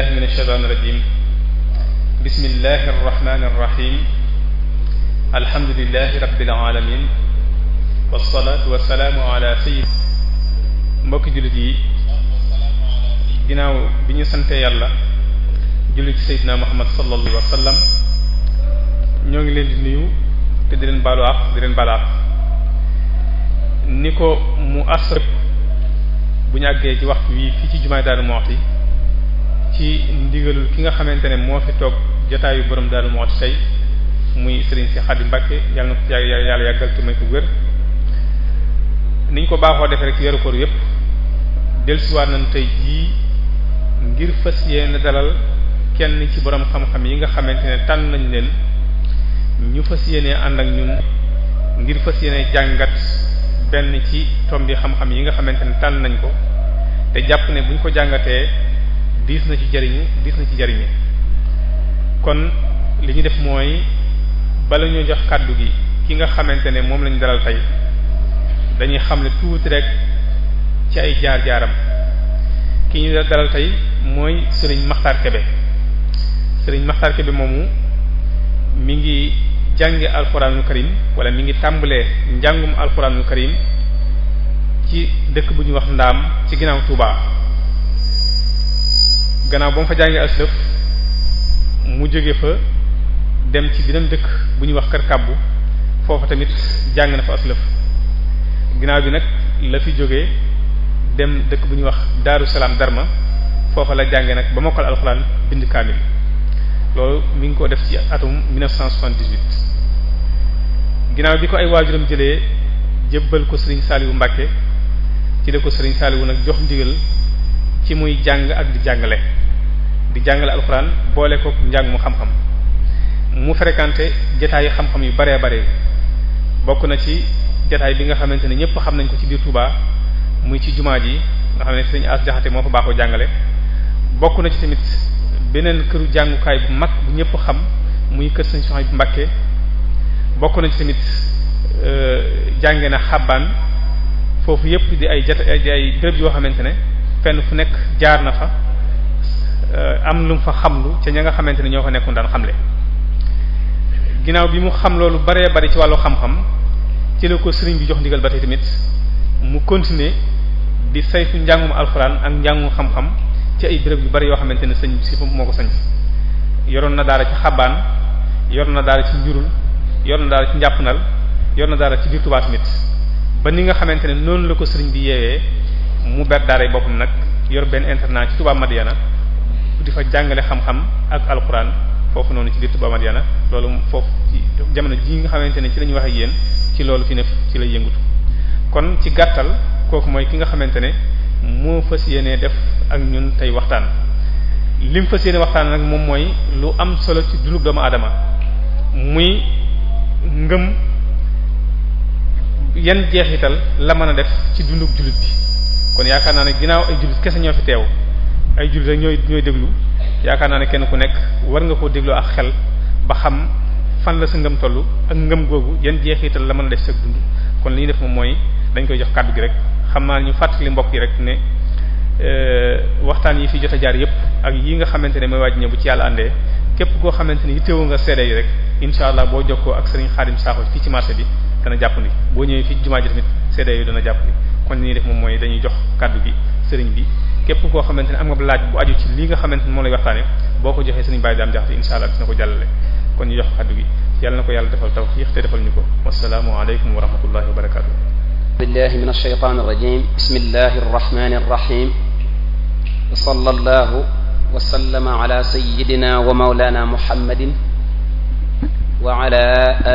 min alsheytaan irajim bismillahi arrahmani irrahim alhamdulilahi rabbil alamin wasalaatu wasalaamu ala sayid mbokki jullit yi ginnaaw bi ñu sante yàlla jullit ci sayidna muhammad sallallahu alayhi wa sallam ñoo ngi leen di nuyu te di leen baalu àq di leen baal àq ni ko mu as bu ñu àggee ci waxtu wi fii ci jumaay Daaru Muxti ci ndigalul ki nga xamante ne moo fi toog jotaayu borom daal moo tay muy Serigne si Xadim Mbàkke yàlla na ko yàlla yàggal te may ko wér niñ ko baaxoo defee rek weeru koor yépp dellusiwaat nañ tey jii ngir fas yéene dalal kenn ci borom xam-xam yi nga xamante ne tànn nañ leen ñu fas yéene ànd ñun ngir fas yéene jàngat benn ci tomb yi xam yi nga xamante ne tànn nañ ko te jàpp ne buñ ko jàngatee. diis na ci jariñu diis na ci jariñu kon li ñu def mooy bala ñu jox kàddu gi ki nga xamante ne moom lañu dalal tey dañuy xam ne tuuti rek ci ay jaar-jaaram ki ñu dalal tey mooy sëriñ Maxtaar Kebe sëriñ Maxtaar Kebe moomu mi ngi jàngi alxuraanul karim wala mi ngi tàmbalee njàngum alxuraanul karim ci dëkk bu ñuy wax ndaam ci ginnaaw Touba. gannaaw ba fa jàngee aslëf mu jóge fa dem ci beneen dëkk bu ñuy wax kër kàbbu foofa tamit jàng na fa aslëf ginnaaw bi nag la fi jóge dem dëkk bu ñuy wax daaru salaam darma foofa la jàngee nag ba mokkal alxuraan bind kaamil loolu mi ngi ko def ci atum 1978 ginnaaw bi ko ay waajuram jëlee jëbbal ko sëriñ Saliou Mbacke ci la ko sëriñ Saliou nag jox ndigal ci muy jàng ak di jàngale di jàngale alxuraan boole ko njàng mu xam-xam mu fréquenté jataayu xam-xam yu baree bare bokk na ci jataay bi nga xamante ne ñëpp xam nañ ko ci biir Touba muy ci jumaa ji nga xam ne sëñ as jaxate moo fa baaxu jàngale bokk na ci tamit beneen këru jàngukaay bu mag bu ñëpp xam muy kër sëñ soxna bu Mbàkke bokk na ci tamit euh, jànge na xabbaan foofu yëpp di ay jata di ay béréb yoo xamante ne fenn fu nekk jaar na fa euh, am lu mu fa lu ca ña nga xamante ne ñoo fa nekkoon daan le ginnaaw bi mu xam loolu baree bari ci wàllu xam-xam ci la ko sëriñ bi jox ndigal ba tey tamit mu continuer di saytu njàngum alxuraan ak njàngum xam-xam ci ay béréb yu bari yoo xamante ne sëñ si moo ko sañ yoroon na daara ci xabaan yor na daal ci njurul yor na daara ci nal yor na daara ci biir Tuubaa ba ni nga xamante ne noonu la ko sëriñ bi yeewee mu ber daara yi boppam nag yor benn internat ci Touba Madiana di fa jàngale xam-xam ak alquran foofu noonu ci biir Touba Madiana loolu foofu ci jamono ji nga xamante ne ci la waxee wax yéen ci loolu fi ne ci la yëngutu kon ci gàttal kooku mooy ki nga xamante ne moo fës yéenee def ak ñun tey waxtaan lim fës fas yéene waxtaan nag moom mooy lu am solo ci dundu doomu aadama muy ngëm yan jeexital la mën a def ci dundu jullit bi kon yaakaar naa ne ginnaaw ay jullit kese ñoo fi teew ay jullit rek ñooy ñooy déglu yaakaar naa ne kenn ku nekk war nga koo dégloo ak xel ba xam fan la sa ngëm toll ak ngëm googu yan jeexital la mën def sa kon li ñu def moom mooy dañ koy jox kàddu gi xam naa ñu fàttali mbokk yi rek ne euh, waxtaan yi fi jot jaar yépp ak yi nga xamante ne mooy waaj ñëw bu ci yàlla àndee képp koo xamante ni yittewoo nga seede yi rek incha allah boo jokkoo ak sëriñ Xaadim Sakho fii ci marché bi dana jàpp ni boo ñëw fi jumaa ji tamit seede yi dana jàpp ni kon li ñuy def moom mooy dañuy jox kaddu gi sëriñ bi képp koo xamante ne am nga laaj bu aju ci li nga xamante ne moom lay waxtaane boo ko joxee sëriñ Baye Dame Diakhaté insha Allah dina ko jàllale kon ñu jox kaddu gi yàlla na ko yàlla defal tawfiq te defal ñu ko wasalaamu aleykum wa rahmatullahi wa barakatuh billahi minash shaytanir rajim bismillahir rahmanir rahim wa sallallahu wa sallama ala sayyidina wa mawlana muhammadin wa ala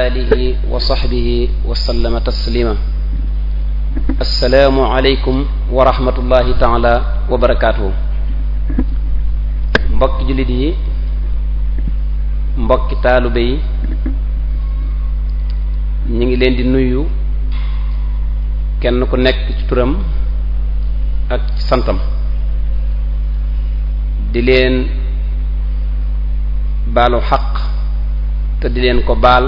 alihi wa sahbihi wa sallama taslima asalaamualeykum wa rahmatullahi taala wa barakaatuhu mbokki jullit yi mbokki taalibe yi ñu ngi leen di nuyu kenn ku nekk ci turam ak santam di leen baalu xaq te di leen ko baal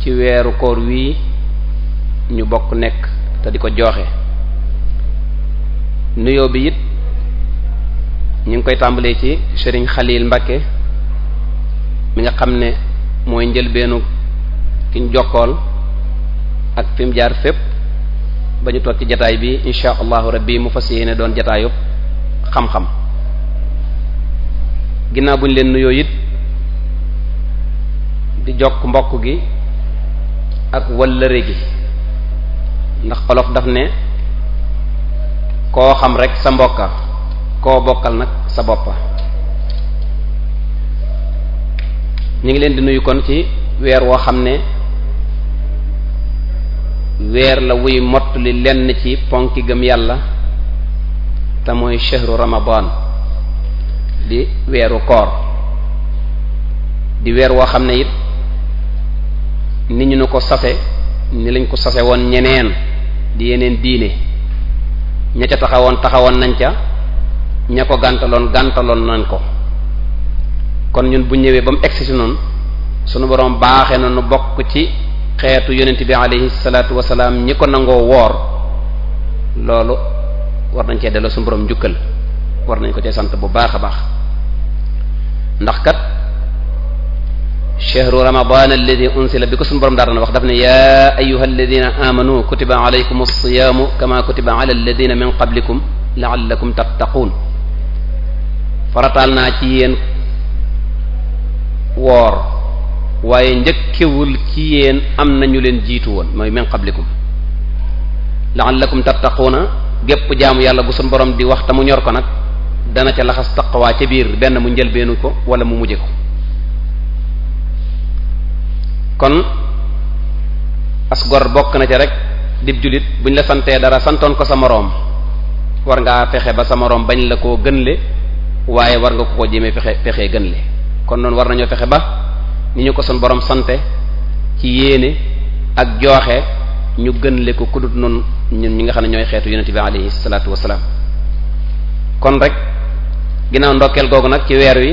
ci weeru koor wii ñu bokk nekk te di ko jooxe nuyoo bi it ñu ngi koy tàmbalee ci Serigne Khalil Mbakke mi nga xam ne mooy njëlbeenu ki ñu jokkool ak fi mu jaar fépp ba ñu toog ci jataay bi insha allahu rabbi mu fas yéene doon jataayub xam-xam ginnaaw bu ñu leen nuyoo it di jokk mbokk gi ak wëllëre gi ndax xolof daf ne koo xam rekk sa mbokka koo bokkal nag sa boppa ñu ngi leen di nuyu kon ci weer woo xam ne weer la wuy mott li lenn ci ponki gëm yàlla te mooy shahru ramadan di weeru koor di weer woo xam ne it ni ñu nu ko sase ni lañ ko sase woon ñeneen di yeneen diine ña ca taxawoon taxawoon nañ ca ña ko gàntaloon gàntaloon nañ ko kon ñun bu ñëwee ba mu egsi si noonu sunu borom baaxee na nu bokk ci xeetu yonent bi alayhi salaatu wasalaam ñi ko nangoo woor loolu war nañ cee delloo sunu boroom njukkal war nañ ko cee sant bu baax a baax ndax kat. chehru ramadan alladi unsila bi ko suñu borom daa dana wax daf ne ya ayuha alladina amanu kutiba alaykum alsiyaamu kama kutiba ala alladina min qablikum laallakum tattaquun farataal naa ci yéen woor waaye njëkkewul ci yéen am ñu leen jiitu woon mooy min qablikum laallakum tattaquuna gépp jaamu yàlla bu suñu borom di wax te mu ñor ko nag dana ca laxas taqwaa ca biir benn mu njëlbeenu ko wala mu mujje ko kon as gor bokk na ci rek dib jullit buñ la santee dara santoon ko sa moroom war ngaa fexe ba sa moroom bañ la koo gënle waaye war nga ko ko jéemee fexe fexe gënle kon noonu war nañoo fexe ba ni ñu ko sun boroom sante ci yéene ak jooxe ñu gënle ko kudut noonu ñun ñi nga xam ne ñooy xeetu yonent bi alayhi salaatu wasalaam kon rek ginnaaw ndokkeel googu nag ci weer wi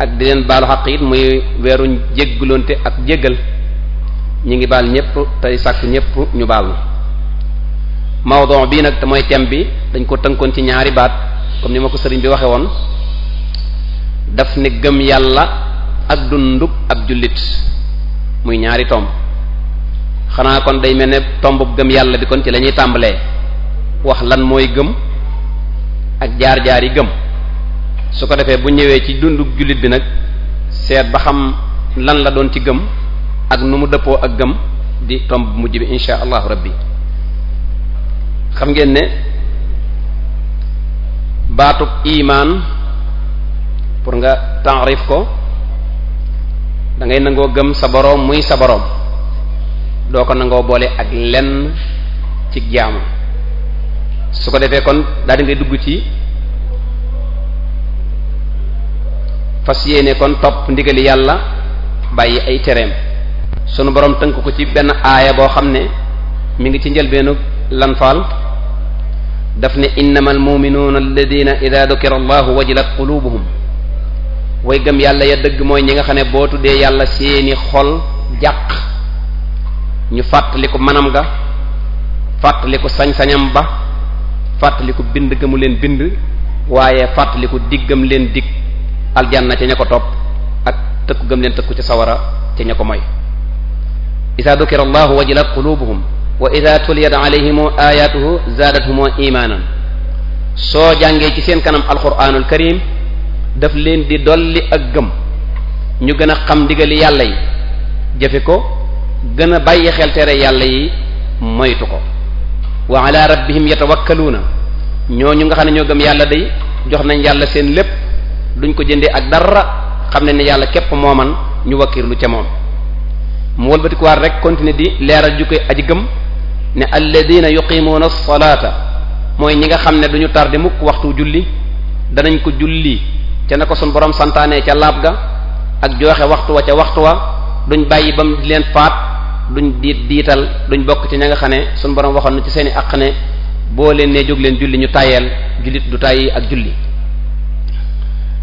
ak di leen baalu xaq it muy weeru jéggulonte ak jéggal ñu ngi baal ñépp tey sàkk ñépp ñu baal na mawdon bii nag te mooy thème bi dañ ko tënkoon ci ñaari baat comme ni ma ko sëriñ bi waxe woon daf ne gëm yàlla ak dundub ab jullit muy ñaari tomb xanaa kon day mel ne tombub gëm yàlla bi kon ci lañuy tàmbalee wax lan mooy gëm ak jaar-jaar yi gëm su ko defee bu ñëwee ci dundu jullit bi nag seet ba xam lan la doon ci gëm ak nu mu dëppoo ak gëm di tomb mujj bi insha allahu rabbi xam ngeen ne baatub imaan pour nga taarif ko da ngay nangoo gëm sa boroom muy sa boroom doo ko nangoo boole ak lenn ci jaamu su ko defee kon daal ngay dugg ci fas yéene kon topp ndigali yàlla bàyyi ay tereem sunu borom tënk ko ci benn aaya boo xam ne mu ngi ci njëlbeenu lanfaal daf ne innama almuminuuna alladina ida dukira allahu wajilat qulubuhum way gëm yàlla ya dëgg mooy ñi nga xam ne boo tuddee yàlla seeni xol jàq ñu fàttaliku manam ga fàttaliku sañ-sañam ba fàttaliku bind ga mu leen bind waaye fàttaliku diggam leen digg aljanna ca ña ko topp ak tëkku gëm leen tëkku ci sawara ca ña ko moy ida dukira allahu wajilat qulubuhum wa ida tuliyat alayhim ayatuhu zaadathum imaanan soo jàngee ci seen kanam alquranul karim daf leen di dolli ak gëm ñu gën a xam ndigali yàlla yi jëfe ko gën a bàyyi xel tere yàlla yi moytu ko wa ala rabbihim yatawakkaluuna ñoo ñu nga xam ne ñoo gëm yàlla day jox nañ yàlla seen lépp duñ ko jëndee ak dara xam ne ne yàlla képp moo man ñu lu ce moom mu wëlbatikuwaat rek continuer di leeral ju koy aji gëm ne alladina yuqimuuna salaata mooy ñi nga xam ne duñu tardé mukk waxtu julli danañ ko julli ca na ko sun borom santaane ca laab ga ak joxe waxtu wa ca waxtu wa duñ bàyyi ba mu leen faat duñ diit diital duñ bokk ci ña nga xam ne sun borom waxoon na ci seen i àq ne boo leen ne jóg leen julli ñu tayeel jullit du tàyyi ak julli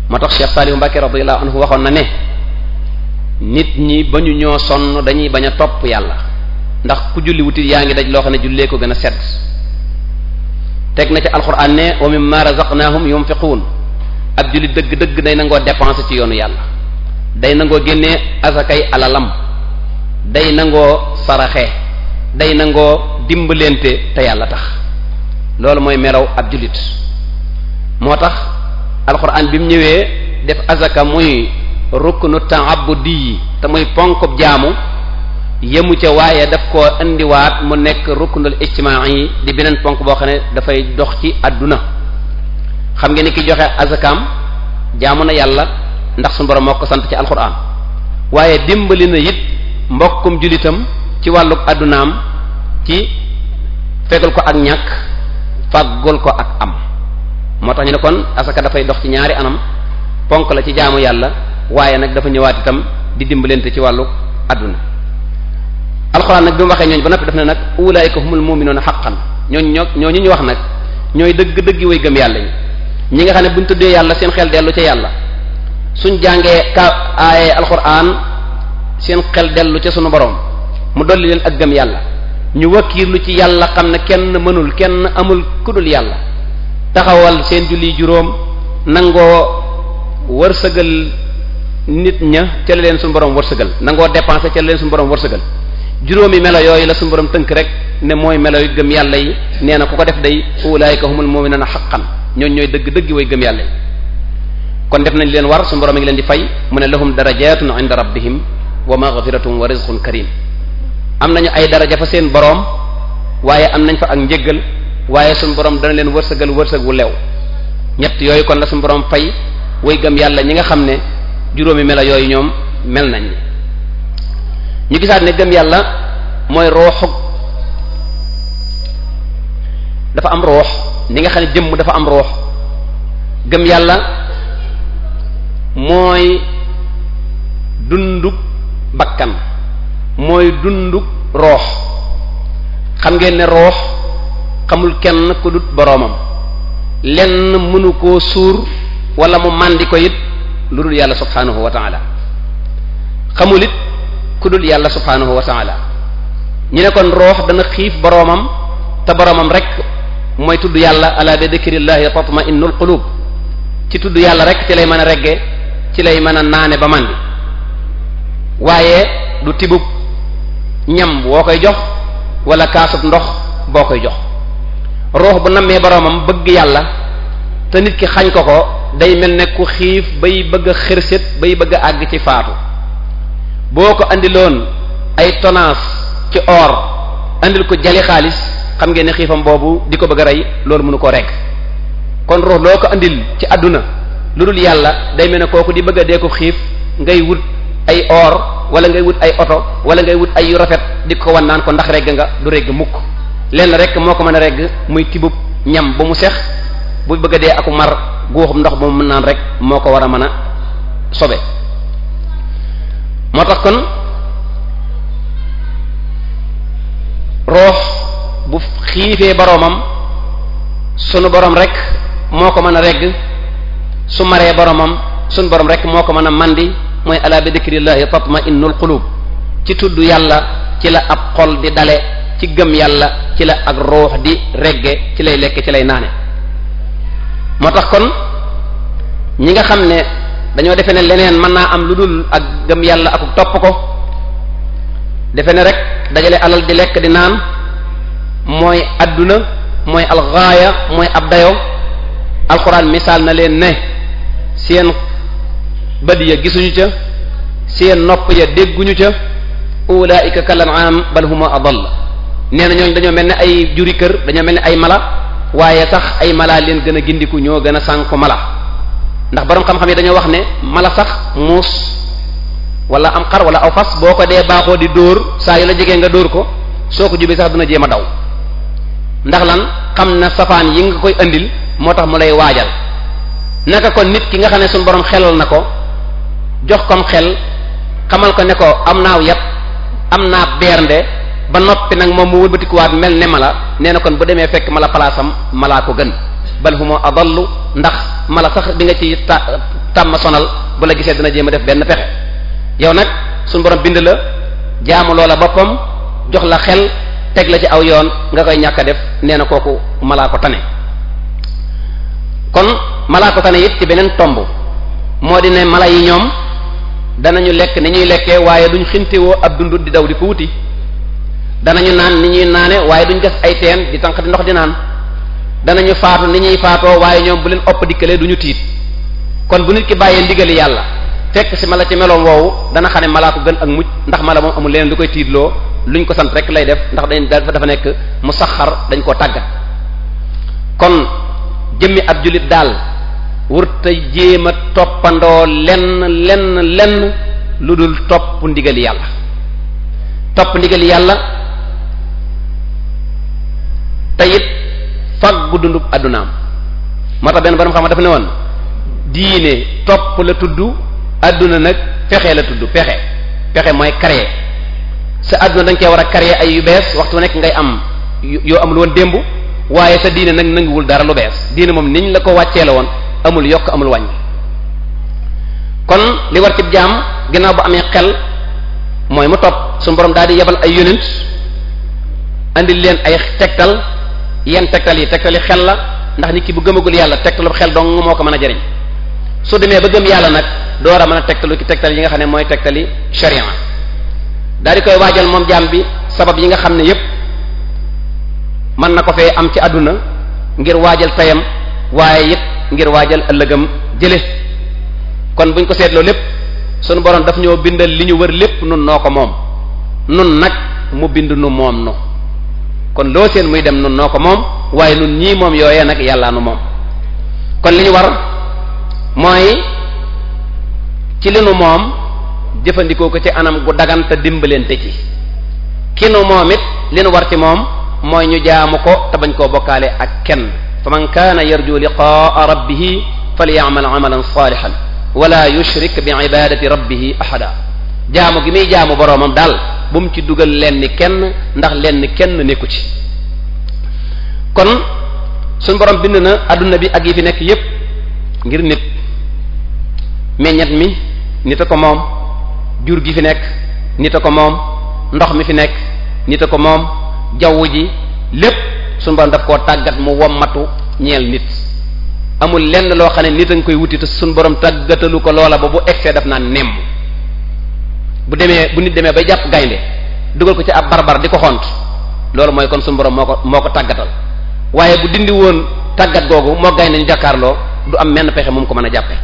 moo tax Cheikh Saliou Mbacke radiyallahu anhu waxoon na ne nit ñi ba ñu ñoo sonn dañuy bañ a topp yàlla ndax ku julli wutit yaa ngi daj loo xam ne jullee ko gën a sedd teg na ci alquran ne wa mimma razaqnahum yunfiqun ab julli dëgg-dëgg day nangoo dépenser ci yoonu yàlla day nangoo génnee asakay alalam day nangoo saraxe day nangoo dimbalente te yàlla tax loolu mooy melow ab jullit moo tax alxuraan bi mu ñëwee def azaka muy ruknu ta'abbudi yi te muy ponkub jaamu yemu ca waaye daf ko indiwaat mu nekk ruknul ijtima'i yi di beneen ponk boo xam ne dafay dox ci àdduna xam ngeen ni ki joxe azakam jaamu na yàlla ndax suñu borom moo ko sant ci alxuraan waaye dimbali na it mbokkum jullitam ci wàlluk àddunaam ci fegal ko ak ñàkk faggul ko ak am moo tax ñu ne kon asaka dafay dox ci ñaari anam ponk la ci jaamu yàlla waaye nag dafa ñëwaat tam di leen dimbalante ci wàllu adduna alxuraan nag bi mu waxee ñooñ ba noppi daf ne nag ulaayika humul mu'minuuna haqqan ñooñ ñoo ñooñu ñu wax nag ñooy dëgg dëgg way gëm yàlla ñi ñi nga xam ne buñ tuddee yàlla seen xel dellu ca yàlla suñ jàngee ka aaye alxuraan seen xel dellu ca sunu borom mu dolli leen ak gëm yàlla ñu lu ci yàlla xam ne kenn mënul kenn amul ku yàlla taxawal seen julli juróom nangoo wërsëgal nit ña ca la leen suñu borom wërsëgal nangoo dépenser ca la leen suñu borom wërsëgal juróomi melo yooyu la suñu borom tënk rek ne mooy melo yu gëm yàlla yi nee na ku ko def day ulaayika humul mu'minuna haqqan ñooñ ñooy dëgg dëgg way gëm yàlla yi kon def nañ leen war suñu borom mi ngi leen di fay mu ne la lahum darajatun inda rabbihim wa maghfiratun wa rizqun karim am nañu ay daraja fa seen borom waaye am nañ ak njéggal waaye suñu borom dana leen wërsëgal wërsëg wu lew ñett yooyu kon la suñu borom fay way gëm yàlla ñi nga xam ne juróomi mela yooyu ñoom mel nañ ñu gisaat ne gëm yàlla mooy rooxug dafa am roox ni nga xam ne jëmm dafa am roox gëm yàlla mooy dundug bakkan mooy dundug roox xam ngeen ne roox xamul kenn ku boroomam lenn mënu koo suur wala mu màndi ko it lu dul yàlla subhaanahu wa taala xamul it ku dul yàlla subhaanahu wa taala ñu ne kon roox dana xiif boroomam te boroomam rek mooy tudd yàlla ala bi dhikrillahi tatma'innul qulub ci tudd yàlla rek ci lay mën a regge ci lay mën a naane ba màndi waaye du tibub ñam woo koy jox wala kaasub ndox boo koy jox ruux bu nammee boroomam bëgg yàlla te nit ki xañ ko ko day mel ne ku xiif bay bëgg a bay bëgg àgg ci faatu boo ko indiloon ay tonnage ci or andil ko jali xaalis xam ngeen ne xiifam boobu di ko bëgg rey loolu mënu ko rekk kon ruux loo ko andil ci àdduna lu dul yàlla day mel ne kooku di bëgg dee ko xiif ngay wut ay or walla ngay wut ay oto wala ngay wut ay yu rafet di ko wan naan ko ndax regg nga du regg mukk lenn rek moo ko mën a regg muy tibub ñam ba mu sex bu bëgg a dee aku mar guuxum ndox ba mu mën naan rek moo ko war a mën a sobe moo tax kon roox bu xiifee boroomam sunu boroom rek moo ko mën a regg su maree boroomam sunu boroom rek moo ko mën a màndi mooy ala bi dikrillahi tatma'innul qulub ci tudd yàlla ci la ab xol di dale ci gëm yàlla ci la ak ruux di regge ci lay lekk ci lay naane moo tax kon ñi nga xam ne dañoo defe ne leneen mën naa am lu dul ak gëm yàlla ak topp ko defe ne rek dajale alal di lekk di naan mooy àdduna mooy alxaaya mooy ab dayo alxuraan misaal na leen ne seen bët ya gisuñu ca seen nopp ya dégguñu ca ulaika kal an'am bal huma adall nee na ñooñu dañoo mel ni ay juri kër dañoo mel ni ay mala waaye sax ay mala leen gën a gindiku ñoo gën a sànku mala ndax borom xam-xam yi dañoo wax ne mala sax muus wala am xar wala aw fas boo ko dee baaxoo di dóor saa yu la jegee nga dóor ko soo ko jubee sax duna jéem a daw ndax lan xam na safaan yi nga koy indil moo tax mu lay waajal naka kon nit ki nga xam ne suñu borom xelal na ko jox kom xel xamal ko ne ko am naaw yat am naa bernde ba noppi nag moom mu wëlbatikuwaat mel ne mala nee na kon bu demee fekk mala palaasam malaa ko gën bal huma adallu ndax mala sax di nga ci ta sonal bu la gisee dana jéem a def benn pexe yow nag suñu borom bind la jaamu loola boppam jox la xel teg la ci aw yoon nga koy ñàkk a def nee na kooku malaa ko tane kon malaa ko tane it ci beneen tomb moo di ne mala yi ñoom danañu lekk ni ñuy lekke waaye duñ xintewoo ab dund di daw di ko wuti danañu naan ni ñuy naane waaye duñ gas ay teen di tànq di ndox di naan danañu faatu ni ñuy faatoo waaye ñoom bu leen opp dikkalee ñu tiit kon bu nit ki bàyyee ndigal yàlla fekk si mala ci meloom woowu dana xam ne malaat ko gën ak mucc ndax mala moom amul leneen du koy tiitloo luñ ko sant rek lay def ndax dañ dafa nekk mu saxar dañ koo tàggat kon jëmmi ab jullit daal wurta jéem a toppandoo lenn lenn lenn lu dul topp ndigali yàlla topp ndigali te it faggu dundub addunaam moo tax benn borom xam dafa ne woon diine topp la tudd adduna nag pexe la tudd pexe pexe mooy créer sa adduna da koy war a créer ay yu bees waxtu nekk ngay am yoo amul woon démb waaye sa diine nag nanguwul dara lu bees diine moom niñ la ko wàccee la woon amul yokk amul wàññi kon li war ci jaam ginnaaw bu amee xel mooy mu topp su borom daal di yebal ay yonent indi leen ay tegtal yenn tegtal yi tegtal xel la ndax nit ki bu gëmagul yàlla tegtalu xel dong moo ko mën a jariñ su demee ba gëm yàlla nag door a mën a tegtalu ki tegtal yi nga xam ne mooy tegtali sharia daal di koy waajal moom jaam bi sabab yi nga xam ne yépp mën na ko fee am ci àdduna ngir waajal tayam waaye it ngir waajal ëllëgam jële kon buñ ko seetloo lépp sunu borom daf ñoo bindal li ñu wër lépp nun noo ko moom nun nag mu bind nu moom nu kon loo seen muy dem nun noo ko moom waaye nun ñii moom yooyee nag yàllaa nu moom kon li ñu war mooy ci li nu moom jëfandikoo ko ci anam gu daganta dimbalante ci ki nu moom it li nu war ci moom mooy ñu jaamu ko te bañ koo bokkaale ak kenn fa man kaana yarju liqaa rabbihi falyamal amalan salihan wala yushrik bi ibadati rabbihi ahada jaamu gi muy jaamu boroomam daal bu mu ci dugal lenn kenn ndax lenn kenn nekku ci kon suñ borom bind na àdduna bi ak yi fi nekk yépp ngir nit meññet mi nit a ko moom jur gi fi nekk nit a ko moom ndox mi fi nekk nit a ko moom jaww ji lépp suñ borom daf koo tàggat mu wommatu ñeel nit amul lenn loo xam ne nit a nga koy wuti te suñ borom tàggatalu ko loola ba bu excès daf naa nemm bu demee bu nit demee ba jàpp gaynde dugal ko ci ab barbar di ko xont loolu mooy kon suñ borom moo ko moo ko tàggatal waaye bu dindi woon tàggat googu moo gay nañu jàkkaarloo du am menn pexe moom ko mën a jàppe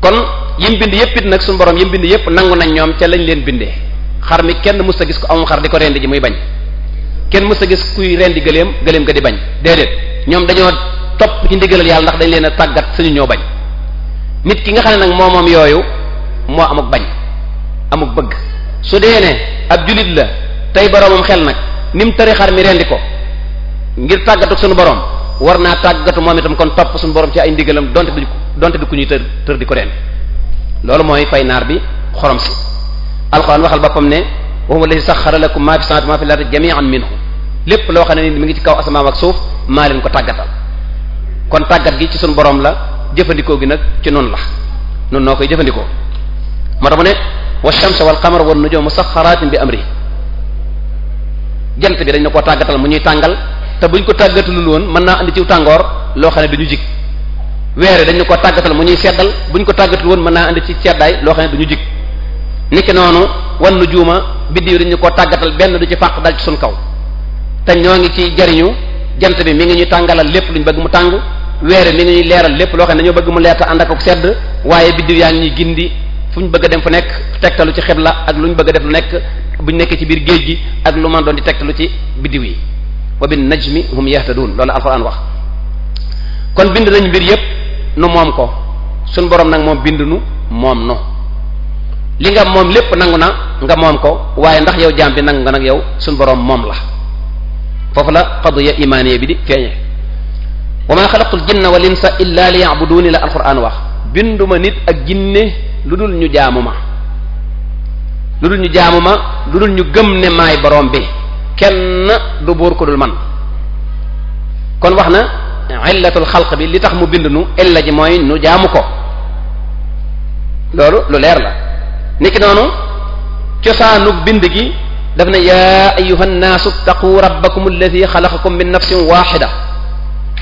kon yim bind yëpp it nag suñu borom yim bind yëpp nangu nañ ñoom ca lañ leen bindee xar mi kenn mës sa gis ko amum xar di ko rendi ji muy bañ kenn mës sa gis kuy rendi gëléem gëléem ga di bañ déedéet ñoom dañoo topp ci ndigalal yàlla ndax dañ leen a tàggat suñu ñoo bañ nit ki nga xam ne nag moo moom yooyu moo amuk bañ amuk bëgg su dee ne ab julit la tey boromam xel nag ni mu tëri xar mi rendi ko ngir tàggatu suñu borom war naa tàggatu moom itam kon topp suñu borom ci ay ndigalam donte du donte du ku ñuy tër tër di ko reen loolu mooy fay naar bi xorom si alxuraan waxal boppam ne wa huwa allazi saxxara lakum fi samawati ma fi al-ardi jami'an lépp loo xam ne ni mi ngi ci kaw asamaan ak suuf maa leen ko tàggatal kon tàggat gi ci suñu boroom la jëfandikoo gi nag ci noonu la noonu noo koy jëfandikoo moo tax mu ne wa shamsa wal qamara wan nujumu musaxxaratin bi amri jant bi dañ na ko tàggatal mu ñuy tàngal te buñ ko tàggatalul woon mën naa indi ci tàngoor loo xam ne ñu jig weer dañu ko tàggatal mu ñuy seddal buñ ko tàggatul woon mën naa andi ci seddaay loo xam ne duñu jig niki noonu wan nu juuma biddiw dañu ko tàggatal benn du ci fàq dal ci suñ kaw te ñoo ngi ci jariñu jant bi mi ngi ñuy tàngalal lépp lu ñu bëgg mu tàng weer mi ngi ñuy leeral lépp loo xam ne dañoo bëgg mu leer te ànd ak sedd waaye biddiw yaa ngi ñuy gindi fu ñu bëgg dem fu nekk tegtalu ci xibla ak lu ñu bëgg a def lu nekk buñ nekkee ci biir géej gi ak lu man doon di tegtalu ci biddiw yi wa bin najmi hum yahtadun loolu la alxuraan wax kon bind nañ mbir yépp nu moom ko suñ boroom nag moom bind nu moom nu li nga moom lépp nangu na nga moom ko waaye ndax yow jaam bi nangu nga nag yow suñ boroom moom la foofu la qadiya imaaniya bi di feeñe wa maa xalaqtul jinna wal insa illa liya'buduni la alxuraan wax binduma nit ak jinne lu dul ñu jaamu ma lu dul ñu jaamu ma lu dul ñu gëm ne maay borom bi kenn du buur ku dul man kon wax na illatul xalq bi li tax mu bind nu illa ji mooy nu jaamu ko loolu lu leer la niki noonu cosaanu bind gi daf na yaa ayuha nnaasu taquu rabbakum alladi xalaqakum min nafsin waxida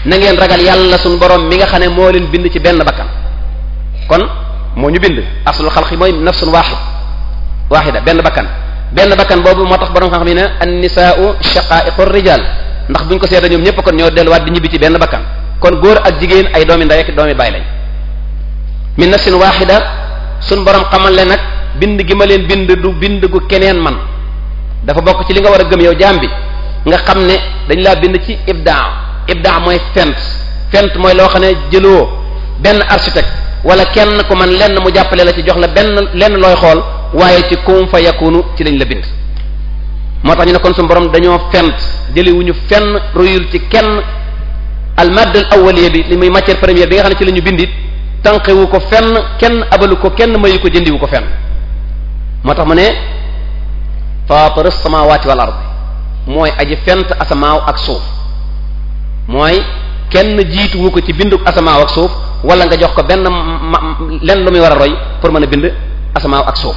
na ngeen ragal yàlla suñ borom mi nga xam ne moo leen bind ci benn bakkan kon moo ñu bind aslul xalqi mooy nafsun waxid waxida benn bakkan benn bakkan boobu moo tax borom xam-xam yi ne an nisaau shaqaaiqur rijal ndax buñ ko seeta ñoom ñëpp kon ñoo delluwaat di ñibbi ci benn bakkan kon góor ak jigéen ay doomi ndey ak doomi baay lañ min nafsin waaxida suñ borom xamal leen nag bind gi ma leen bind du bind gu keneen man dafa bokk ci li nga war a gëm yow jaam bi nga xam ne dañu laa bind ci ibdaa ibdaa mooy fent fent mooy loo xam ne jëloo benn architecte wala kenn ku man lenn mu jàppale la ci jox la benn lenn looy xool waaye ci kun fa yakunu ci lañ la bind moo tax ñu ne kon suñu borom dañoo fent jëliwuñu fenn royul ci kenn al madda bi li muy matier première bi nga xam ne ci lañu ñu bindit tànqewu ko fenn kenn abalu ko kenn mayu ko jëndiwu ko fenn moo tax mu ne faatara samawati wal ardi mooy aji fent asamaaw ak suuf mooy kenn jiituwu ko ci bindu asamaaw ak suuf wala nga jox ko benn lenn lu muy war a roy pour mën a bind asamaaw ak suuf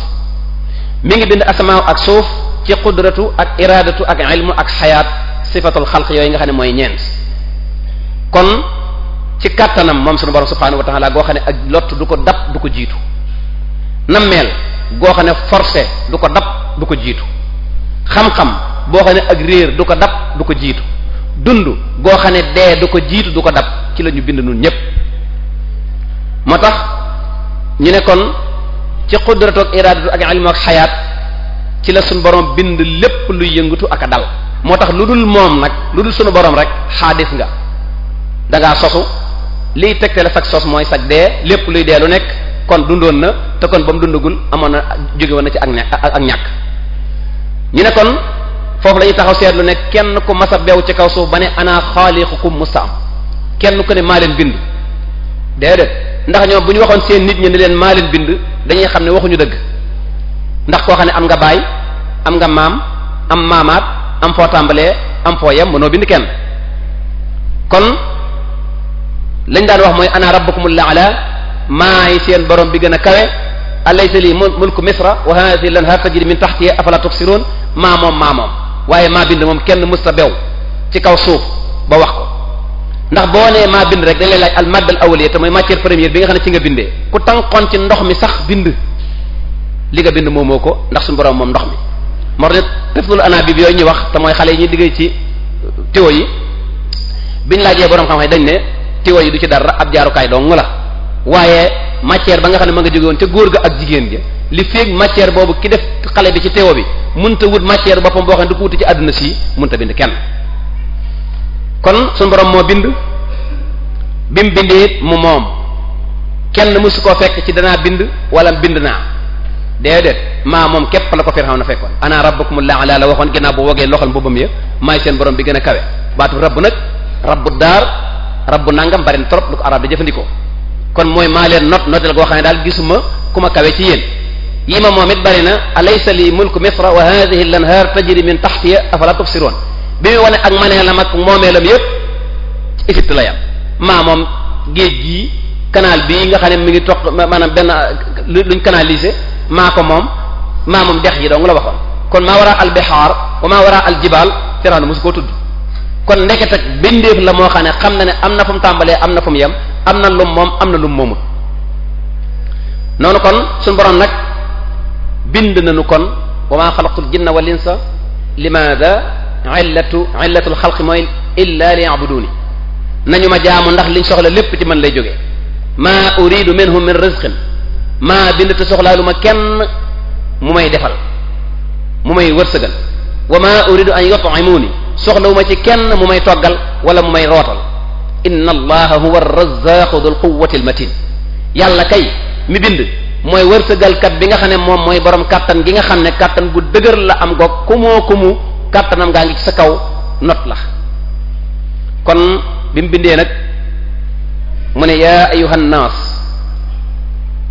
mi ngi bind asamaaw ak suuf ci qudratu ak iraadatu ak ilmu ak xayaat sifatul xalq yooyu nga xam ne mooy ñeent kon ci kàttanam moom sunu borom subhaanahu wa ta'ala xam ne ak lott du ko dab du ko jiitu nammeel goo xam ne forcé du ko dab du ko jiitu xam-xam boo xam ne ak réer du ko dab du ko jiitu dund goo xam ne dee du ko jiitu du ko dab ci la ñu bind nun ñépp moo tax ñu ne kon ci qudratu ak iradatu ak ilmu ak xayaat ci la suñu borom bind lépp luy yëngatu ak a dal moo tax lu dul moom nag lu dul suñu borom rek xaadis nga da ngaa sosu liy tegtale sag sos mooy sag dee lépp luy dee lu nekk kon dundoon na te kon ba mu dundagul amoon na jóge na ci ak ak ñàkk ñu ne kon foofu la ñuy taxaw seetlu ne kenn ku mas a beew ci kaw suuf ba ne ana xaaliqukum musta am kenn ku ne maa leen bind déedéet ndax ñoom bu ñu waxoon seen nit ñi ne leen maa leen bind dañuy xam ne waxuñu dëgg ndax koo xam ne am nga baay am nga maam am maamaat am foo tàmbalee am foo yem mënoo bind kenn kon lañ daan wax mooy ana rabbukumul ala maay seen borom bi gën a kawe alaysa li mulku misra wa hadhihi al-anhar tajri min tahtiha afala tubsirun maa moom maa moom waaye maa bind moom kenn mësta bew ci kaw suuf ba wax ko ndax boo nee maa bind rek dañ laaj al madda al awliya te mooy matière première bi nga xam ne ci nga bindee ku tànqoon ci ndox mi sax bind li nga bind moomoo ko ndax suñu borom moom ndox mi moo tax teflul ñuy wax te xale yi ñuy ci uh, tiwo yi biñ laajee borom xam-xam dañ ne tiwo yi du ci dara ab jaarukaay dong la waaye matière ba nga xam ne ma nga jóge woon ca góor ga ak jigéen ga li feeg matière boobu ki def xale bi ci tiwo bi mënta wut matière boppam boo xam ne du ko wuti ci àdduna si ta bind kenn kon suñu borom moo bind bi mu bindee mu moom kenn mësu koo fekk ci danaa bind wala bind naa déedéet maa moom képp la ko firxaw na fekkoon ana rabbukumul la'ala la waxoon ginnaaw bu wogee loxol mbubbam ya maay seen boroom bi gën a kawe baatu rab nag bu daar rabbu nangam bari na trop lu ko arab di jëfandikoo kon mooy maa leen not notel goo xam ne daal gisuma ku ma kawe ci yéen yi ma moom it bari na alaysa li mulku misra wa hadhihi al bi muy wane ak maneelam ak moomeelam yépp ci Égypte la yam maa moom géej gi kanaal bii nga xam ne mu ngi toq maanaam benn luñ canalisé maa ko moom maa moom dex yi dong la waxoon kon maa waraa al wa maa waraa al jibaal Firawna mosu koo tudd kon ndeket ak bindeef la moo xam ne xam na ne am na fu mu tàmbalee am na fu mu yem am na lum moom am na lum moomut noonu kon suñu borom nag bind nañu kon wa maa xalaqtul jinna wal limaada illatu illatul xalq mooy illa nañu ma jaamu ndax liñ soxla lépp ci man lay jógee maa ma minhum min rizqin maa bind te kenn mu may defal mu may wërsëgal wa maa uridu an yut'imuni soxlawuma ci kenn mu may toggal wala mu may rootal inna allaha huwa yàlla kay mi bind mooy wërsëgalkat bi nga xam ne moom mooy borom kàttan gi nga xam ne kàttan gu dëgër la am goog kumoo kumu kàttanam gaa ngi ci sa kaw not la kon bi mu bindee nag mu ne yaa ayuhan naas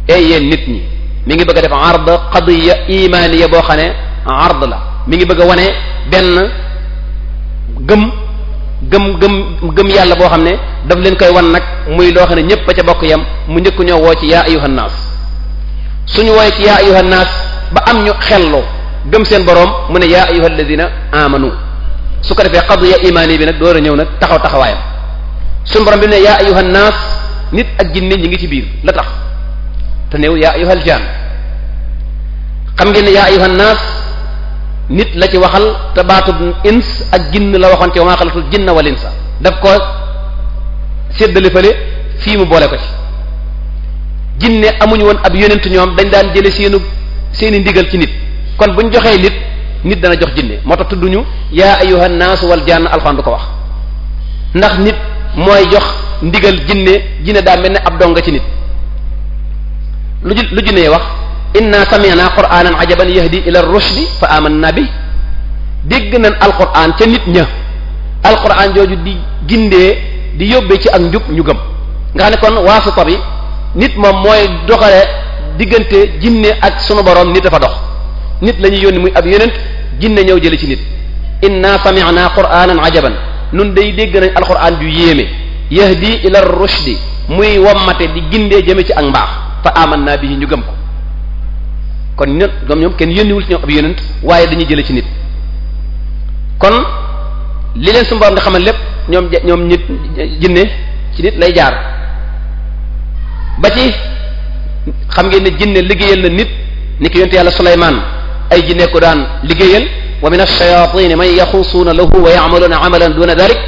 ee nit ñi mu ngi bëgg a def ard qadiya imaniya boo xam ne ard la mi ngi bëgg a wane benn gëm gëm gëm gëm yàlla boo xam ne daf leen koy wan nag muy loo xam ne ñépp ca bokk yam mu njëkk ñoo woo ci yaa ayuhan naas suñu wooye ci yaa ayuhan ba am ñu xelloo gëm seen boroom mu ne yaa ayyuhal ladina amanu su ko defee qadiya imaani bi nag doo a ñëw nag taxaw taxawaayam suñu borom bi ne yaa ayyuhan naas nit ak jinne ñi ngi ci biir la tax te néew ya ayyuhal jaan xam ngeen ne yaa ayyuhan naas nit la ci waxal te baatub ins ak jinn la waxoon ci wa maa xalatul jinna sax insa daf ko séddale fële fii mu boole ko ci jinne amuñu woon ab yonent ñoom dañ daan jële si seenu seeni ndigal ci nit kon bu ñu joxee nit nit dana jox jinne moo tax tudduñu yaa ayyuhan naas wal jann alxuraan du ko wax ndax nit mooy jox ndigal jinne jinne daa mel ni ab donga ci nit lu ji lu jinne wax inna sami'na qur'anan ajaban yahdi ila rushdi fa amanna bi dégg nañ alquran ca nit ña alquran jooju di gindee di yóbbee ci ak njub ñu gëm nga xam ne kon waasuta bi nit moom mooy doxale diggante jinne ak sunu borom nit dafa dox nit la ñuy muy ab yonent jinne ñëw jële ci nit inna sami'na qur'anan ajaban nun day dégg nañ alquran ju yéeme yahdi ila rushdi muy wommate di gindee jëme ci ak mbaax fa amanna bihi ñu gëm ko kon ñun gom ñoom kenn yónniwul ci ñoom ab yonent waaye dañuy jële ci nit kon li leen suñu borom di xamal lépp ñoom ñoom jinne ci nit lay jaar ba ci xam ngeen ne jinne liggéeyal na nit ni ki yonte yàlla Sulaymaan ay jinne ko daan liggéeyal wa min alchayatine man yaxuusuuna lahu wa yaamaluuna amalan duna dalik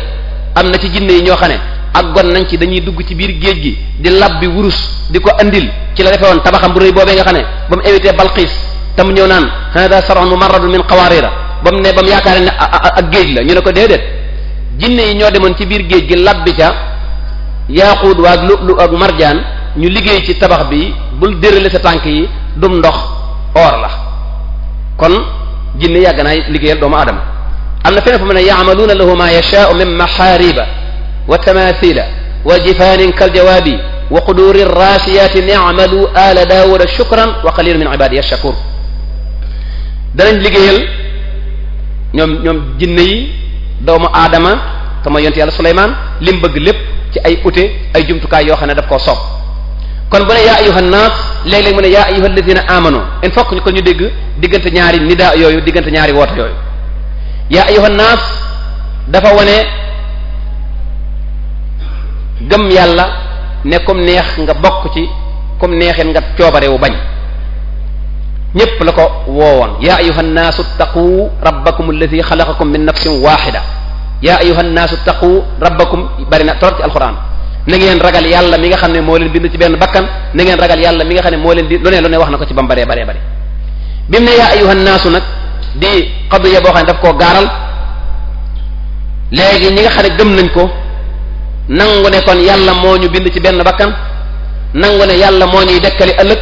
am na ci jinne yi ñoo xam ne ak gon nañ ci dañuy dugg ci biir géej gi di labbi wurus di ko indil ci la defewoon woon tabaxam bu rëy boobee nga xam ne ba mu invité balqiis te mu ñëw naan hada sar'un mumarradun min qawarira ba mu ne ba mu yaakaar ne ak géej la ñu ne ko déedéet jinne yi ñoo demoon ci biir géej gi labbi ca yaaquud waag lu ak marjaan ñu liggéey ci tabax bi bul dérale tànk yi dum ndox or kon jinne yàgg naa liggéeyal doomu aadama am na feneen fu mu ne yaamaluuna ma yashaau min maxaariba wa tamathila wa jifaanin kaljawaabi wa quduri raasiyaati niamalu ala daawuda shukran wa qalil min ibadiya shakur danañ liggéeyal ñoom ñoom jinne yi doomu aadama te mooy yonte yàlla Suleymaan lim bëgg lépp ci ay ute ay jumtukaay yoo xam ne daf koo soob kon bu ne yaa ayuha nnaas léegi léeg mu ne yaa ayyuhal ladina in fokk ñu ko ñu dégg diggante ñaari nidaa yooyu diggante ñaari woote yooyu yaa ayyuhan dafa wane gëm yàlla ne comme neex nga bokk ci comme neexeen nga coobarewu bañ ñépp la ko woowoon yaa ayyuhan naasu taqu rabbakum alladi xalaqakum min nafsin waxida yaa ayyuhan naasu taqu rabbakum bari na torop ci alquran na ngeen ragal yàlla mi nga xam ne moo leen bind ci benn bakkan na ngeen ragal yàlla mi nga xam ne moo leen di lu ne lu ne wax na ko ci ba mu baree baree bare bi mu ne yaa ayuhan nag di xadiya boo xam ne daf koo gaaral léegi ñi nga xam ne gëm nañ ko nangu ne kon yàlla moo ñu bind ci benn bakkan nangu ne yàlla moo ñuy dekkali ëllëg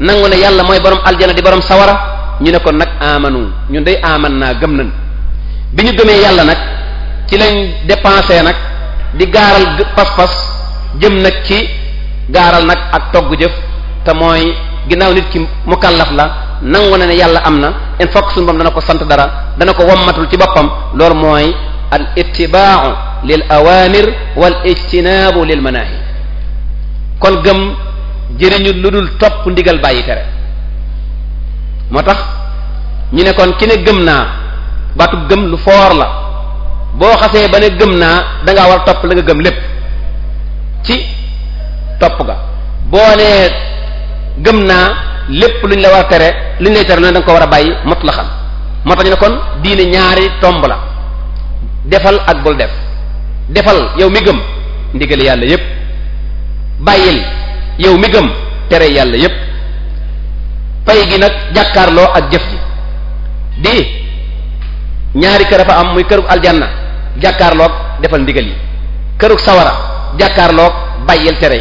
nangu ne yàlla mooy borom aljana di borom sawara ñu ne kon nag amanu ñun day aman naa gëm nañ bi ñu gëmee yàlla nag ci lañ dépensé nag di gaaral pas-pas jëm nag ci gaaral nag ak togg jëf te mooy ginnaaw nit ki mukallaf la nangu na ne yàlla am na in fokk suñu dana ko sant dara dana ko wommatul ci boppam loolu mooy al ittibaau lil awamir wal ijtinaabu lil manaahi kon gëm jëriñu lu dul topp ndigal bàyyi tere moo tax ñu ne kon ki ne gëm naa baatu gëm lu foor la boo xasee ba ne gëm naa da war a topp la nga gëm lépp ci topp ga boo nee gëm naa lépp lu ñu la war a tere lu ñu lay tere na da ko war a bàyyi mot la xam moo tax ñu ne kon diine ñaari tomb la defal ak bul def defal yow mi gëm ndigali yàlla yépp bàyyil yow mi gëm tere yàlla yépp pay gi nag jàkkaarloo ak jëf ji di ñaari kër a fa am muy këru aljanna jàkkaarloo ak defal ndigal yi kërug sawara jàkkaarloog bàyyil tere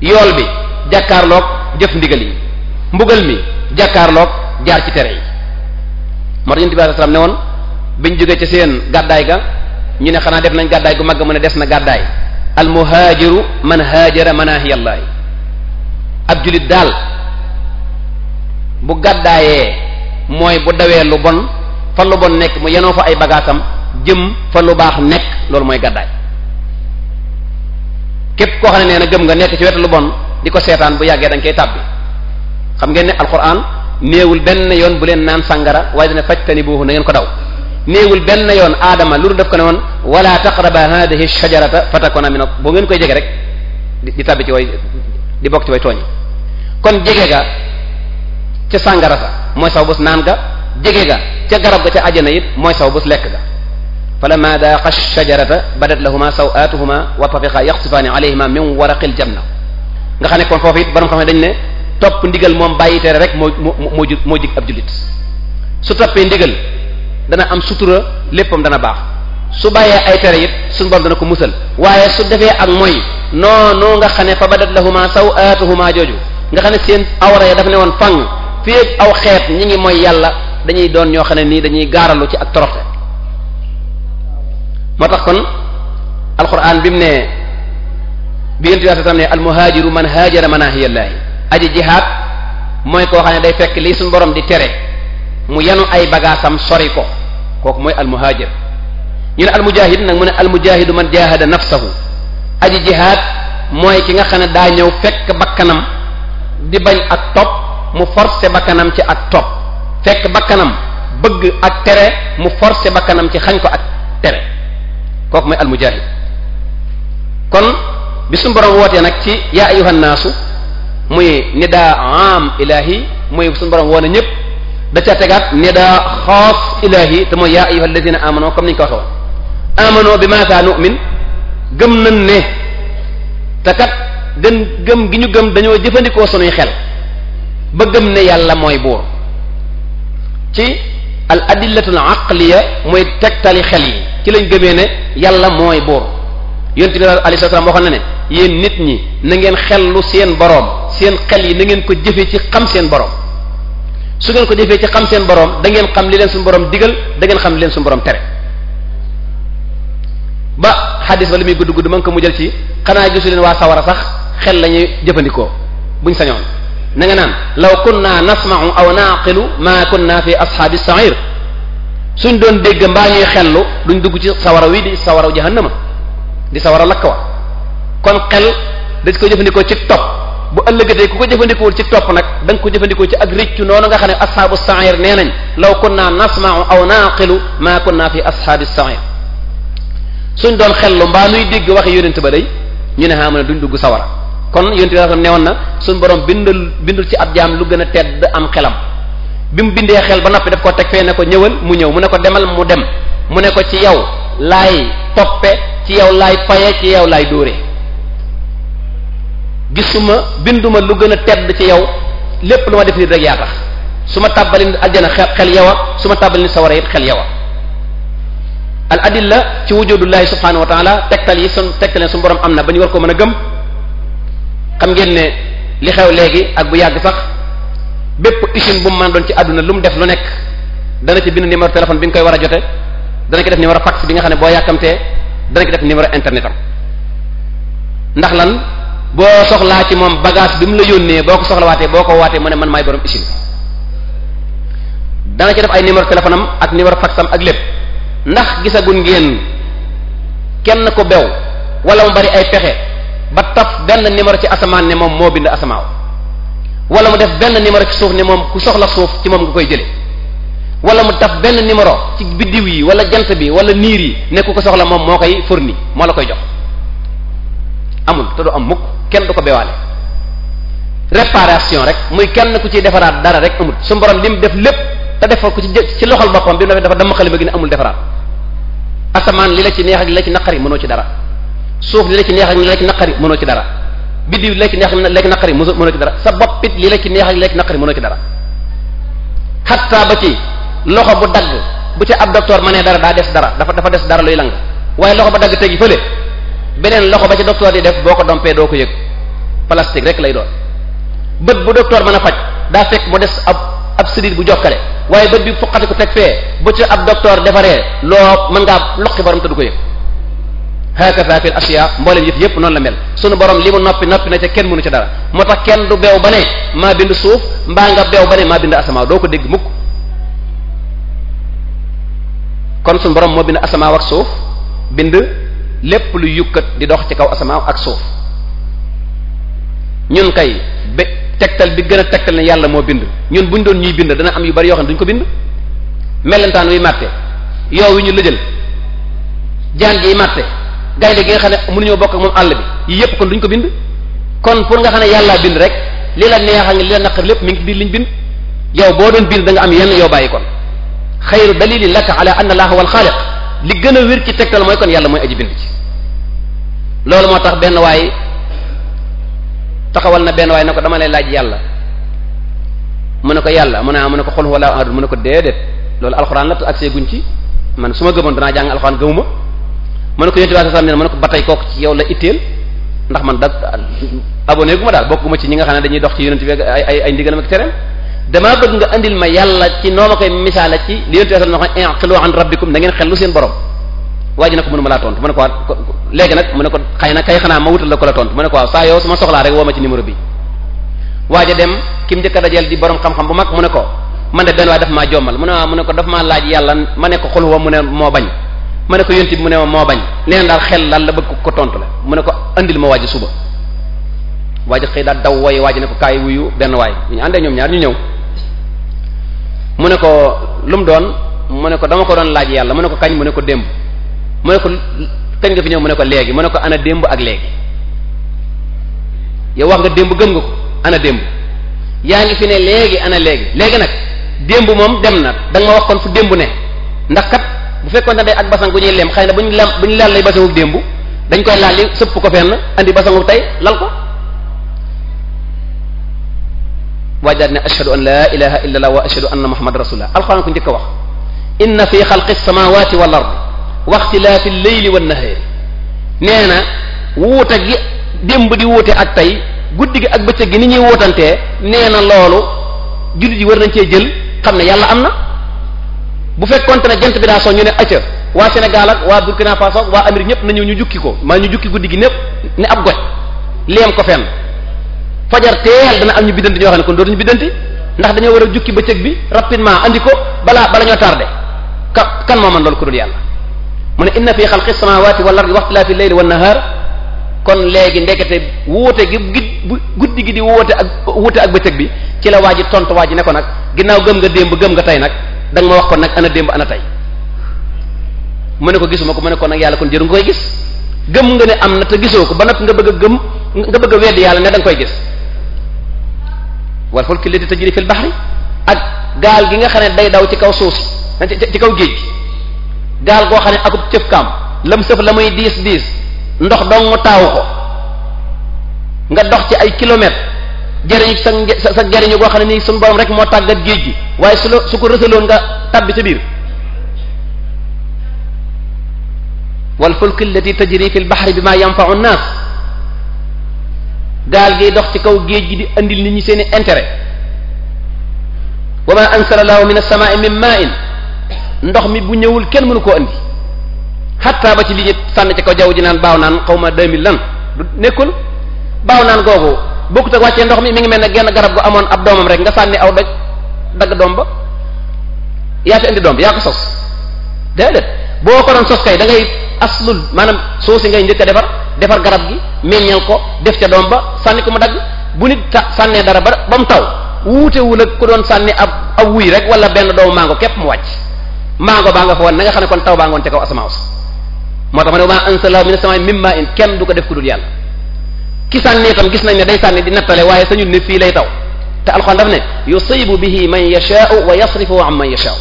yi yool bi jàkkaarloog jëf ndigal yi mbugal mi jàkkaarloog jaar ci tere yi moo tax yonent bi sallallahu alayhi wasallam ne woon biñ jógee ci seen gàddaay ga ñu ne xanaa def nañ gàddaay gu mag mu ne des na gàddaay al muhaajiru man haajara manaahiyallahi ab julit daal bu gàddaayee mooy bu dawee lu bon fa lu bon nekk mu yenoo fa ay bagaasam jëm fa lu baax nekk loolu mooy gàddaay képp koo xam ne nee na gëm nga nekk ci wetu lu bon di ko seetaan bu yàggee da koy tàbbi xam ngeen ne alquran néewul benn yoon bu leen naan sangara waaye dina fajtani boobu na ngeen ko daw néewul benn yoon aadama lu def ko ne woon wala taqraba hadihi shajarata fatakuna min boo ngeen koy jege rek di tàbbi ci way di bokk ci way tooñ kon jege ga ca sàngara sa mooy saw bés naan ga jege ga ca garab ga ca ajana yit mooy saw bés lekk ga falamma daaqa shajarata badat lahuma sawatuhuma wa tafiqa yaxsifaani alayhima min waraqil janna nga xam ne kon foofu it borom xam ne dañu ne topp ndigal moom bàyyi tere rek moo moo moo jig ab jullit su toppee ndigal dana am sutura léppam dana baax su bàyyee ay tere it suñu borom dana ko musal waaye su defee ak mooy noonu nga xam ne fa badat lahuma sawatuhuma jooju nga xam ne seen awra ya dafa ne woon fang fii aw xeet ñu ngi mooy yàlla dañuy doon ñoo xam ne nii dañuy gaaralu ci ak toroxte moo tax kon alquran bi mu ne bi yonent bi sallallahu alayhi wasallam ne almuhaajiru man haajara manahiyallaahi aji jihaad mooy koo xam ne day fekk lii suñu borom di tere mu yanu ay bagaasam sori ko kooku mooy almuhaajir ñu ne almujahid nag mu ne almujahidu man jahada nafsahu aji jihaad mooy ki nga xam ne daa ñëw fekk bakkanam di bañ ak topp mu forcer bakkanam ci ak topp fekk bakkanam bëgg ak tere mu forcer bakkanam ci xañ ko ak tere kooku mooy almujahid kon bi su borom wootee nag ci yaa ayyuhan naasu muy nidaa am ilahi muy suñu borom woon a ñëpp da ca tegaat nidaa xaas ilahi te mooy yaa ayyuhal ladina amano comme ni ñu ko waxee woon amano bi te kat gën gëm gi ñu gëm dañoo jëfandikoo sunuy xel ba gëm ne yàlla mooy buur ci al adillatul aqliya mooy tegtali xel yi ci lañ gëmee ne yàlla mooy buur yonent bi alayhi salaam waxoon na ne yéen nit ñi na ngeen xellu seen boroom seen xel yi na ngeen ko jëfee ci xam seen boroom su ngeen ko jëfee ci xam seen boroom da xam li leen suñu boroom digal dangeen xam li leen suñu boroom tere ba xaddis ba li muy gudd gudd mën ko mujjal ci xanaa gisu leen waa sawara sax xel la ñuy jëfandikoo buñ sañoon na naan law kunna nasma'u aw naaqilu ma kunna fi ashabi sa'ir suñ doon dégg mbaa ñuy xellu duñ dugg ci sawara wi di sawara jahannama di sawara lakk wa kon xel dañ ko jëfandikoo ci topp bu ëllëgatee ku ko jëfandikoo ci topp nag da ko jëfandikoo ci ak rëccu noonu nga xam ne ashaabu sa'ir nee nañ law kunna nasma'u aw naqilu ma naa fi ashaabi sa'ir suñ doon xellu mbaa nuy dégg waxi yonent ba day ñu ne xaama ne duñ dugg sawara kon yonent bi newoon na suñ borom bindul bindul ci ab jaam lu gën a tedd am xelam bi mu bindee xel ba noppi daf ko teg fee ne ko ñëwal mu ñëw mu ne ko demal mu dem mu ne ko ci yow laay toppe ci yow laay faye ci yow laay dóore gisuma binduma lu gën a tedd ci yow lépp lu ma def nit rek yaa tax su ma tàbbali aljana xel yow su ma tàbbali sawara it xel yow a al adilla ci wujudullahi subhanahu wa taala tegtal yi sun tegtaleen suñu borom am na ba ñu war ko mën a gëm xam ngeen ne li xew léegi ak bu yàgg sax bépp usine bu mu mën doon ci àdduna lu mu def lu nekk dana ci bind numéro téléphone bi nga koy war a jote dana ci def numéro fax bi nga xam ne boo yàkkamtee dana ci def numéro internet ndax lan boo soxlaa ci moom bagage bi mu la yónnee boo ko soxlawaatee boo ko waatee mu ne man maay borom usine dana ci def ay numéro téléphone ak numéro fax ak lépp ndax gisagul ngeen kenn ko bew wala mu bari ay pexe ba taf benn numéro ci asamaan ne moom moo bind asamaaw wala mu def benn numéro ci suuf ne moom ku soxla suuf ci moom nga koy jële wala mu taf benn numéro ci biddiw yi wala jant bi wala niir yi ne ku ko soxla moom moo koy fourni moo la koy jox amul te du am mukk kenn du ko bewaale réparation rek muy kenn ku ciy defaraat dara rek amul su borom li mu def lépp te defal ku ci jë ci loxol boppam bi mu dafa dama xalima gi ne amul defaraat asamaan li la ci neex ak li la ci naqari mënoo ci dara suuf li la ci neex ak naqari mënoo ci dara biddiw li la ci neex lekk naqari mënoo ci dara sa bopp it li la ci neex ak lekk naqari mënoo ci dara xattaa ba ci loxo bu dagg bu ca ab docteur ma ne dara daa des dara dafa dafa des dara luy lang waaye loxo ba dagg tegi fële beneen loxo ba ci docteur di def boo ko dompee doo ko yëg plastique rek lay doon bët bu docteur man a faj daa fekk mu des ab ab sidit bu jokkale waaye bët bi fuqati ko teg fee bu ca ab docteur defaree loo mën ngaa loqi borom du ko yëg hakaza fil ashiya mboolem yëf yëpp noonu la mel sunu borom li mu noppi noppi na ca kenn mënu ca dara moo tax kenn du beew ba ne maa bind suuf mbaa nga beew ba ne maa bind asamaa doo ko dégg mukk kon sunu borom moo bind asamaa ak suuf bind lépp lu yukkat di dox ci kaw asamaa ak suuf ñun kay ba tegtal bi gën a tegtal ne yàlla moo bind ñun buñ doon ñuy bind dana am yu bari yoo xam ne duñ ko bind mellentaan wi màtte yow wi ñu lëjal jaan gi màtte gaynde gi nga xam ne mënuñoo bokk ak moom àll bi yi yëpp kon duñ ko bind kon pour nga xam ne yàllaa bind rek li la neex ak li la naqar lépp mu ngi biir liñ bind yow boo doon bind da nga am yenn yoo bàyyi kon xayru yi lakk ala anna allaha wal xaaliq li gën a wér ci tegtal mooy kon yàlla mooy aji ci loolu moo tax benn waay taxawal na benn waay na ko dama lay laaj yàlla mu ne ko yàlla mu ne ah, mu ne ko xol wala ahadun mu ne ko déedéet loolu alxuraan la te ak see ci man su ma gëmoon danaa jàng alxuraan gëmuma mu ne ko yonent bi sallallahu alayhi wasallam mu ne ko ba tey kooku ci yow la itteel ndax man da abonné gu daal bokkuma ci ñi nga xam ne dañuy dox ci yonent bi ay ay ay ndigalam tereem damaa bëgg nga andil ma yàlla ci noo ma koy misaale ci li yonent bi sallallahu alayhi wasallam inqilu an rabbikum da ngeen xellu seen borom waa na ko mënu laa tontu mu ne ko waaw nag mu ne ko xëy na kay xanaa ma wutal la ko la tontu mu ne ko waaw saa yow su ma soxlaa rek woo ci numéro bi waaj a dem kim njëkk a dajeel di borom xam-xam bu mag mu ne ko man de benn waaye maa jommal mu ne waaw ne ko daf maa laaj yàlla ma ne ko xul wa mu ne ma ne ko yonti mu ne ma moo bañ leneen daal xel daal la bëgg ko tontu la mu ne ko andil ma waaji suba waaji xëy daal daw wooye waaji ne ko kaay wuyu benn waay bu ñu àndee ñoom ñaar ñu ñëw mu ne ko lu mu doon mu ne ko dama ko doon laaj yàlla mu ne ko kañ mu ne ko démb mu ne nga fi ñëw mu ne ko léegi mu ne ko ana démb ak léegi yow wax nga démb gëm nga ko ana démb yaa ngi fi ne léegi ana léegi léegi nag démb moom dem na danga nga ma wax kon fu démb ne ndax kat bu fekkoon ne day ak basan gu ñuy lem xay na bu ñu lem bu ñu laal lay basangu démb dañ koy laal li sëpp ko fenn andi basangu tey lal ko waaj daal ne ashhadu la ilaha illa allah wa ashhadu anna muhammad rasulullah alxuraan ku njëkk fi xalqi samawati wal ardi wa ixtilaafi leyli wan nahaari nee na wuute gi démb di wuute ak tey guddi gi ak bëccëg gi ni ñuy wuutantee nee na loolu jullit yi war nañ cee jël xam ne yàlla am na bu fekkonte ne jant bi ñu ne acca waa Sénégal ak waa Burkina Faso waa Amérique ñëpp nañu ñu jukki ko maa ñu jukki guddi gi ñëpp ne ab goj leem ko fenn fajar teel dana am ñu biddanti ñoo xam ne kon dootuñu biddanti ndax dañoo war a jukki bëccëg bi rapidement indi ko balaa bala ñoo tardé ka kan moo mën loolu ku dul yàlla mu ne inna fi xalqi samawati wal ardi waxtilaafi layli wan nahar kon léegi ndekete wuute gi guddi gi di wuute ak wuute ak bëccëg bi ci waa ji tontu ji ne ko nag ginnaaw gëm nga démb gëm nga tey nag danga ma wax kon nag ana démb ana tey mu ne ko gisuma ko mu ne ko nag yàlla kon jëru nga koy gis gëm nga ne am na te gisoo ko ba noppi nga bëgg a gëm nga bëgg a weddi yàlla ne da koy gis wal fulki lati tajri fil bahri ak gaal gi nga xam ne day daw ci kaw suuf si ci kaw géej gaal goo xam ne akub cëf kaam lam sëf la muy diis diis ndox dong mu taawu ko nga dox ci ay kilomètres jëriñu sa sa jëriñu goo xam ne nii suñu borom rek moo tàggat géej gi waaye su la su ko rësaloon nga tabbi ca biir wal fulki allati tajri fi l bahri bima yanfa'u nnaas gaal gi dox ci kaw géej gi di andil nit ñi seen i intérêt wa ma ansala llaahu min as-samaa'i min maa'in ndox mi bu ñëwul kenn mënu koo andi xatta ba ci li ñu sànni ci kaw jaww ji naan baaw naan xaw ma 2000 lan du nekkul baaw naan googu bokkut ak wàccee ndox mi mu ngi mel ne genn garab gu amoon ab doomam rek nga sànni aw daj dagg doom ba yaa fi indi doom yaa ko sos déedéet boo ko doon sos kay da ngay aslul maanaam soo si ngay njëkk a defar defar garab gi meññal ko def ca doom ba sànni ko ma dagg bu nit ta sànnee dara ba ba mu taw wuutewul ak ku doon sànni ab ab wuy rek wala benn doomu mango képp mu wàcc mango baa nga fa woon na nga xam ne kon taw baa ngoon ca kaw asamaaw moo tax ma ne maa anzala mina samaa'i mimmaa in kenn du ko def ku dul ki sànni itam gis nañ ne day sànni di nettale waaye sañul ne fii lay taw te alxuraan daf ne yusibu bihi man yashaa'u wa yasrifu am man yashaa'u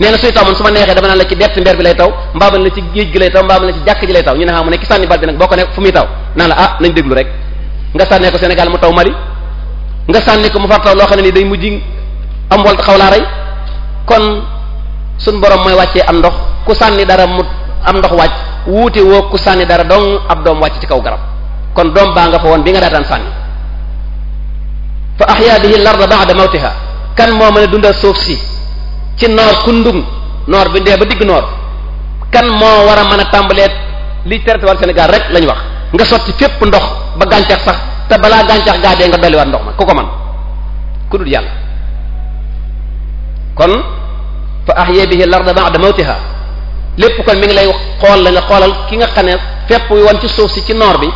nee na suy taw man su ma neexee dama naan la ci dert mbeer bi lay taw mbaaban la ci géej gi lay taw mbaaban la ci jàkk ji lay taw ñu ne xaa ah mu ne ki sànni bal bi nag boo ko ne fu muy taw naan la ah nañ déglu rek nga sànnee ko Sénégal mu taw Mali nga sànni ko mu far taw loo xam ne ni day mujj am wal xaw laa rey kon suñ borom mooy wàccee am ndox ku sànni dara mu am ndox wàcc wuute woo ku sànni dara dong ab doom wàcc ci kaw garab kon doom baa nga fa woon bi nga daataan sànni fa ahya bihi al-arda ba'da mawtiha kan moo mën a dundal suuf si ci noor kundung noor bi dee ba digg noor kan moo war a mën a tàmbaleet li traité wàllu Sénégal rek lañu wax nga sotti fépp ndox ba gàncax sax te balaa gàncax gaa dee nga dolliwaat ndox ma ku ko man ku dul yàlla kon fa ahya bihi al-arda ba'da mawtiha lépp kon mi ngi lay xool la nga xoolal ki nga xam ne fépp woon ci suuf si ci noor bi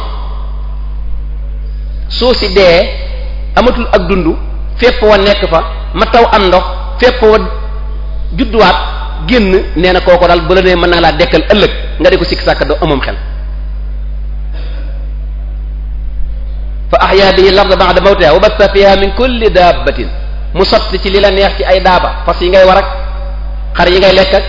soo si dee amatul ak dundu fépp wa nekk fa ma taw am ndox fépp wa judduwaat génn nee na kooko daal bu la nee mën naa laa dekkal ëllëg nga di ko sikk sàkk doo amoom xel fa ahya bihi al-ard ba'da mawtiha wa batha fiha min kulli dabbatin mu sotti ci li la neex ci ay daaba fas yi ngay war ak yi ngay lekk ak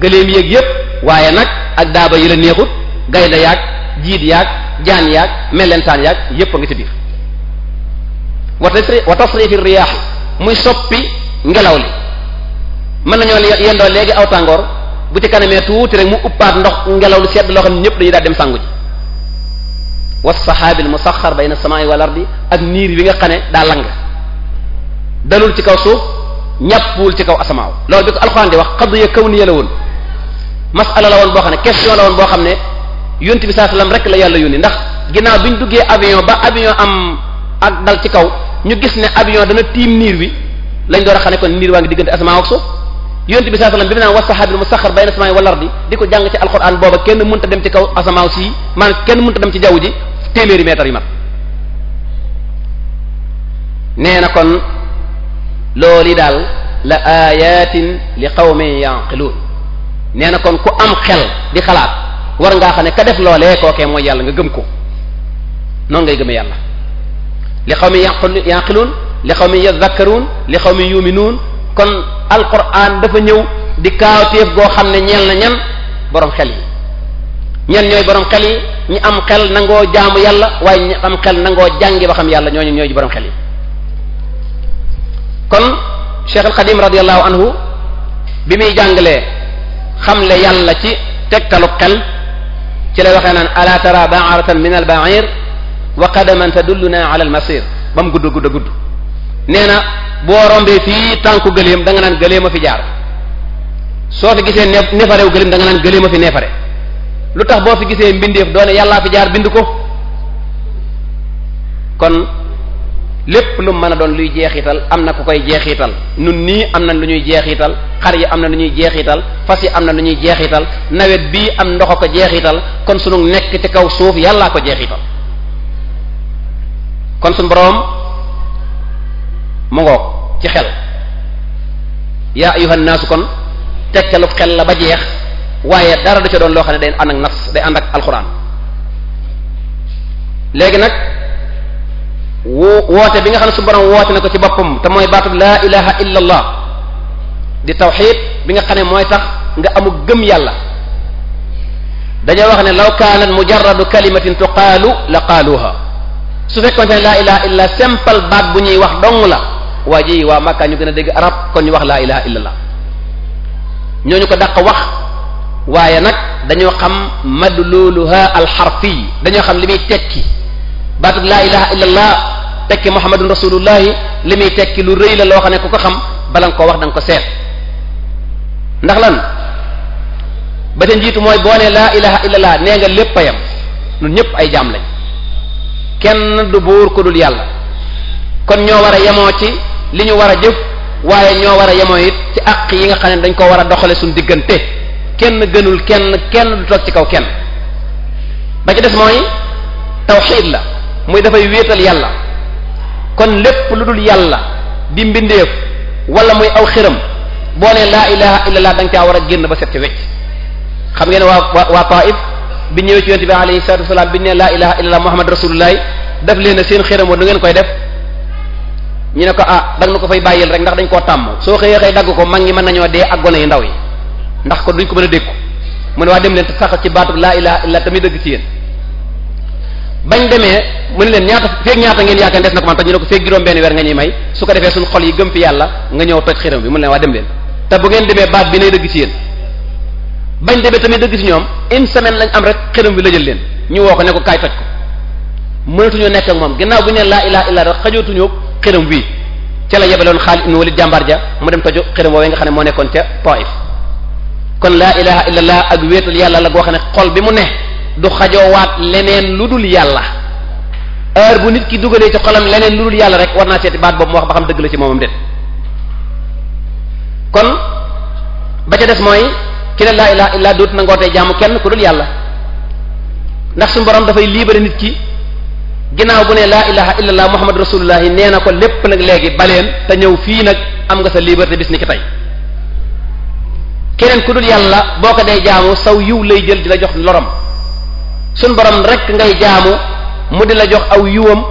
gëléem yéeg yépp waaye nag ak daaba yi la neexut gaynde yaag jiit yaag jaan yaag melentaan yaag yépp a ngi ci biir wa tasri wa tasrifi riyaax muy soppi ngelaw li mën nañoo yendoo léegi aw tàngoor bu ci kanamee tuuti rek mu uppaat ndox ngelaw lu sedd loo xam ne ñëpp dañuy daal dem sangu ji wa saxaabil musaxar bayna samaa'i wal ardi ak niir wi nga xam ne daa lang dalul ci kaw suuf ñàppuwul ci kaw asamaaw loolu bi ko alxuraan di wax xadiya kawniya la woon masala la woon boo xam ne question la woon boo xam ne yonent bi sallallahu alayhi rek la yàlla yónni ndax ginnaaw bi ñu duggee avion ba avion am ak dal ci kaw ñu gis ne avion dana tiim niir wi lañ door a xam ne kon niir waa ngi diggante asamaan ak suuf yonent bi sallallahu alayhi wasallam bi mu naan wasahaabil musaxxar bayna samaa'i wal ardi di ko jàng ci alxuraan dem ci kaw asamaan si maanaam kenn mënta dem ci jaww ji téeméeri mètres nee na kon loolu daal la ayatin li qawmin yanqiluun nee na kon ku am xel di xalaat war ngaa xam ne ka def loolee kookee mooy yàlla nga gëm ko noonu ngay gëmee yàlla li xaw mi yaqiluun li xaw mi yazakkaruun li xaw mi yuminuun kon alquran dafa ñëw di kaawteef goo xam ne ñeel na ñan borom xel yi ñan ñooy boroom xel yi ñi am xel nangoo jaamu yàlla waaye ñi am xel nangoo jàngi ba xam yàlla ñoo ñu ñooy borom xel yi kon Cheikh al Xadim radiyallahu anhu bi muy jàngalee xamle yàlla ci tegtalu xel ci lay waxee naan ala tara baaratan min al bair wa qadaman tadulluna ala al masir ba mu gudd gudd gudd nee na boo rombee fii tànku gëléem da nga naan gëléem a fi jaar soo fi gisee neefarew gëléem da nga naan gëléem a fi neefare lu tax boo fi gisee mbindeef doone yàllaa fi jaar bind ko kon lépp lu mën a doon luy jeexital am na ku koy jeexital nun nii am na lu ñuy jeexital xar yi am na lu ñuy jeexital fas yi am na lu ñuy jeexital nawet bii am ndox a ko jeexital kon sunu nekk ci kaw suuf yàllaa ko jeexital kon su boroom mu ci xel yaa ayuhan naasu kon tekkalu xel la ba jeex waaye dara du ca doon loo xam ne day ànd ak nas day ànd ak alxuraan léegi nag woo woote bi nga xam ne su borom woote na ko ci boppam te mooy baatub laa ilaha illa allah di tawxid bi nga xam ne mooy tax nga amu gëm yàlla dañoo wax ne law kaanat mujarradu kalimatin tuqaalu la qaaluha su fekkonte ne laa ilaha illa simple baat bu ñuy wax dong la waa ji waa Makka ñu gën a dégg arab kon ñu wax laa ilaha illa allah ñooñu ko dàq wax waaye nag dañoo xam madluluha alxarfi dañoo xam li muy tekki baatub laa ilaha illa allah tekki muhammadun rasulullahi li muy tekki lu rëy la loo xam ne ku ko xam bala nga ko wax da ko seet ndax lan ba te njiitu mooy boo ne laa ilaha illallah nee nga lépp a yam ñun ñëpp ay jaam lañ kenn du buur ku dul yàlla kon ñoo war a yemoo ci li ñu war a jëf waaye ñoo war a yemoo it ci àq yi nga xam ne dañ ko war a doxale suñu diggante kenn gënul kenn kenn du toog ci kaw kenn ba ci des mooy tawxiid la muy dafay wéetal yàlla kon lépp lu dul yàlla di mbindeef wala muy aw xiram boo nee laa ilaha illallah da nga caa war a génn ba set ci wecc xam ngeen waa waa Taif bi ñëwee ci yonte bi alayhi salatu wasalaam bi ñu ne laa ilaha illallah muhammad rasulullah daf leen a seen xiram woon nu ngeen koy def ñu ne ko ah da nga ko fay bàyyil rek ndax dañ koo tàmm soo xëyee xëy dagg ko mag ñi mën nañoo dee ak gone yu ndaw yi ndax ko duñ ko mën a dégg mu ne waa dem leen te saxal ci baatu laa ilaha illallah tamit dëgg ci yéen bañ demee mu ne leen ñaata feeg ñaata ngeen yaakaar des na ko man te ñu ne ko feeg juróom benn weer nga ñuy may su ko defee suñ xol yi gëm fi yàlla nga ñëw toj xiram bi mu ne leen waa dem leen te bu ngeen demee baat bi nay dëgg ci yéen bañ demee tamit dëgg ci ñoom une semaine lañ am rek xiram bi la jël leen ñu woo ko ne ko kaay toj ko mënatuñoo nekk ak moom ginnaaw bu ñu ne laa ilaa ilaa rek xajootuñoo xiram wii ca la yebeloon Xaalid ibn Walid jàmbaar ja mu dem toju xiram woowee nga xam ne moo nekkoon ca Taif kon laa ilaha ak wéetal yàlla la goo xam ne xol bi mu ne du xajoowaat leneen lu dul yàlla heure bu nit ki dugalee ci xolam leneen lu dul yàlla rek war naa seeti baat boobu mu wax ba xam dëgg la ci moomam déet kon ba ca des mooy keneen laa ilaha illa dootu nangootee jaamu kenn ku dul yàlla ndax suñu dafay libéré nit ki ginnaaw bu laa ilaha illallah muhammad rasulullah yi nee na ko lépp nag léegi baleen te ñëw fii nag am nga sa liberté bis ni ki tey keneen ku dul yàlla boo ko dee jaamu saw yiw lay jël di la jox lorom suñ borom rek ngay jaamu mu di la jox aw yiwam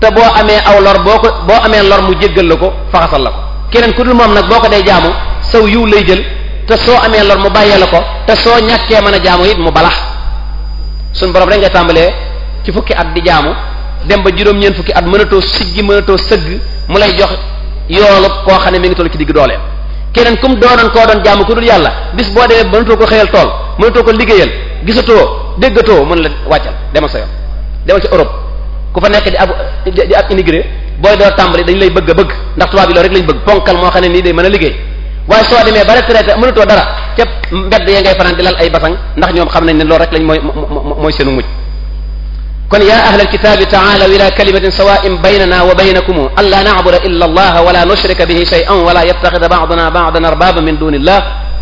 te boo amee aw lor boo ko boo amee lor mu jéggal la ko faxasal la ko keneen ku dul moom nag boo ko dee jaamu saw yiw lay jël te soo amee lor mu bàyyee la ko te soo ñàkkee mën a jaamu it mu bala suñ borom rek ngay tàmbalee ci fukki at di jaamu dem ba juróom ñeen fukki at mënatoo siggi mënatoo sëgg mu lay jox yoolu koo xam ne mi ngi toll ci digg dooleem keneen kum doonoon koo doon jaamu ku dul yàlla bis boo demee mënatoo ko xëyal tool mënatoo ko liggéeyal gisatoo déggatoo mën la wàccal demal sa yoon demal ci Europe ku fa nekk di ab di ab immigré booy door dañ lay bëgg bëgg ndax tubaab yi loolu rek bëgg ponkal moo xam ne nii day mën a liggéey waaye soo demee ba retraité mënatoo dara ca mbedd ya ngay fanaan di ay basang ndax ñoom xam nañ ne loolu rek lañ mooy mooy seenu mujj kon ya ahlal kitaabi taalaw ila kalimatin sawaa'in baynana wa baynakum an laa na'buda illa allah wala nushrika bihi shay'an wala yattaxida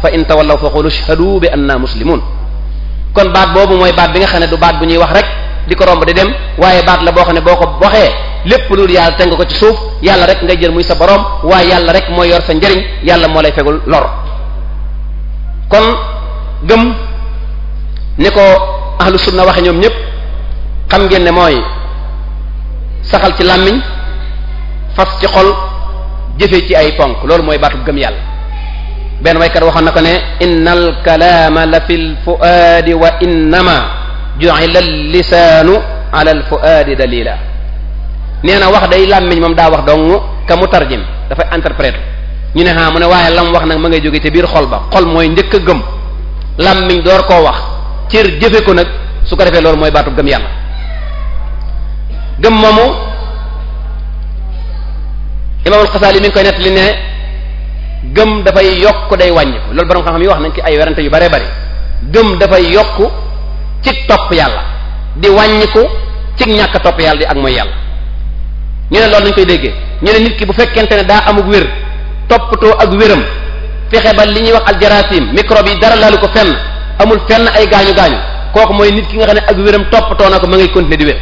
fa in tawallaw fa qulu ashhadu bi anna muslimun kon baat boobu mooy baat bi nga xam ne du baat bu ñuy wax rek di ko romb di dem waaye baat la boo xam ne boo ko waxee lépp lu yàlla teg ko ci suuf yàlla rek ngay jël muy sa boroom waaye yàlla rek mooy yor sa njariñ yàlla moo lay fegul lor kon gëm ni ko ahlu sunna waxe ñoom ñépp xam ngeen ne mooy saxal ci làmmiñ fas ci xol jëfe ci ay ponk loolu mooy baatu gëm yàlla benn waykat waxoon na ko ne innal kalaama la fil fuaadi wa innama ju'ila lisaanu ala al fuaadi dalila nee na wax day làmmiñ moom daa wax dong kamu mu tarjim dafay interprète ñu ne ha mu ne waaye lam wax nag ma ngay jóge ci biir xol ba xol mooy njëkk a gëm làmmiñ door koo wax cër jëfe ko nag su ko defee loolu mooy baatu gëm yàlla gëm moomu imaamul xasaali mi ngi koy nettali ne gëm dafay yokk day wàññi ko loolu borom xam-xam yi wax nañ ci ay werante yu bare bari gëm dafay yokk ci topp yàlla di wàññiku ci ñàkk a topp yàlla di ak mooy yàlla ñu lool loolu nañ koy déggee ñu nit ki bu fekkente ne daa amug wér toppatoo ak wéram fexe ba li ñuy wax aljarasim microbe yi dara laalu ko fenn amul fenn ay gaañu gaañu kooku mooy nit ki nga xam ne ak wéram toppatoo na ko ma ngay continuer di wér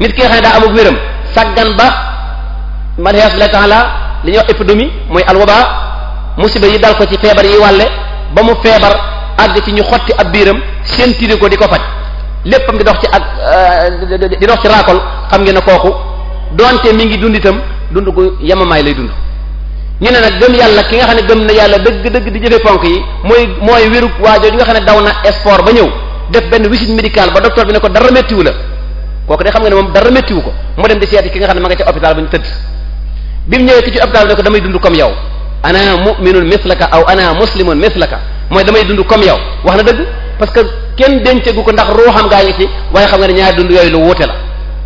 nit ki nga xam ne daa amug wéram saggan ba li ñuy wax épidémie mooy alwaba musiba yi dal ko ci feebar yi wàlle ba mu feebar àgg ci ñu xotti ab biiram seen tiiri ko di ko faj léppam di dox ci ak euh, di dox ci raakol xam ngeen ne kooku doonte mi ngi dund itam dund gu yemamaay lay dund ñu ne nag gëm yàlla ki nga xam ne gëm na yàlla dëgg dëgg di jëfe ponk yi mooy mooy wérug waajoo yi nga xam ne daw na sport ba ñëw def benn visite médicale ba docteur bi ne ko dara méttiwu la kooku de xam nga ne moom dara méttiwu ko mu dem di ki nga xam ne ma nga bi mu ñëwee ki ci hôpital ne ko damay dund comme yow ana mu'minun mislaka aw ana muslimun mislaka mooy damay dund comme yow wax na dëgg parce que kenn denceegu ko ndax ruuxam gaa ngi ci waaye xam nga ne ñaari dund yooyu lu wuute la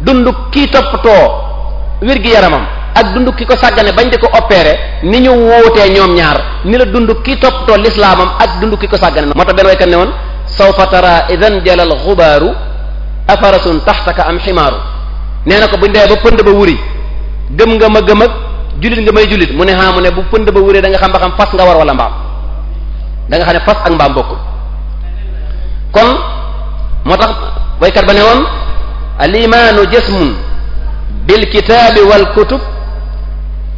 dund kii toppatoo wér gi yaramam ak dund ki ko sàggane bañ di ko opérer ni ñu wuutee ñoom ñaar ni la dund kii toppatoo lislaamam ak dund ki ko sàggane moo tax benn waykat ne woon sawfa tara idan jalal xubaaru afarasun taxtaka am ximaaru nee na ko buñ dee ba pënd ba wuri gëm nga ma gëm jullit nga may jullit mu ne ah mu ne bu pënd ba wuree da xam ba xam fas nga war wala mbaam da nga xam ne fas ak mbaam bokkul kon moo tax baykat ba ne woon al imaanu jismun bil kitaabi wal kutub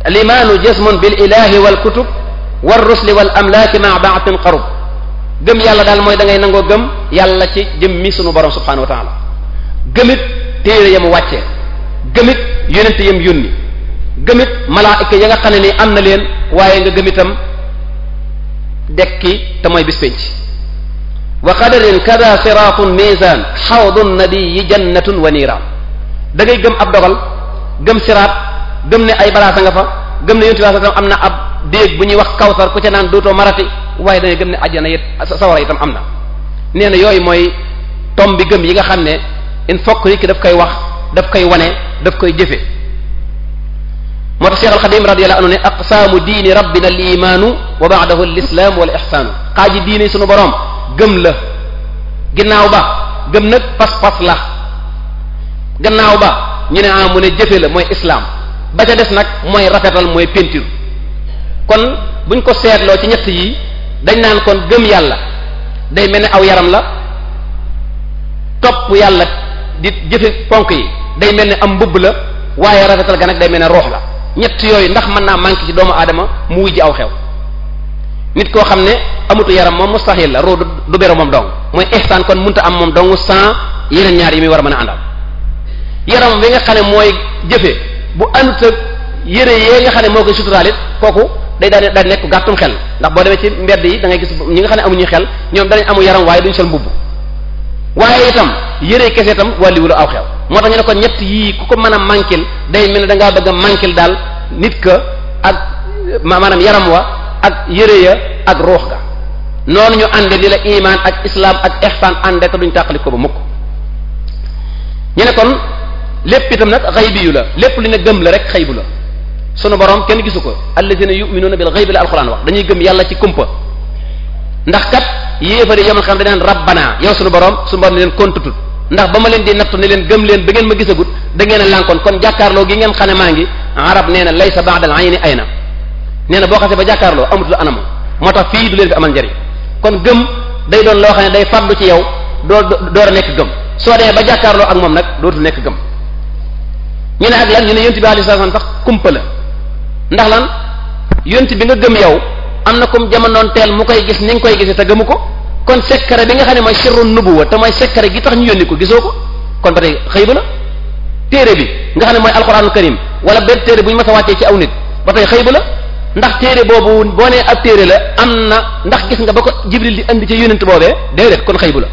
al imaanu jismun bil ilaahi wal kutub war rusli wal amlaaki maa baatin qarub gëm yàlla daal mooy da ngay nangoo gëm yàlla ci jëmmi sunu borom subhaanahu wa taala gëmit téere ya mu wàccee gëmit yonent yam yónni gëmit malaayika ya nga xam ne ni am na leen waaye nga gëmitam dekki te mooy bis pénc wa qadarin kada siratun misan xawdun nadiyi jannatun wa niiraan da ngay gëm ab dogal gëm siraat gëm ne ay baraasa nga fa gëm ne yontu tam am na ab déeg bu ñuy wax kawsar ku ca naan dootoo marati waaye dangay gëm ne ajjana it sawara itam am na nee na yooyu mooy tom bi gëm yi nga xam ne il faut que ki daf koy wax daf koy wane daf koy jëfe moo tax Cheikh al Xadim radiyallahu anhu ne aqsaamu diini rabbina al imaanu wa ba'dahu al islaam wal ihsaanu xaaji diine sunu borom gëm la ginnaaw ba gëm nag pas-pas la gannaaw ba ñu ne ah mu ne jëfe la mooy islaam ba ca des nag mooy rafetal mooy peinture kon buñ ko seetloo ci ñett yi dañ naan kon gëm yàlla day mel ne aw yaram la topp yàlla di jëfe ponk yi day mel ne am mbubb la waaye rafetal ga nag day mel ne roox la ñett yooyu ndax mën naa manqué ci doomu aadama mu wuy ji aw xew nit koo xam ne amutu yaram moom mustahil la roo du bero moom dong mooy ihsaan kon munta am moom dong sans yeneen ñaar yi muy war a mën a àndal yaram bi nga xam ne mooy jëfe bu àndut ak yére yee nga xam ne moo koy suturaalit kooku day daal daal nekk gàttum xel ndax boo demee ci mbedd yi da gis ñi nga xam ne amuñuy xel ñoom danañ amu yaram waaye duñ sol mbubb waaye itam yére kese itam wàlliwula aw xew moo tax ñu ne ko ñett yii ku ko mën a manquil day mel ne da bëgg a manquil daal nit ka ak maanaam yaram wa ak yére ya ak ruux ga noonu ñu ànde li la ak islam ak ihsan ànde te duñ tàqali ko ba mukk ñu ne kon lépp itam nag xaybi yu la lépp lu ne gëm la rek xaybu la sunu borom kenn gisu ko allazina yu'minuna bil ghaybi la alxuraan wax dañuy gëm yàlla ci kumpa ndax kat yéefari yomal xam daneen rabbana yow suñu borom suñu borom ne leen kontutut ndax ba ma leen di nattu ne leen gëm leen ba ngeen ma gisagut da ngeen a lànkoon kon jàkkaarloo gi ngeen xam ne maa ngi arab nee na laysa ba'dal ayni ayna nee na boo xasee ba jàkkaarloo amatul anama moo tax fii du leen fi amal njariñ kon gëm day doon loo xam ne day faddu ci yow doo door a nekk gëm soo demee ba jàkkaarloo ak moom nag dootul nekk gëm ñu ne ak lan ñu ne yonti bi alayhi salaam sax kumpa la ndax lan yonti bi nga gëm yow am na kum jamonoon teel mu koy gis ni nga koy gisee te gëmu ko kon sekkare bi nga xam ne mooy sirru nubuwa te mooy sekkare gi tax ñu yónni ko gisoo ko kon ba tey xëybu la téere bi nga xam ne mooy alquranul karim wala benn téere bu ñu mas a wàccee ci aw nit ba tey xëybu la ndax téere boobu boo nee ab téere la am na ndax gis nga ba ko jibril di indi ca yónent boobee déedéet kon bu la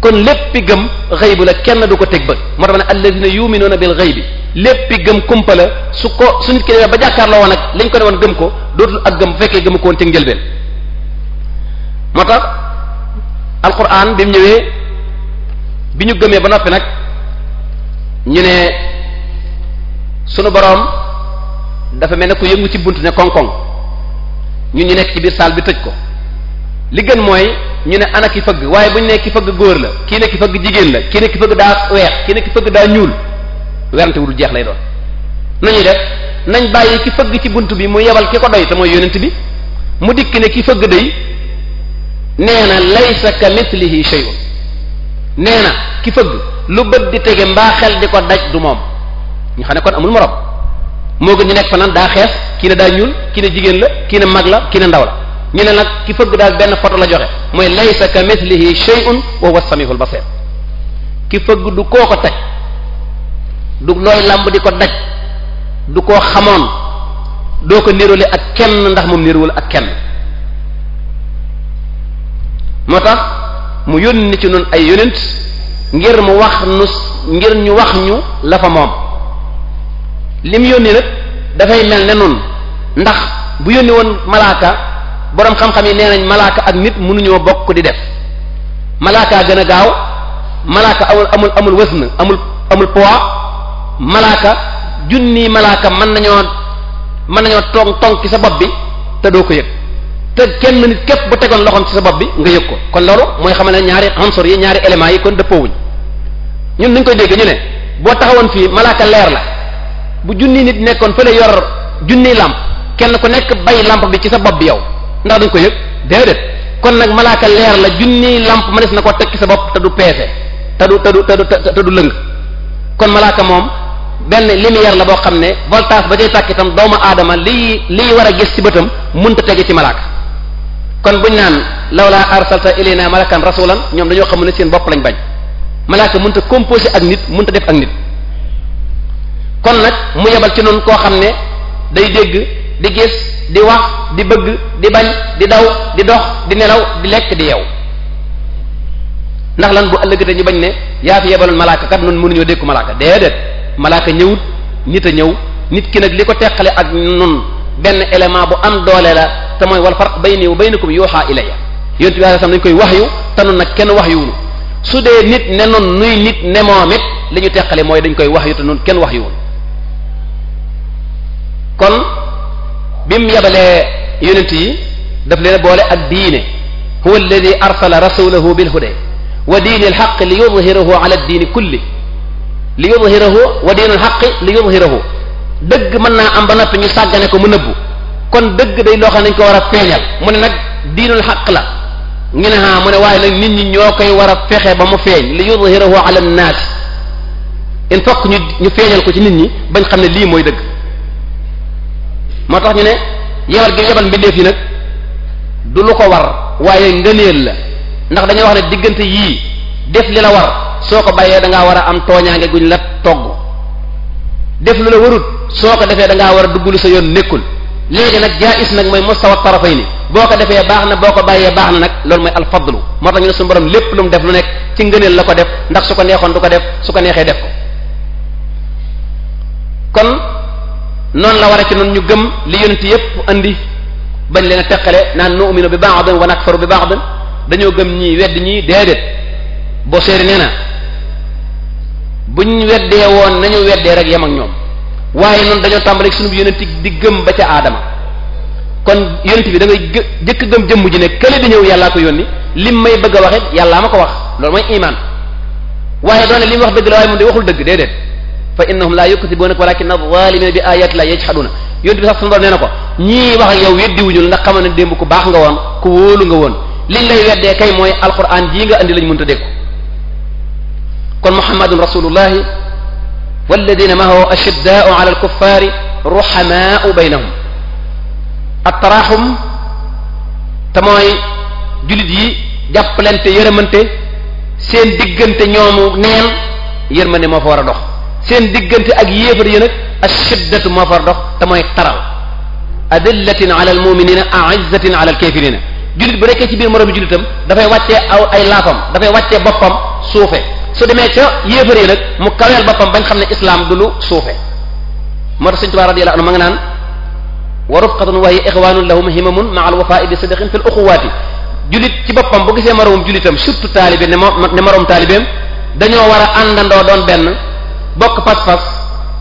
kon léppi gëm xëybu la kenn du ko teg bët moo tax ne alladina yuminuuna bil xëybi léppi gëm kumpa la su ko su nit ki demee ba jàkkaarloo woon ak lañ ko ne woon gëm ko dootul ak gëm bu fekkee gëmu ko woon ca moo tax alquran bi mu ñëwee bi ñu gëmee ba noppi nag ñu ne sunu boroom dafa mel ne ku yëngu ci bunt ne koŋ-koŋ ñun ñu nekk ci biir saal bi tëj ko li gën mooy ñu ne ana ki fëgg waaye bu ñu ne ki fëgg góor la kii ki fëgg jigéen la kii ne ki fëgg daa weex kii ne ki fëgg daa ñuul werante wudul jeex lay doon nañuy def nañ bàyyi ki fëgg ci bunt bi mu yebal ki ko doy te mooy yonent bi mu dikk ne ki fëgg day nee na laysa ka mithlihi shay'un nee na ki fëgg lu bët di tege mbaa xel di ko daj du moom ñu xam ne kon amul morom moo gën ñu nekk fa naan daa xees kii ne daa ñuul kii ne jigéen la kii ne mag la kii ne ndaw la ñu ne nag ki fëgg daal benn photo la joxe mooy laysa ka mithlihi shay'un wa huwa samiul basir ki fëgg du koo ko taj du looy làmb di ko daj du koo xamoon doo ko nirole ak kenn ndax moom nirowul ak kenn moo tax mu yónni ci nun ay yonent ngir mu wax nu ngir ñu wax ñu la fa moom lim yónni nag dafay mel ne noonu ndax bu yónni woon malaaka boroom xam-xam yi nee nañ malaaka ak nit mënuñoo bokk di def malaaka gën a gaaw malaaka amul amul amul wësn amul amul poids malaaka junni malaaka mën nañoo mën nañoo tong tong ci sa bopp bi te doo ko yëg te kenn nit képp bu tegoon loxoom ci sa bopp bi nga yëg ko kon loolu mooy xamal ne ñaari ansor yi ñaari éléments yi kon dëppoowuñ ñun nañ koy dégg ñu ne boo taxawoon fii malaaka leer la bu junni nit nekkoon fële yor junni làmp kenn ku nekk bay làmp ci sa bopp bi yow ndax dañ ko yëg déedéet kon nag malaaka leer la junniy làmp ma des na ko tekki sa bopp te du peese te du te du te du lëng kon malaaka moom benn lumière la boo xam ne voltage ba cay tàkk itam doomu aadama lii lii war a gis ci bëtam mënta tege ci malaaka kon buñ naan lawla arsalta ilayna malakan rasulan ñoom dañoo xam ne seen bopp lañ bañ malaaka mënta composé ak nit mënta def ak nit kon nag mu yebal ci noonu koo xam ne day dégg di gis di wax di bëgg di bañ di daw di dox di nelaw di lekk di yeew ndax lan bu ëllëgatee ñu bañ ne yaa fi yebaloon malaaka kat noonu mënuñoo dékku malaaka déedéet malaaka ñëwut nit a ñëw nit ki nag li ko teqale ak nun benn élément bu am doole la te mooy wal farq bayni wa baynakum yuha ilayya yonent bi sallallahu alayhi wasallam dañ koy wax te nun nag kenn wax waxyuwunu su dee nit ne nun nuy nit ne moom it li ñu teqale mooy dañ koy waxyu te nun kenn wax waxyuwunu kon bi mu yebalee yonent yi daf leen boole ak diine huwa alladi arsala rasulahu bilhuda wa diini alxaq li yudhirahu ala diini kulli li yudhirahu wa diini alxaqi li yudhirahu dëgg mën naa am ba noppi ñu sàggane ko mu nëbbu kon dëgg day loxo xam ko war a feeñal mu ne nag diinul xaq la ñu ne ah mu ne waaye nag nit ñi ñoo koy war a fexe ba mu feeñ li yudhirahu ala nnaas il faut ñu ñu feeñal ko ci nit ñi bañ xam ne lii mooy dëgg moo tax ñu ne yebal gi yebal mbindeef yi nag du lu ko war waaye ngëneel la ndax dañoo wax ne diggante yii def li la war soo ko bàyyee da ngaa war a am tooñaange guñ la togg def lu la warut soo ko defee da war a dugg sa yoon nekkul léegi nag is nag mooy mustawa tarafayni boo ko defee baax na boo ko bàyyee baax na nag loolu mooy alfadlu moo tax ñu ne suñu borom lépp lu mu def lu nekk ci ngëneel la ko def ndax su ko neexoon du ko def su ko neexee def ko noonu la war a ci noonu ñu gëm li yonent yépp andi bañ leen a teqale naan nu'minu bi ba'd wa nakfaru bi ba'd dañoo gëm ñii wedd ñii déedéet boo seeri nee na buñ weddee woon nañu weddee rek yem ak ñoom waaye noonu dañoo tàmbali suñu yonent di gëm ba ca aadama kon yonent bi dangay ngay gë jëkk gëm jëmm ji ne kële di ñëw yàllaa ko yónni lim may bëgg a wax it yàllaa ma ko wax loolu mooy iman waaye doone li mu wax dëgg la waaye moom de waxul dëgg déedéet fa la yuktibuunaka walakin adh-dhalimina bi ayati la yajhaduna yonent bi sax sunu borom nee na ko ñii wax ak yow weddi wuñu ndax xamal ne démb ku baax nga woon ku wóolu nga woon liñ lay weddee kay mooy alquran jii nga andi lañ mënta dégg kon muhammadun rasulullahi walladina maahu ashiddaau ala alkuffari ruhamaau baynahum attaraaxum te mooy jullit yi jàppalante yërëmante seen diggante ñoomu neen yërmande moo fa war a dox seen diggante ak yéefar yi nag ashiddatu moo far dox te mooy taral adillatin ala al muminina aizzatin ala al kafirina jullit bu nekkee ci biir moroom bi jullitam dafay wàccee aw ay laafam dafay wàccee boppam suufe su demee ca yéefar yi nag mu kaweel boppam bañ xam ne islam du lu suufe ma tax sëñ Tuubaa radiyallahu anhu ma nga naan wa rufqatun wa hiya ixwanun lahum himamun ma al wafai bi sidqin fi l uxuwaati julit ci boppam bu gisee moroomum julitam surtout taalibe ne moroom taalibeem dañoo war a àndandoo doon benn bokk pas-pas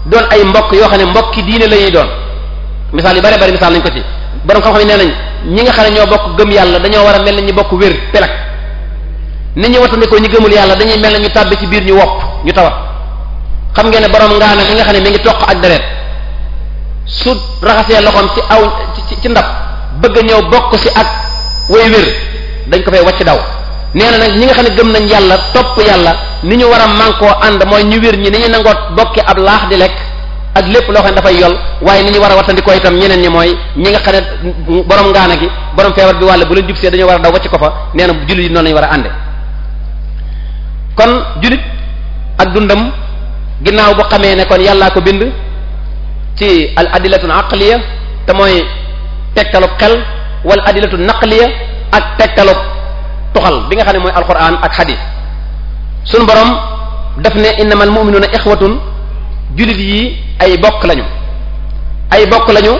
doon ay mbokk yoo xam ne mbokki diine la ñuy doon misaal yu bari bari misaal nañ ko ci borom xam-xam yi nee nañ ñi nga xam ne ñoo bokk gëm yàlla dañoo war a mel ne ñu bokk wér pelak nit ñi ñu gëmul yàlla dañuy mel ne ñu tàbbi ci biir ñu wopp ñu tawat xam ngeen ne borom ngaana mi nga xam ne mi ngi toq ak deret su raxasee loxoom ci aw ci ndab bëgg ñëw bokk ci ak way wér dañ ko fay wàcc daw nee na ñi nga xam ne gëm nañ yàlla topp yàlla ni ñu war a mànkoo ànd mooy ñu wér ñi ni ñu nangoo bokke ab laax di lekk ak lépp loo xam ne dafay yol waaye ni ñu war a wattandikoo itam ñeneen ñi mooy ñi nga xam ne borom ngaana gi borom feebar bi wàlla bu leen jubsee dañoo war a daw wacc ko fa nee na jullit yi noonu lañu war a ànde kon jullit ak dundam ginnaaw bu xamee ne kon yàllaa ko bind ci al adilatun aqliya te mooy tegtalub xel wal adilatu naqliya ak tegtalub tuxal bi nga xam ne mooy alquran ak hadith suñ borom daf ne innamal mu'minuna ixwatun jullit yi ay bokk lañu ay bokk lañu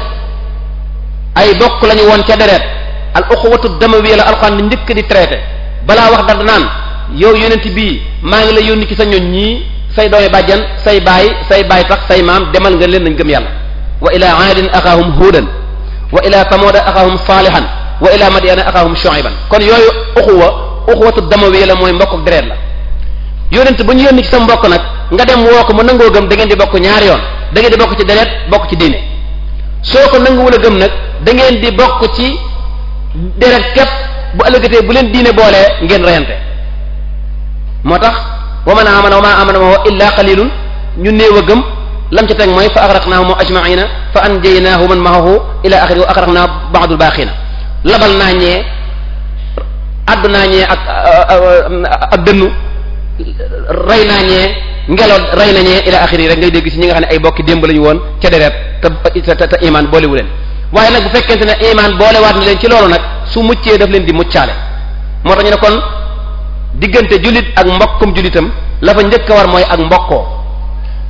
ay bokk lañu woon ca deret al uxwatu damawiyya la alxuraan njëkk di traité balaa wax dara naan yow yonent bii maa ngi lay yónni ci sa ñoñ ñii say doomi bàjjan say baay say baay tax say maam demal nga leen nañ gëm yàlla wa ila aadin axaahum huudan wa ila samuda axaahum saalihan wa ila madiana axaahum shuayban kon yooyu uxuwa uxwatu damawiyya la mooy mbokk ak la yonent ba ñu yónni ci sa mbokk nag nga dem woo ko mu nangoo gëm da ngeen di bokk ñaar yoon da ngeen di bokk ci deret bokk ci diine soo ko nanguwul a gëm nag da ngeen di bokk ci deret képp bu ëllëgatee bu leen diine boolee ngeen reyante moo tax wa man amana wa ma amana wa illa qalilun ñu néew a gëm lam ca teg mooy fa axraqnaahum ajmaina fa anjaynaahu man maahu ila axiri wa axraqnaa baadul baaxina labal naa ñee addu naa ñee ak ak dënnu rey naa ngelaw rey na ñee ila rek ngay dégg ci ñi nga xam ne ay bokki démb lañu woon ca deret te te te imaan boolewu leen waaye nag bu fekkente ne imaan boolewaat na leen ci loolu nag su muccee daf leen di muccaale moo tax ñu ne kon diggante jullit ak mbokkum jullitam lafa njëkk a war mooy ak mbokkoo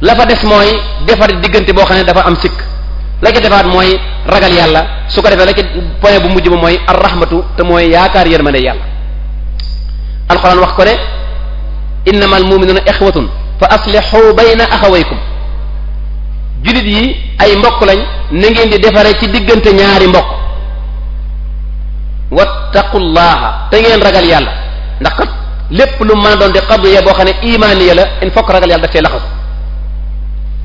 lafa fa des mooy defar diggante boo xam ne dafa am sikk la defaat mooy ragal yàlla su ko defee la ca bu mujj ba mooy ar rahmatu te mooy yaakaar yërmande yàlla alxuraan wax innamal mu'minuna ikhwatun fa aslihu bayna akhawaykum jullit yi ay mbokk lañ na ngeen di defaree ci diggante ñaari mbokk wattaqullaha te ngeen ragal yàlla ndax kat lépp lu mën a doon di qadiya boo xam ne imaaniya la in fokk ragal yàlla daf cee laxasu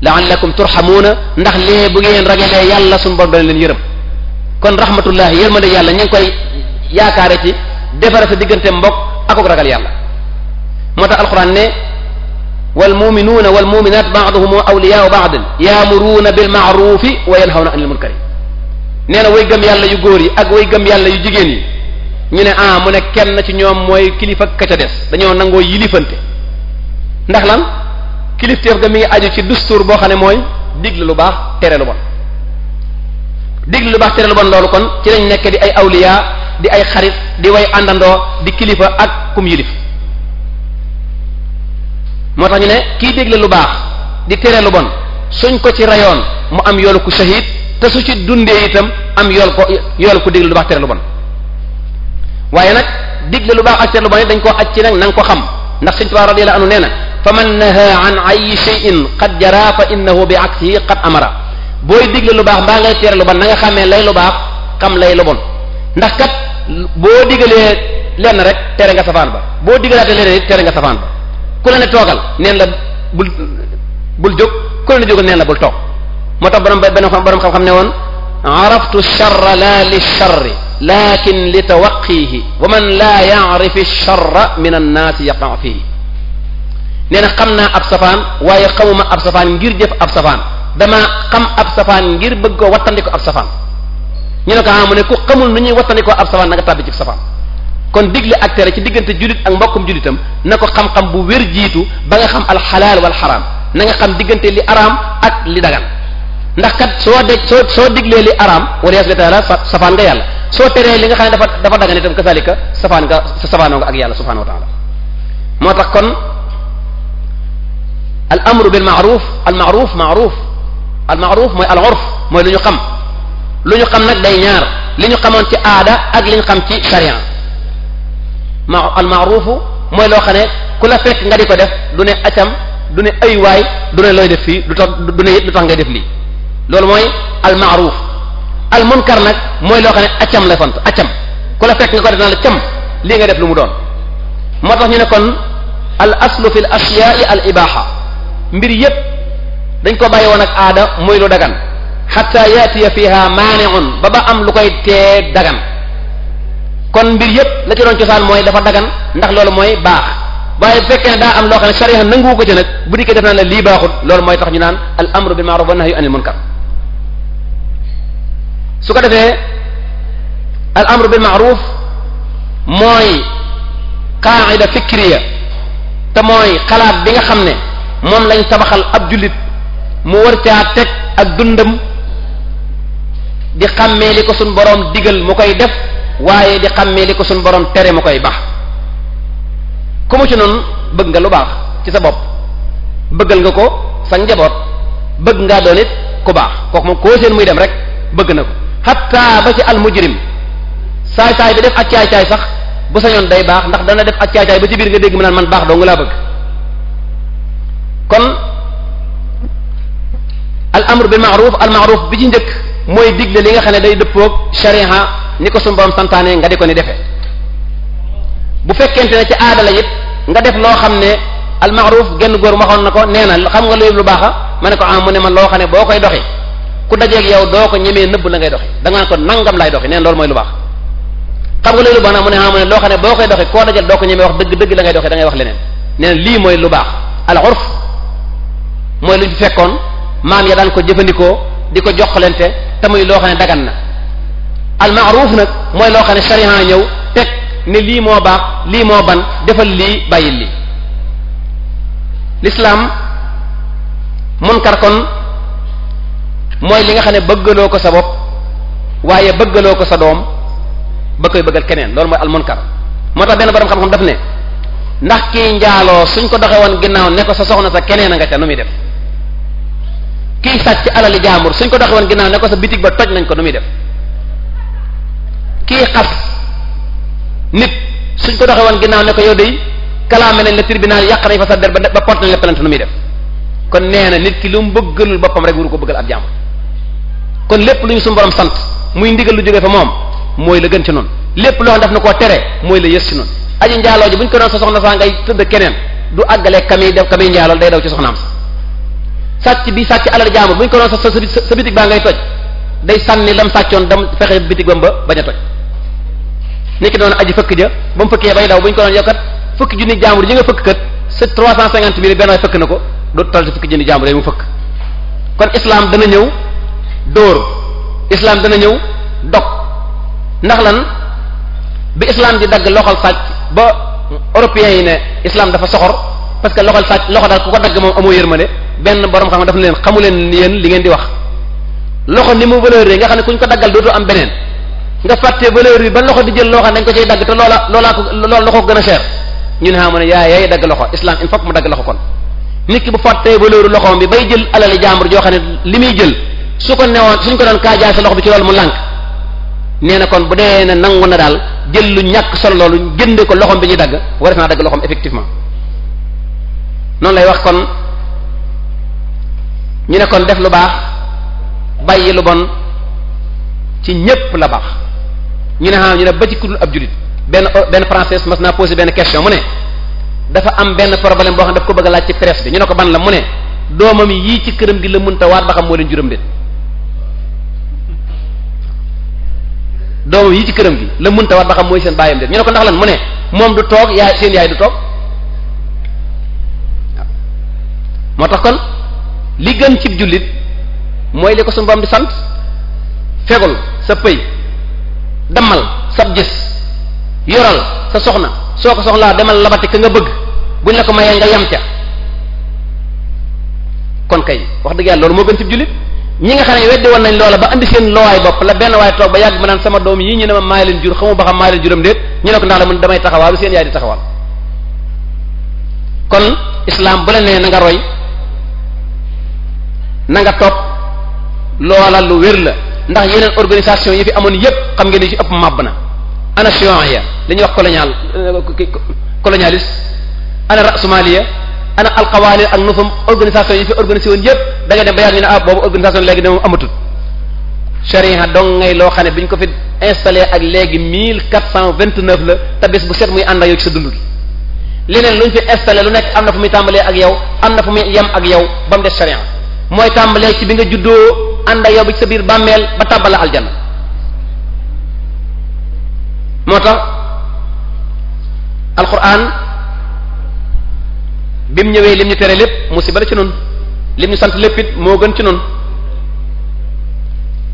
la'allakum turhamuuna ndax lee bu ngeen ragalee yàlla suñu borom dana leen yërëm kon rahmatullahi yërmande yàlla ñu ngi koy yaakaare ci defare sa diggante mbokk akok ragal yàlla moo tax alquran ne wal muminuuna wal muminat baaduhum awliyaau baadin yaamuruuna bil maarufi wa yanhawna anil munkari nee na way gëm yàlla yu góor yi ak way gëm yàlla yu jigéen yi ñu ne ah mu ne kenn ci ñoom mooy kilifa ka ca des dañoo nangoo yilifante ndax lan kilifteef ga mi ngi aju ci dustuur boo xam ne mooy digle lu baax tere lu bon digle lu baax tere lu bon loolu kon ci lañ nekk di ay awliya di ay xarit di way àndandoo di kilifa ak kum moo tax ñu ne kii dégle lu baax di tere lu bon suñ ko ci rayoon mu am yoolu ko shahid te su ci dundee itam am yool ko yoolu ku dégle lu baax tere lu bon waaye nag digle lu baax ak tere lu bon it dañ koo aj ci nag na nga ko xam ndax Sëriñ Tuubaa radiyallahu anhu nee na fa man naha an ayi shay'in qad jara fa innahu bi aksihi qad amara booy digle lu baax mbaa ngay tere lu bon na nga xamee lay lu baax xam lay lu bon ndax kat boo digalee lenn rek tere nga safaan ba boo digalaate lenn rek tere nga safaan ku la ne toogal neen la bul bul jóg ku la ne jógal neen la bul toog moo tax borom benn borom xam-xam ne woon araftu charra la li charri lakin li tawaqihi wa man la yacrifi charra min annaasi yaqa fihi nee na xam naa ab safaan waaye xamuma ab safaan ngir jëf ab safaan dama xam ab safaan ngir bëgg koo wattandiko ab safaan ñu ne ko ah mu ne ku xamul nu ñuy wattandikoo ab safaan na nga tàbbi ci safaan kon digle ak tere ci diggante julit ak mbokkum julitam na ko xam-xam bu wér jiitu ba nga xam alxalaal wal xaraam na nga xam diggante li araam ak li dagan ndax kat soo de soo soo diglee li araam wala yasbi taala safaan nga yàlla soo teree li nga xam ne dafa dafa dagan itam kasalika safaan nga safaanoo nga ak yàlla subhanahu wa taala moo tax kon al amru bil maaruf al maaruf maaruf al maaruf mooy al urf mooy lu ñu xam lu ñu xam nag day ñaar li ñu xamoon ci aada ak li ñu xam ci sariya ma al maaruufu mooy loo xam ku la fekk nga di ko def du ne acam du ne ay waay du ne looy def fii du tax du ne it du tax ngay def lii loolu mooy al maaruuf al munkar nag mooy loo xam ne acam la font acam ku la fekk nga ko def na la cam lii nga def lu mu doon moo tax ñu ne kon al aslu fi l ashyai mbir yépp dañ ko bàyyi woon ak aada mooy lu dagan xatta yaatiya fiha maaniun ba ba am lu koy tee dagan kon mbir yëpp la ci doon cosaan mooy dafa dagan ndax loolu mooy baax waaye bu fekkee ne daa am loo xam ne sharia nanguwu ko ci nag bu dikkee def naa ne lii baaxul loolu mooy tax ñu naan al amru bil ma'ruf wa nahyu anil munkar ko defee al amru bil ma'ruf mooy qaa'ida fikriya te mooy xalaat bi nga xam ne moom lañ tabaxal ab jullit mu war caa teg ak dundam di xàmmee li ko suñ boroom digal mu koy def waaye di xàmmee li ko suñ borom tere mu koy bax ku mu ci noonu bëgg nga lu baax ci sa bopp bëggal nga ko sa njaboot bëgg ngaa doon it ku baax kooku moom koo seen muy dem rek bëgg na ko xatta ba ci al mujrim saay saay bi def ak caay caay sax bu ñoon day baax ndax dana def ak caay caay ba ci biir nga dégg mu naan man baax doo nga laa bëgg kon al amru bil ma'ruf al ma'ruf bi ci njëkk mooy digle li nga xam ne day dëppoog shariha ni ko suñu borom santaane nga di ko ni defee bu fekkente ne ci aada la it nga def loo xam ne al ma'ruf genn góor waxoon na ko nee na xam nga lu lu baaxa ma ne ko ah mu ne man loo xam ne boo koy doxi ku dajeeg yow doo ko ñemee nëbb la ngay doxi da nga nangam laay doxi nee na mooy lu baax xam nga loolu baax nag mu ah loo xam ne boo koy doxi koo dajal doo ko ñemee wax dëgg dëgg la ngay doxi da wax leneen nee lii mooy lu baax al urf mooy lu fekkoon maam ya daan ko jëfandikoo di ko joxalante te muy loo xam ne dagan na almaaruf nag mooy loo xam ne sariya ñëw teg ne lii moo baax lii moo ban defal lii bàyyi li lislaam munkar kon mooy li nga xam ne bëggaloo ko sa bopp waaye bëggaloo ko sa doom ba koy bëggal keneen loolu mooy almunkar moo tax benn borom xam-xam daf ne ndax kii njaaloo suñ ko doxee woon ginnaaw ne ko sa soxna sa keneen a nga ca nu muy def kii sàcc alali jaambur suñ ko doxee woon ginnaaw ne ko sa bitig ba toj nañ ko nu muy def kii xas nit suñ ko doxee woon ginnaaw ne ko yow day kalaame nañ la tribunal yàq nañ fa sa der ba porte nañ la plainte nu muy def kon nee na nit ki lu mu bëggalul boppam rek wuru ko bëggal ab jàmm kon lépp lu ñu suñu borom sant muy ndigal lu jógee fa moom mooy la gën ci noonu lépp loo xam na koo tere mooy la yës ci noonu aji njaaloo ji bu ñu ko doon sa soxna saa ngay tëdd keneen du àggale kami def kami njaalool day daw ci soxnaam sa sàcc bi sàcc alal jàmm bu ñu ko doon sa sa bitig baa ngay toj day sànni lam sàccoon dam fexe bitig bam ba bañ a toj nekki doon aji fëkk ja ba mu fëkkee bay daw bu ñu ko doon yokkat fukki junni jaambur ji nga fëkk kat sa trois cent cinquante mille benn fëkk na ko dootu tal si fukki junni jaambur yi mu fëkk kon islam dana ñëw dóor islam dana ñëw dog ndax lan bi islam di dagg loxol sàcc ba européens yi ne islam dafa soxor parce que loxol sàcc loxo daal ku ko dagg moom amoo yërmande benn borom xam nga daf na leen xamu leen yéen li ngeen di wax loxo ni mu valeur nga xam ne ku ñu ko daggal dootu am beneen nga fàtte valeur bi ba loxo di jël loo xam dañ ko cay dagg te loola loolaa ko loolu loxo gën a cher ñu ne xamu ne yaa yaay dagg loxo islam il faut mu dagg loxo kon nit ki bu fàttee valeur loxoom bi bay jël alali jàmbur joo xam ne li muy jël su ko newoon suñ ko doon kaa jaay sa loxo bi ci loolu mu lànk nee na kon bu dee ne nangu na daal jël lu ñàkk solo loolu jënde ko loxoom bi ñuy dagg war naa dagg loxoom effectivement noonu lay wax kon ñu ne def lu baax bàyyi lu bon ci la baax ñu ne ah ñu ne ba ci kudul ab julit benn benn française mas naa posé benn question mu ne dafa am benn problème boo xam daf ko bëgg laaj ci presse bi ñu ne ko ban la mu ne doomam yii ci këram gi la mënta waat ba xam moo leen juróom déet doomam ci këram gi la mënta waat xam mooy seen bàyyam déet ñu ne ko ndax lan mu ne moom du toog yaay seen yaay du toog moo tax kon li gën cib jullit mooy li ko suñu borom di sant fegul sa pëy dammal sab gis yoral sa soxna soo ko soxlaa demal labati ka nga bëgg buñ la ko mayee nga yam ca kon kay wax dëgg yàlla loolu moo gën ci jullit ñi nga xam ne weddi woon nañ loola ba indi seen loowaay bopp la benn waaye toog ba yàgg ma naan sama doom yii ñu ne ma maay leen jur xamu ba xam maay leen juram déet ñu ne ko ndax la mun damay taxawaalu seen yaay di taxawal kon islam bu la nee na nga roy na nga topp loola lu wér la ndax yeneen organisation yi fi amoon yépp xam ngeen ni ci ëpp màbb na ana chion ya li ñuy wax colonial euh, colonialiste ana rasmalia ana alqawaalir ak nufam organisation yi fi organisé woon yépp da nga dem ba yàgg ñu ne ah boobu organisation léegi ne moom amatul sharia ngay loo xam ne bi ñu ko fi installé ak léegi mille quatre cent vingt-neuf la te bés bu set muy ànd ak yow ci sa dund gi leneen lu ñu fi installé lu nekk am na fu muy tàmbalee ak yow am na fu muy yem ak yow ba mu des sharia mooy tàmbalee ci bi nga juddoo ànd ak yow ba ci sa biir bàmmeel ba tàbbala aljana moo tax alquran bi mu ñëwee lim ñu tere lépp musiba la ci noonu lim ñu sant lépp moo gën ci noonu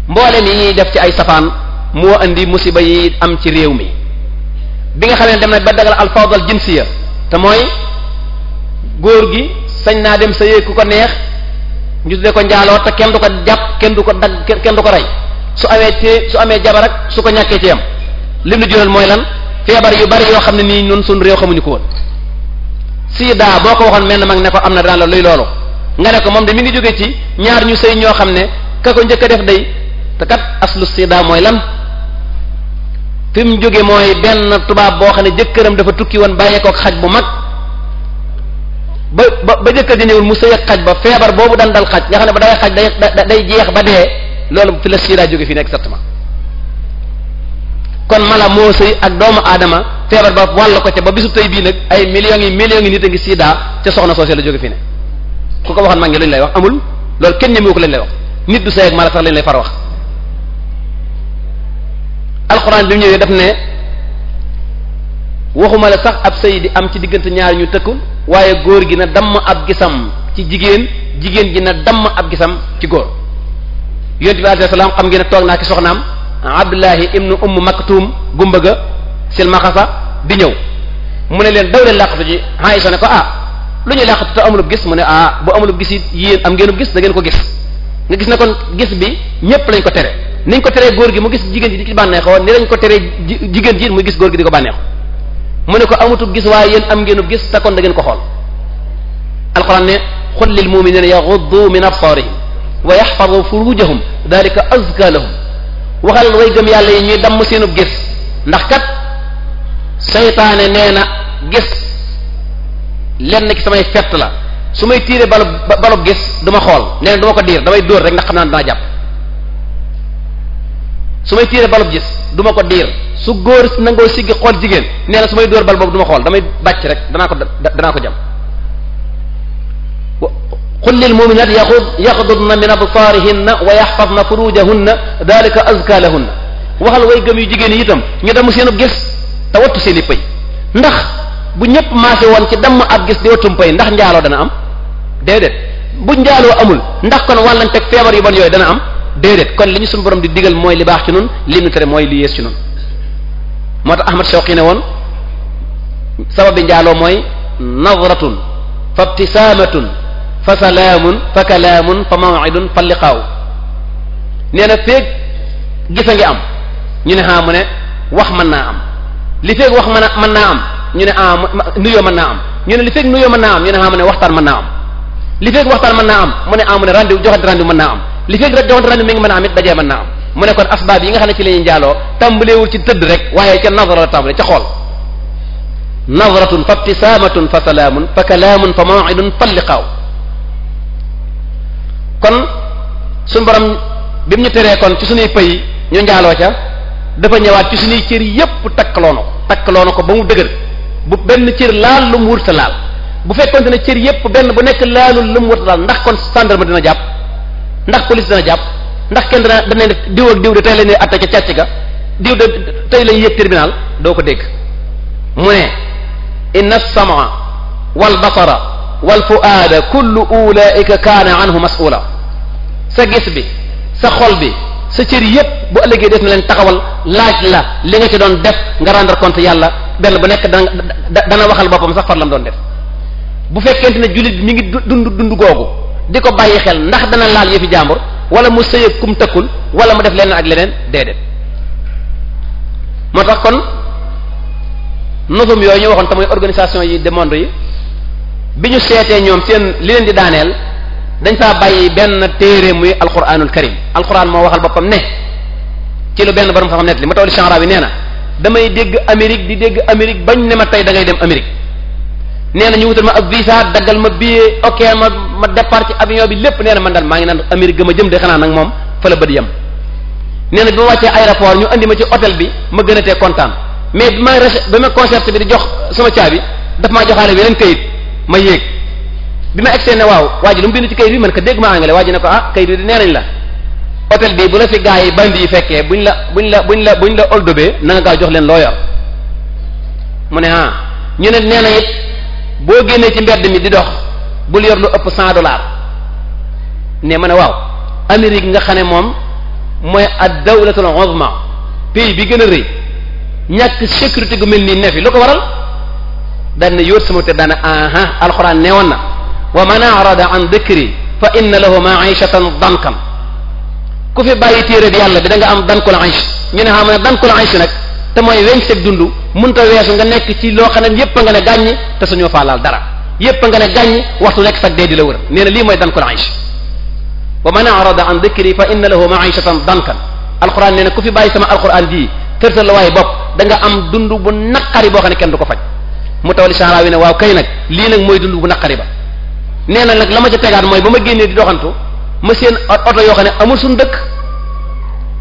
mboolem yi ñuy def ci ay safaan moo indi musiba yi am ci réew mi bi nga xamee ne dem na ba dagal alfawdal jinsiya te mooy góor gi sañ naa dem sa yëg ku ko neex ñu tuddee ko njaaloo te kenn du ko jàpp kenn du ko dagg kenn du ko rey su amee ci su amee jabar ak su ko ñàkkee ci am lim lu jural mooy lan feebar yu bari yoo xam ne nii ñun suñu réew xamuñu ko woon sida boo ko waxoon mel na mag ne ko am na daan la luy loolu nga ne ko moom de mi ngi jóge ci ñaar ñu sëy ñoo xam ne ka ko njëkk a def day te kat aslu sida mooy lan fi mu jóge mooy benn tubaab boo xam ne jëkkëram dafa tukki woon bàyyeekook xaj bu mag ba ba ba jëkkër ji néewul mu sëy ak xaj ba feebar boobu daan dal xaj nga xam ne ba daway xaj day day jeex ba dee loolu fi la siidaa jóge fii nekk exactement kon mala moo sëy ak doomu aadama feebar ba wàll ko ca ba bisu tey bii nag ay million yi millions yi nit a ngi siidaa ca soxna soosee la jóge fii ne ku ko waxoon mag ngi lañ lay wax amul loolu kenn ñemewu ko lañ lay wax nit du sëy ak mala sax lañ lay far wax alxuraan bi ñëwee daf ne waxuma la sax ab sëy am ci diggante ñaar ñu tëkkul waaye góor gi na damm ab gisam ci jigéen jigéen ji na damm ab gisam ci góor yonent bi alayhi salaam xam ngeen ne toog naa ki soxnaam Abdullahi ibnu Umm Maktum gumba ga silmaxasa di ñëw mu ne leen daw leen làqatu ji Aysa ne ko ah lu ñuy làqatu te amulub gis mu ne ah bu amulub gis it am ngeenub gis da ngeen ko gis nga gis ne kon gis bi ñépp lañ ko tere niñ ko teree góor gi mu gis jigéen ji di ci bànneexoo ni lañ ko teree jigéen ji mu gis góor gi di ko bànneexoo mu ne ko amutub gis waaye yéen am ngeenub gis te kon da ngeen ko xool alquran ne xul lil muminina yaxuddu min absarihim wa yaxfadu furujahum dalika azka lahum waxal way gëm yàlla yi ñuy damm seenub gis ndax kat seytaane nee na gis lenn ci samay fett la su may tiire balu balu gis du xool nee na du ko diir damay dóor rek ndax xam naa ne dana jàpp su may tiire balub gis du ma ko diir su góor nangoo siggi xool jigéen nee na su may dóor bal boobu du ma xool damay bàcc rek danaa ko danaa ko jam qul lil mu'minati yaxud yaxdudna min absaarihinna wa yaxfadna furujahunna dalika azka lahunna waxal way gëm yu jigéen yi itam ñu damm seen ab gis te wattu seen i pëy ndax bu ñëpp maase woon ci damm ab gis di wattum pëy ndax njaaloo dana am déedéet bu njaaloo amul ndax kon wàllañ teg feebar yu bon yooyu dana am déedéet kon li ñu suñu borom di digal mooy li baax ci nun li ñu tere mooy li yées ci noonu moo tax Ahmad Shawqi ne woon sababi njaaloo mooy nadratun fa ibtisaamatun fa salaamun fa kalaamun fa maw'idun fa liqaaw nee na feeg gisa ngi am ñu ne a mu ne wax mën naa am li feeg wax mën mën naa am ñu ne a nuyoo mën naa am ñu ne li feeg nuyoo mën a mu ne waxtaan mën naa am li feeg waxtaan mën naa am mu ne a mu joxante rendez-vous mën naa am li feeg joxante rendez-vous mi ngi mën a am it dajee man naa am mu ne kon asbaab yi nga xam ne ci la ñuy njaaloo tàmbaleewul ci tëdd rek waaye ca nazara la tàmbale ca xool nazratun fa ibtisaamatun fa salaamun fa kalaamun fa maw'idun li liqaaw kon suñ borom bi mu ñu teree kon ci suñuy pëy ñu njaaloo ca dafa ñëwaat ci suñuy cër yépp takkaloo na ko takkaloo na ko ba mu dëgër bu benn cër laal lu mu wërta laal bu fekkonte ne cër yépp benn bu nekk laalul lu mu wërta laal ndax kon gendarme dina jàpp ndax police dina jàpp ndax kenn dana dana def diw ak diw de tey lañuy atte ca càcc ga diw de tey lañuy yëg tribunal doo ko dégg mu ne inna samaa wal basara wal fuaada kullu ulaika kaana anhu mas'ula sa gis bi sa xol bi sa cër yépp bu ëllëgee def na leen taxawal laaj la li nga ci doon def nga rendre compte yàlla benn bu nekk dana dana waxal boppam sax far lam doon def bu fekkente ne jullit bi mi ngi dund dund googu di ko bàyyi xel ndax dana laal yëfi jàmbur wala mu sëyeeg kum tëkkul wala mu def lenn ak leneen déedéet moo tax kon novum yooyu ñu waxoon te mooy organisation yi de yi bi ñu seetee ñoom seen li leen di daaneel dañ faa bàyyi benn téere muy alquranul karim alquran moo waxal boppam ne ci lu benn borom xam-xam net li ma taw di chanra bi nee na damay dégg Amérique di dégg Amérique bañ ne ma tey da dem Amérique nee na ñu wutal ma ab visa daggal ma billet ok ma ma départ ci avion bi lépp nee na man daal maa ngi naan Amérique gëm a jëm de xanaa nag moom fa la bët yem. nee na bi ma wàccee aéroport ñu andi ma ci hôtel bi ma gën a tee kontaan mais bi ma ba ma concert bi di jox sama caabi daf maa joxaale yeneen kayit ma yéeg bi ma egsee ne waaw waa ji lu mu bind ci kayit bi man ko dégg ma anglais waa ji ne ko ah kayit bi nee nañ la. hôtel bi bu la fi gars yi bandi yi fekkee buñ la buñ la buñ la buñ la oldobee na nga gaaw jox leen loo yor ne ah nee na boo génnee ci mbedd mi di dox bul yor lu ëpp cent dollars ne ma ne waaw Amérique nga xam ne moom mooy ad dawlatul uzma pays bi gën a rëy ñàkk sécurité gu mel nii ne fi lu ko waral daan na yóot sama te daan aha alxuraan nee woon na wa man arada an dhikri fa inna lahu ma'ishatan dankan ku fi bàyyi téere bi yàlla bi da am dankul aish ñu ne xam ne dankul aish nag te mooy weñ seg dund mënta weesu nga nekk ci loo xam ne yépp nga ne gàññ te suñoo faalaal dara yépp nga ne gàññ waxtu nekk sax dee di la wër nee na lii mooy dankul aysh wa man arada an dikri fa inna lahu ma'ishatan dankan alquran nee na ku fi bàyyi sama alquran jii kërtal la waaye bopp nga am dund bu naqari boo xam ne kenn du ko faj mu tawali saara wi ne waaw kay nag lii nag mooy dund bu naqari ba nee na nag la ma ca tegaat mooy ba ma génnee di doxantu ma oto yoo xam ne amul suñu dëkk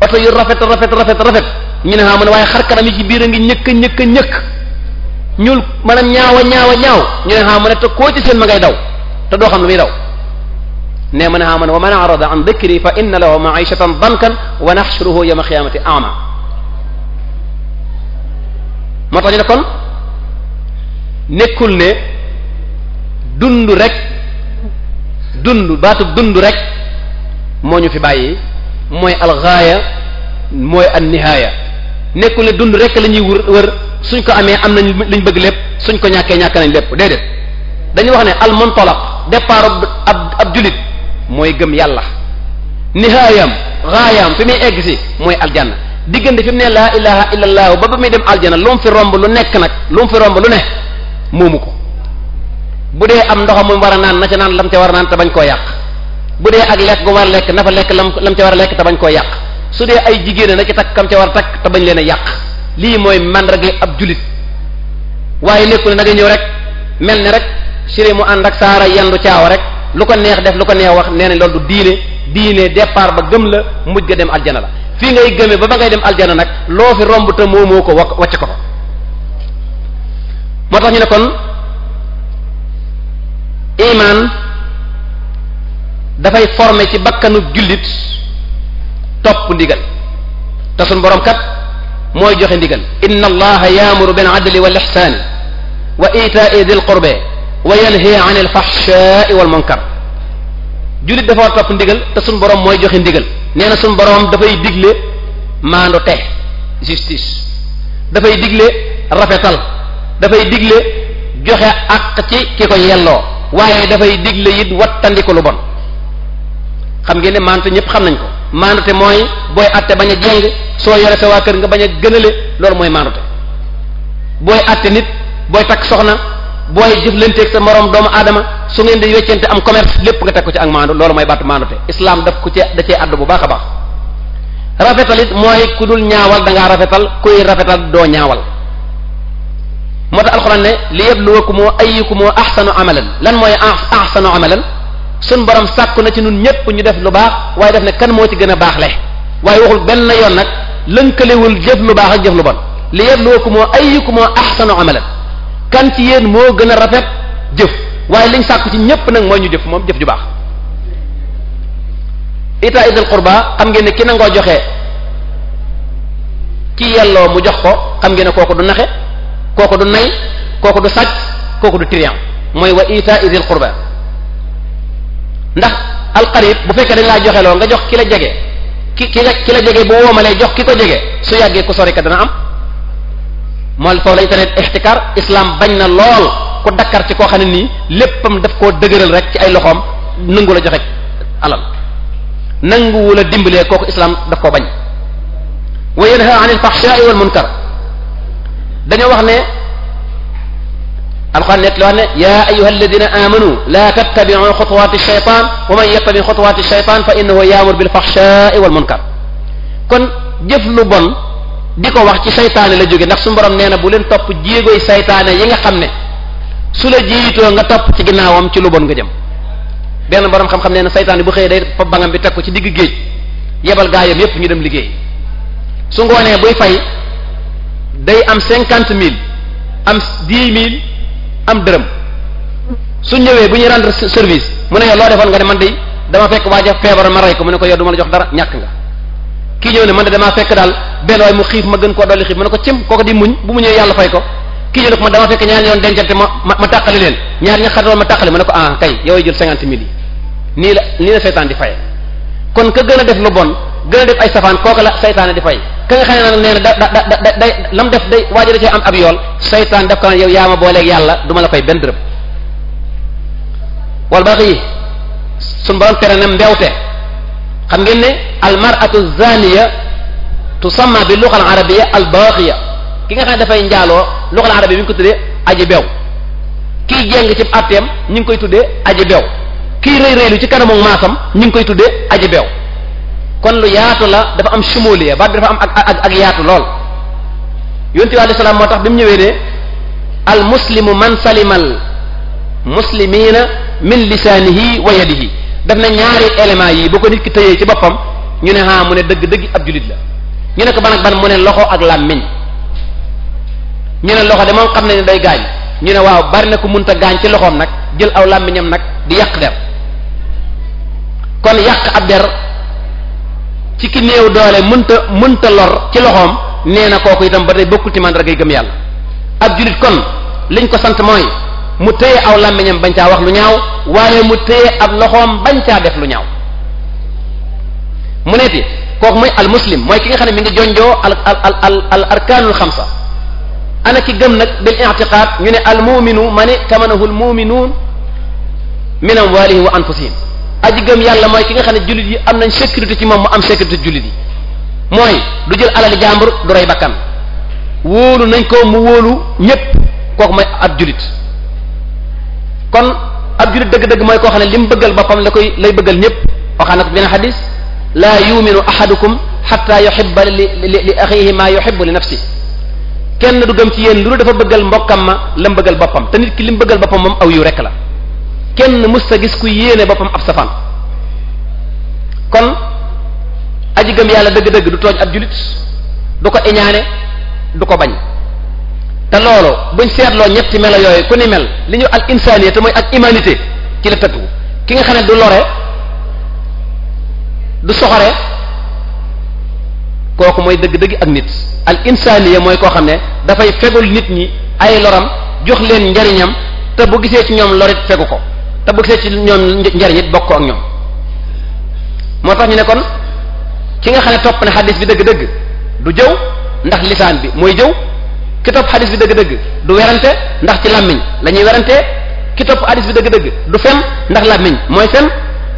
oto yu rafet rafet rafet rafet ñu ne ah man waaye xar kanam yi ci biir a ngi ñëkk ñëkk ñëkk ñuul maanaam ñaawa ñaawa ñaaw ñu ne ah man te koo seen ma ngay daw te doo xam lu muy daw ma ne ah man wa man arada an dikri fa inna lahu ma'ishatan dankan wa nahshuruhu yawma qiyamati a'ma moo tax ñu ne kon ne dund rek dund baatub dund rek moo ñu fi bàyyi mooy algaaya mooy annihaaya nekkul ne dund rek la ñuy wër wër suñ ko amee am nañ luñ bëgg lépp suñ ko ñàkkee ñàkk nañ lépp déedéet dañuy wax ne al muntalaq départ ab ab jullit mooy gëm yàlla nihaayam gaayaam fi muy egg si mooy aljanna diggante fi mu ne laa ilaha illa ba ba muy dem aljanna lu mu fi romb lu nekk nag lu mu fi romb lu ne moomu ko bu dee am ndoxa mu war a naan na ca naan lam ca war a naan te bañ koo yàq bu dee ak lekk gu war a lekk na fa lekk lam lam ca war a te bañ koo yàq su dee ay jigéen na ci takk kam ca war a takk te bañ leen a yàq lii mooy mandarga ab julit waaye nekkul na nga ñëw rek mel ni rek siré mu ànd ak saara yendu caawa rek lu ko neex def lu ko neex wax nee nañ loolu du diine diine départ ba gëm la mujj ga dem aljana la fii ngay gëmee ba ba ngay dem aljana nag loo fi romb te moomoo ko wa wàcc ko fa moo tax ñu ne kon iman dafay former ci bakkanu jullit topp ndigal te sunu borom kat mooy joxe ndigal inna allaha yaamuru bil adli wal ihsaani wa itaai dil qurbe wa yanhi an il wal munkar jullit dafa war topp ndigal te sunu mooy joxe ndigal nee na sunu borom dafay digle maandu te justice dafay digle rafetal dafay digle joxe àq ci ki ko yelloo waaye dafay digle it wattandiku lu bon xam ngeen ne maandu ñëpp xam nañ ko maandute mooy booy atte bañ a jeng soo yore sa waa kër nga bañ a gënale loolu mooy maandute booy atte nit booy takk soxna booy jëflanteeg sa moroom doomu aadama su ngeen di weccante am commerce lépp nga teg ko ci ak maandu loolu mooy baatu maandute islam daf ku ci da cee addu bu baax a baax rafetal it mooy ku dul ñaawal da rafetal kuy rafetal doo ñaawal moo tax alxuraan ne li yabluwakum ayyukum ahsanu amalan lan mooy ah-, ahsanu amalan sun borom sàkku na ci nun ñépp ñu def lu baax waaye def ne kan moo ci gën a baax le waaye waxul benn yoon nag lënkalewul jëf lu baax ak jëf lu bon li yabluwakumoo ayyukumoo ahsanu amalan kan ci yéen moo gën a rafet jëf waaye liñ sàkku ci ñépp nag mooy ñu jëf moom jëf ju baax ita idil qurba xam ngeen ne ki nangoo joxe ki yelloo mu jox ko xam ngeen ne kooku du naxe kooku du nay kooku du sàcc kooku du trian mooy wa ita idil qurba ndax alqarib bu fekkee dañ laa joxe loolu nga jox ki la jege ki ki ki la jege bu woomalee jox ki ko jege su yàggee ku sori ka dana am mooy foofu lañ tane ixtikaar islam bañ na lool ku dakkar ci koo xam ne nii léppam daf koo dëgëral rek ci ay loxoom nangu la joxe alal nanguwu la dimbalee kooku islam daf koo bañ wa yanha anil fahsha'i wal munkar dañoo wax ne alquran net loo xam ne yaa ayuha alladina amanu la tattabiu xutuwaati alcheytan wa man yattabi xutuwaati alcheytan fa innahu yaamur bilfaxshaai ko wax ci saytaane la jóge ndax su borom nee na bu leen topp jéegoy saytaane yi nga xam ne su la jiitoo nga topp ci ginnaawam ci lu bon nga jëm benn borom xam-xam nee na saytaane bu xëyee day fa bangam bi teg ko ci digg géej yebal gaayam yépp ñu dem liggéey su ngoonee buy fay day am cinquante mille am dix am dërëm su ñëwee bu ñuy rendre service mu ne yow loo defoon nga ne man de dama fekk waa ja ma rey ko mu ne ko yow du ma la jox dara ñàkk nga kii ñëw ne man de damaa fekk daal benn waay mu xiif ma gën koo dolli xiif mu ne ko cim kooko di muñ bu mu ñëwee yàlla fay ko kii ñëw ne ko man dama fekk ñaar ñi doon dencante ma ma tàqali leen ñaar ña xarit ma tàqali mu ne ko ah kay yow jël cinquante mille yi nii la nii la seytaan di fay kon ka gën a def lu bon gën ay safaan kooka la seytaane di fay ka nga xam ne nag nee na da da da day lam def day waaji da cee am ab yool saytaan daf ko naan yow yaa ma booleeg yàlla du ma la koy benn dërëm wal baxi suñu borom tere na mbewte xam ngeen ne al mar'atu zaniya tusamma bi luxal arabiya al baxiya ki nga xam ne dafay njaaloo luxal arabiya mi ngi ko tuddee aji bew kiy jeng ci atteem ñu ngi koy tuddee aji bew kiy rëy rëylu ci kanamu maasam ñu ngi koy tuddee aji bew kon lu yaatu la dafa am shumuliya baat bi dafa am ak ak ak yaatu lool yonent bi alayhi salaam moo tax bi mu ñëwee de al muslimu man salimal muslimiina min lisaanihi wa yadihi def na ñaari éléments yi bu ko nit ki tëyee ci boppam ñu ne ah mu ne dëgg dëgg ab jullit la ñu ne ko ban ak ban mu ne loxo ak làmmiñ ñu ne loxo de moom xam nañu day gaañ ñu ne waaw bari na ku munta gaañ ci loxoom nag jël aw làmmiñam nag di yàq der kon yàq ab der ci ki néew doole mënta mënta lor ci loxoom nee na kooku itam ba tey bokkul ci mandargay gëm yàlla ab jullit kon liñ ko sant mooy mu téye aw làmmiñam bañ caa wax lu ñaaw waaye mu téye ab loxoom bañ caa def lu ñaaw mu neeti kooku mooy al mooy ki nga xam ne mi ngi jonjoo al al al al arkaanul xamsa ana ki gëm nag bil i'tiqaad ñu ne al mu'minu man i'tamanahu al mu'minuun min wa anfusihim aj gëm yàlla mooy ki nga xam ne jullit yi am nañ sécurité ci moom mu am sécurité jullit yi mooy du jël alali jàmbur du rey bakkan wóolu nañ ko mu wóolu ñépp kooku mooy ab jullit kon ab jullit dëgg-dëgg mooy koo xam ne li mu bëggal boppam la koy lay bëggal ñépp waxaan na ko beneen xadis laa yuminu ahadukum xatta yuhibba li li axihi maa yuhibbu li nafsi kenn du gëm ci yéen lu dafa bëggal mbokkam ma la mu bëggal boppam te nit ki li mu bëggal boppam moom aw yu rek la kenn mës sa gis ku yéene boppam ab safaan kon aji gëm yàlla dëgg-dëgg du tooñ ab julit du ko iñaane du ko bañ te loolu buñ seetloo ñetti melo yooyu ku ni mel li ñu al insaniyé te mooy ak humanité ci la tëddu ki nga xam ne du lore du soxore kooku mooy dëgg-dëgg ak nit al insaniyé mooy koo xam ne dafay fegul nit ñi ay loram jox leen njariñam te bu gisee ci ñoom lorit fegu ko te bu gisee ci ñoom njariñ it ko ak ñoom moo tax ñu nekkoon ki nga xam ne topp na xadis bi dëgg-dëgg du jëw ndax lisaan bi mooy jëw ki topp xadis bi dëgg-dëgg du werante ndax ci làmmiñ la ñuy werantee ki topp dëgg-dëgg du fen ndax làmmiñ mooy fen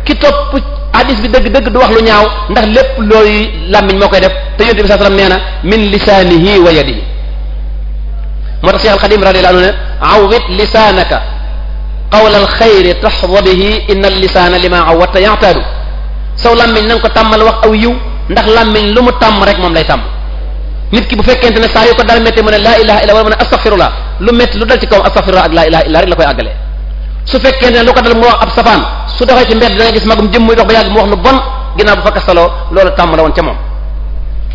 ki topp xadis bi dëgg-dëgg du wax lu ñaaw ndax lépp looy làmmiñ moo koy def te yonent bi sallallahu alayhi wasallam nee na min lisaanihi wa yadihi moo tax Cheikh al Xadim radiyallahu anhu ne awwit lisaanaka qawla alxayri taxda bihi inna allisaana lima awatta yaxtaadu saw làmmiñ na ko tàmmal wax aw yiw ndax làmmiñ lu mu tàmm rek moom lay tàmm nit ki bu fekkente ne saa yu ko dara métti mu ne laa ilaha illa wala mu ne astaxfirullah lu métti lu dal ci kawam astaxfirullah ak laa ilaha illa rek la koy àggale su fekkente ne lu ko dal mu wax ab safaan su doxee ci mbedd da nga gis magum jëm muy dox ba yàgg mu wax lu bon ginnaaw bu fakka saloo loolu tàmm la woon ca moom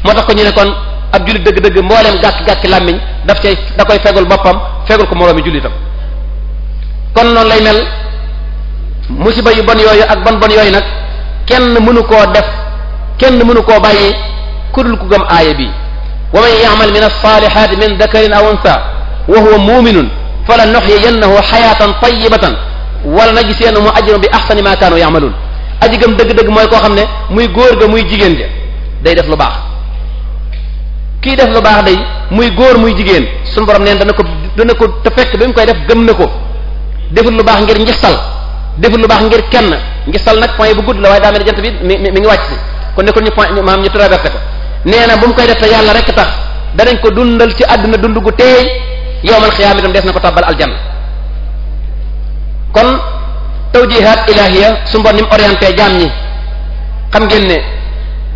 moo tax ko ñu ne kon ab jullit dëgg-dëgg mbooleem gàkki-gàkki làmmiñ daf cay da koy fegul boppam fegul ko moroomi jullitam kon noonu lay mel musiba yu bon yooyu ak bon bon yooyu nag kenn mënu koo def kenn mënu koo bàyyi ku dul ku gëm aaya bi wa man ya'mal min as-salihati min dhakarin aw unsa wa huwa mu'minun fala nuhyiyannahu hayatan tayyibatan wala najziyannahum ajran bi ahsani ma kanu ya'malun aji gëm dëgg-dëgg mooy koo xam ne muy góor ga muy jigéen ja day def lu baax kii def lu baax day muy góor muy jigéen suñu borom neen dana ko dana ko te fekk bi mu koy def gëm na ko deful lu baax ngir njistal deful lu baax ngir kenn njistal nag point bu gudd la waaye daa mel ni jant bi mi mi ngi wàcc si kon nekkul ñu point maam ñu traversé ko nee na bu mu koy def te yàlla rek tax danañ ko dundal ci àdduna dund gu teey yowmal xiyaam itam des na ko tàbbal aljanna kon tawjihat ilahiya su mbon ni mu orienté jaam ñi xam ngeen ne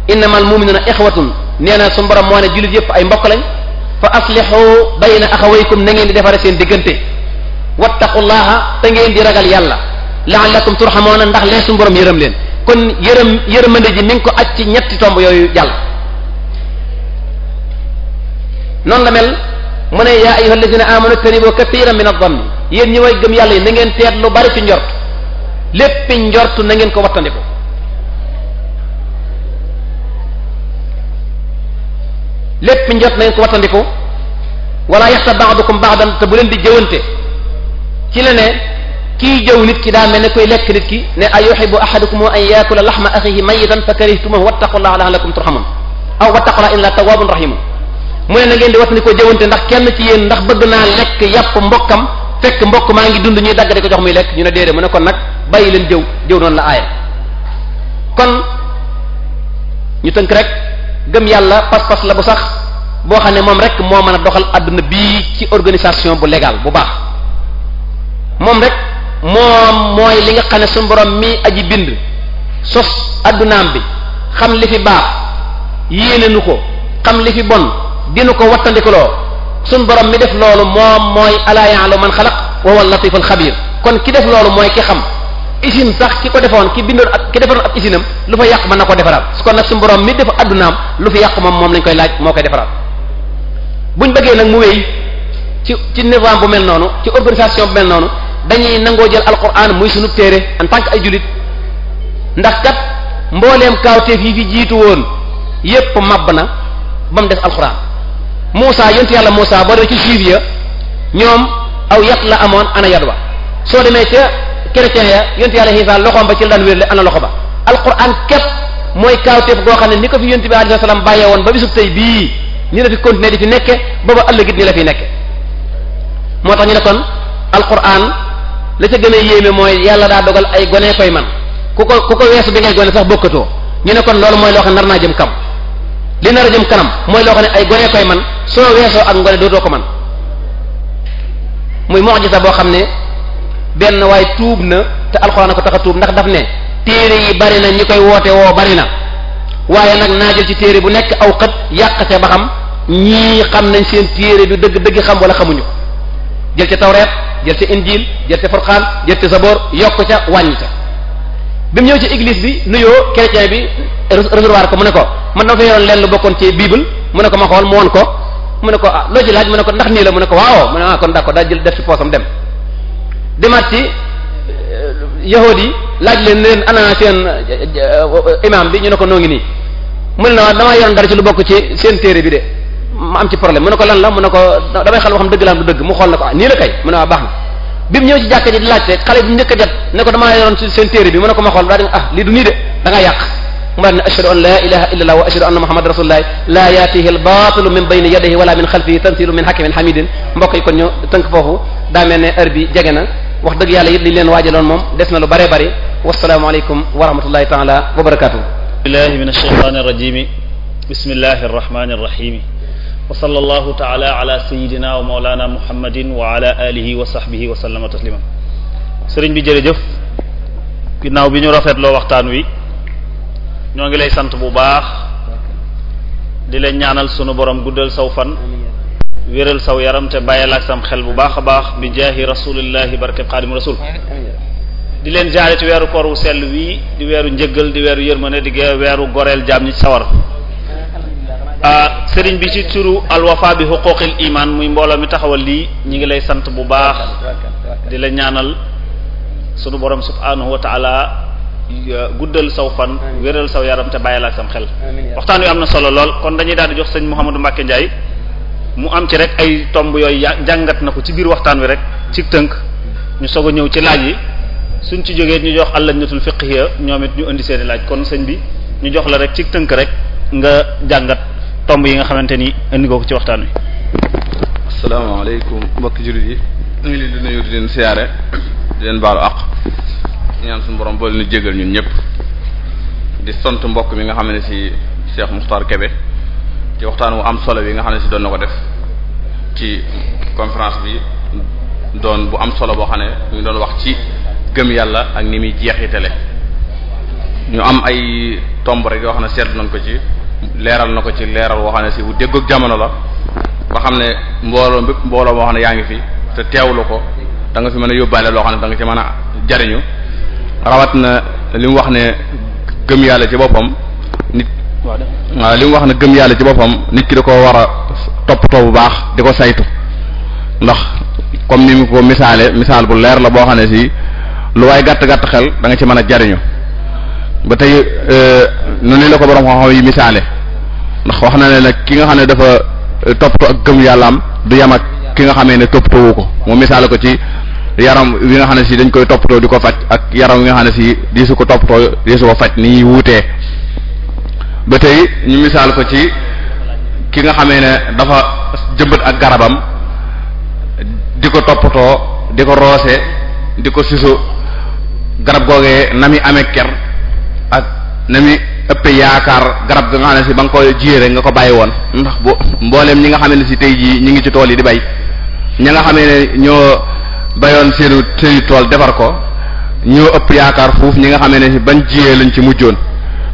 innamal mu'minuna ikhwatun nee na su mborom moo ne jullit yëpp ay mbokk lañ fa aslihu bayna akhawaykum na ngeen di defare seen diggante wattaqullaha te ngeen di ragal yàlla la'allakum turhamuuna ndax leen suñu borom yërëm leen kon yërëm yërëmande ji mi ngi ko aj ci ñetti tomb yooyu jàll noonu la mel mu ne yaa ayyuha alladina amanu jtanibu kathiran min ad-dhanni yéen ñi way gëm yàlla yi na ngeen teet lu bari ci njort lépp njort na ngeen ko wattandiku lépp njort na ko wattandiku wala yaxsa ba'dukum ba'dan te bu leen di jëwante ci la ne kiy jëw nit ki daa mel ne koy lekk nit ki ne a yuhibbu ahadukum an yakula lahma akhihi mayitan fa karihtumuhu wattaqullaha la'allakum turhamun aw wattaqullaha inna tawwabun rahimun mu ne na ngeen di wat ni ko jëwante ndax kenn ci yéen ndax bëgg naa lekk yàpp mbokkam fekk mbokk maa ngi dund ñuy dagg di ko jox muy lekk ñu ne de mu ne kon nag bàyyi leen jëw jëw noonu la aaya kon ñu tënk rek gëm yàlla pas-pas la bu sax boo xam ne moom rek moo mën a doxal àdduna bii ci organisation bu légal bu baax moom rek moom mooy li nga xam ne suñu borom mi aji bind sos addunaam bi xam li fi baax yéene nu ko xam li fi bon dinu ko wattandikuloo suñ borom mi def loolu moom mooy alaa ya'lamu man xalaq wa huwa latiful xabiir kon ki def loolu mooy ki xam usine sax ki ko defoon ki bindoon ak ki defaroon ab usine lu fa yàq mën na ko defaraat su kon nag suñu borom mi def addunaam lu fi yàq moom moom lañ koy laaj moo koy defaraat buñ bëggee nag mu wéy ci ci niveau bu noonu ci organisation bu mel noonu dañuy nangoo jël alquran muy sunu téere en tant que ay jullit ndax kat mbooleem kaawteef yi fi jiitu woon yépp màbb na ba mu des alquran Moussa yontu yàlla Moussa boo demee ci juif ya ñoom aw yat la amoon ana yat wa soo demee ca chrétien ya yontu yàlla Isa loxoom ba ci la daan wérle ana loxo ba alquran képp mooy kaawteef goo xam ne ni ko fi yontu bi alayhi salaam bàyyee woon ba bisub tey bii ni la fi continuer di fi nekke booba ëllëgit ni la fi nekke moo tax ñu ne kon la ca gën a yéeme mooy yàlla daa dogal ay gone koy man ku ko ku ko weesu bi ngay gone sax bokkatoo ñu ne kon loolu mooy loo xam nar naa jëm kam kanam mooy loo ne ay gone koy man soo weesoo ak ngone dootoo ko man muy mu'jiza boo xam ne benn waaye tuub na te alxuraan ko tax ndax daf ne téere yi bari na ñi koy woote woo bari na waaye nag naa jël ci téere bu nekk aw xët yàq ca ba xam ñii xam nañ seen téere du dëgg dëgg xam wala xamuñu jël ca tawreet jël ca injil jël ca furqaan jël ca saboor yokk ca wàññi ca bi mu ñëw ci église bi nuyoo chrétien bi recevoir ko mu ne ko man dama fa yoroon leen lu bokkoon ci bible mu ne ko ma xool mu won ko mu ne ko ah loo ci laaj mu ne ko ndax nii la mu ne ko waaw mu ne ah, kon d'accord daa jël def ci poosam dem demaat ci euh, yahood yi laaj leen leen ana seen euh, euh, bi ñu ne ko noo ngi nii mu ne na waa damaa yoroon dara ci lu bokk ci seen téere bi de ma am ci problème mu ne ko lan la mu ne ko damay xel boo xam dëgg la ah, la kay mu ne waa baax na ci jàkka ji di laajte xale bi njëkk a jot ne ko damaa yoroon seen téere bi mu ne ko ma xool daa di ah, nii de da an la ilaha illa allah wa ashhadu anna muhammadan rasulullah la yatihi al batilu min bayni yadayhi wala min xalfihi tanzilu min hakimin hamidin na wax dëgg yàlla it liñ leen waajaloon moom des na lu bare bare wasalaamualeykum wa rahmatullahi taala wa wa sallallahu taala ala sayidina wa maulana muhammadin wa ala alihi wa sahbihi wa sallama taslima sëriñ bi jërëjëf ginnaaw bi ñu rafetloo waxtaan wi ñoo ngi lay sant bu baax di leen ñaanal sunu borom guddal saw fan wéral saw yaram te bàyyil ak sam xel bu baax a baax bi jaahi rasulillahi barkeb xaadimu rasul di leen jaare ci weeru koor wu sell wii di weeru njëggal di weeru yërmane di weeru goreel jaam ñi sawar Euh, sëriñ bi ci suru alwafa bi xuquqil imaan muy mbooloo mi taxawal lii ñi ngi lay sant bu baax di la ñaanal sunu borom subhanahu wa taala euh, guddal saw fan wéral saw yaram te bàyyi la sam xel waxtaan wi am na solo lool kon dañuy daal di jox sëñ Mouhamadou mbakke Ndiaye mu am ci rek ay tomb yooyu jàngat na ko ci biir waxtaan wi rek ci tënk ñu soog a ñëw ci laaj yi suñ ci jógee ñu jox àllajnatul fiqhiya ñoom it ñu indi seeni laaj kon sëñ bi ñu jox la rek ci tënk rek nga jàngat tomb yi nga xamante ni indi ko ci waxtaan wi. asalaamaaleykum mbokki jullit yi ñu ngi leen di nuyu di leen siyaare di leen baalu àq ñaan suñu borom boole ñu jégal ñun ñëpp di sant mbokk mi nga xam ne si Cheikh Muxtar Kebe ci waxtaan wu am solo bi nga xam ne si doon na ko def ci conférence bi doon bu am solo boo xam ne ngi doon wax ci gëm yàlla ak ni muy jeexitale ñu am ay tomb rek yoo xam ne seetlu nañ ko ci. leeral na ko ci leeral woo xam ne si bu déggoog jamono la ba xam ne mbooloo bépp mbooloo moo xam ne yaa ngi fi te teewlu ko danga fi mën a yóbbaale loo xam ne danga ci mën a jariñu rawat na li mu wax ne gëm yàlla ci boppam nit waaw li mu wax ne gëm yàlla ci boppam nit ki da ko war a toppatoo bu baax di ko saytu ndax comme ni mu ko misaale misaal bu leer la boo xam ne sii lu waay gàtt gàtt xel danga ci mën a jariñu ba tey euh, noonu la ko borom xam-xam yi misaale ndax wax na ne nag ki nga xam ne dafa euh, toppatoo ak gëm yàllaam du yem ak ki nga xamee ne toppatoowu ko mu misaale ko ci yaram wi nga xam ne si dañ koy toppatoo di ko faj ak yaram wi nga xam ne si di su ko toppatoo di su ko faj ni ñuy ba tey ñu misaal ko ci ki nga xamee ne dafa jëmbët ak garabam di ko toppatoo di ko roose di ko siso garab googee na mi amee ker ak na mi ëppe yaakaar garab ga nga xam ne si ba nga koy jiyee nga ko bàyyi woon ndax bu mbooleem ñi nga xam ne si tey jii ñi ngi ci tool yi di bay ñi nga xamee ne ñoo bayoon seenu seenu tool defar ko ñoo ëpp yaakaar fuuf ñi nga xamee ne si bañ jiyee lañ ci mujjoon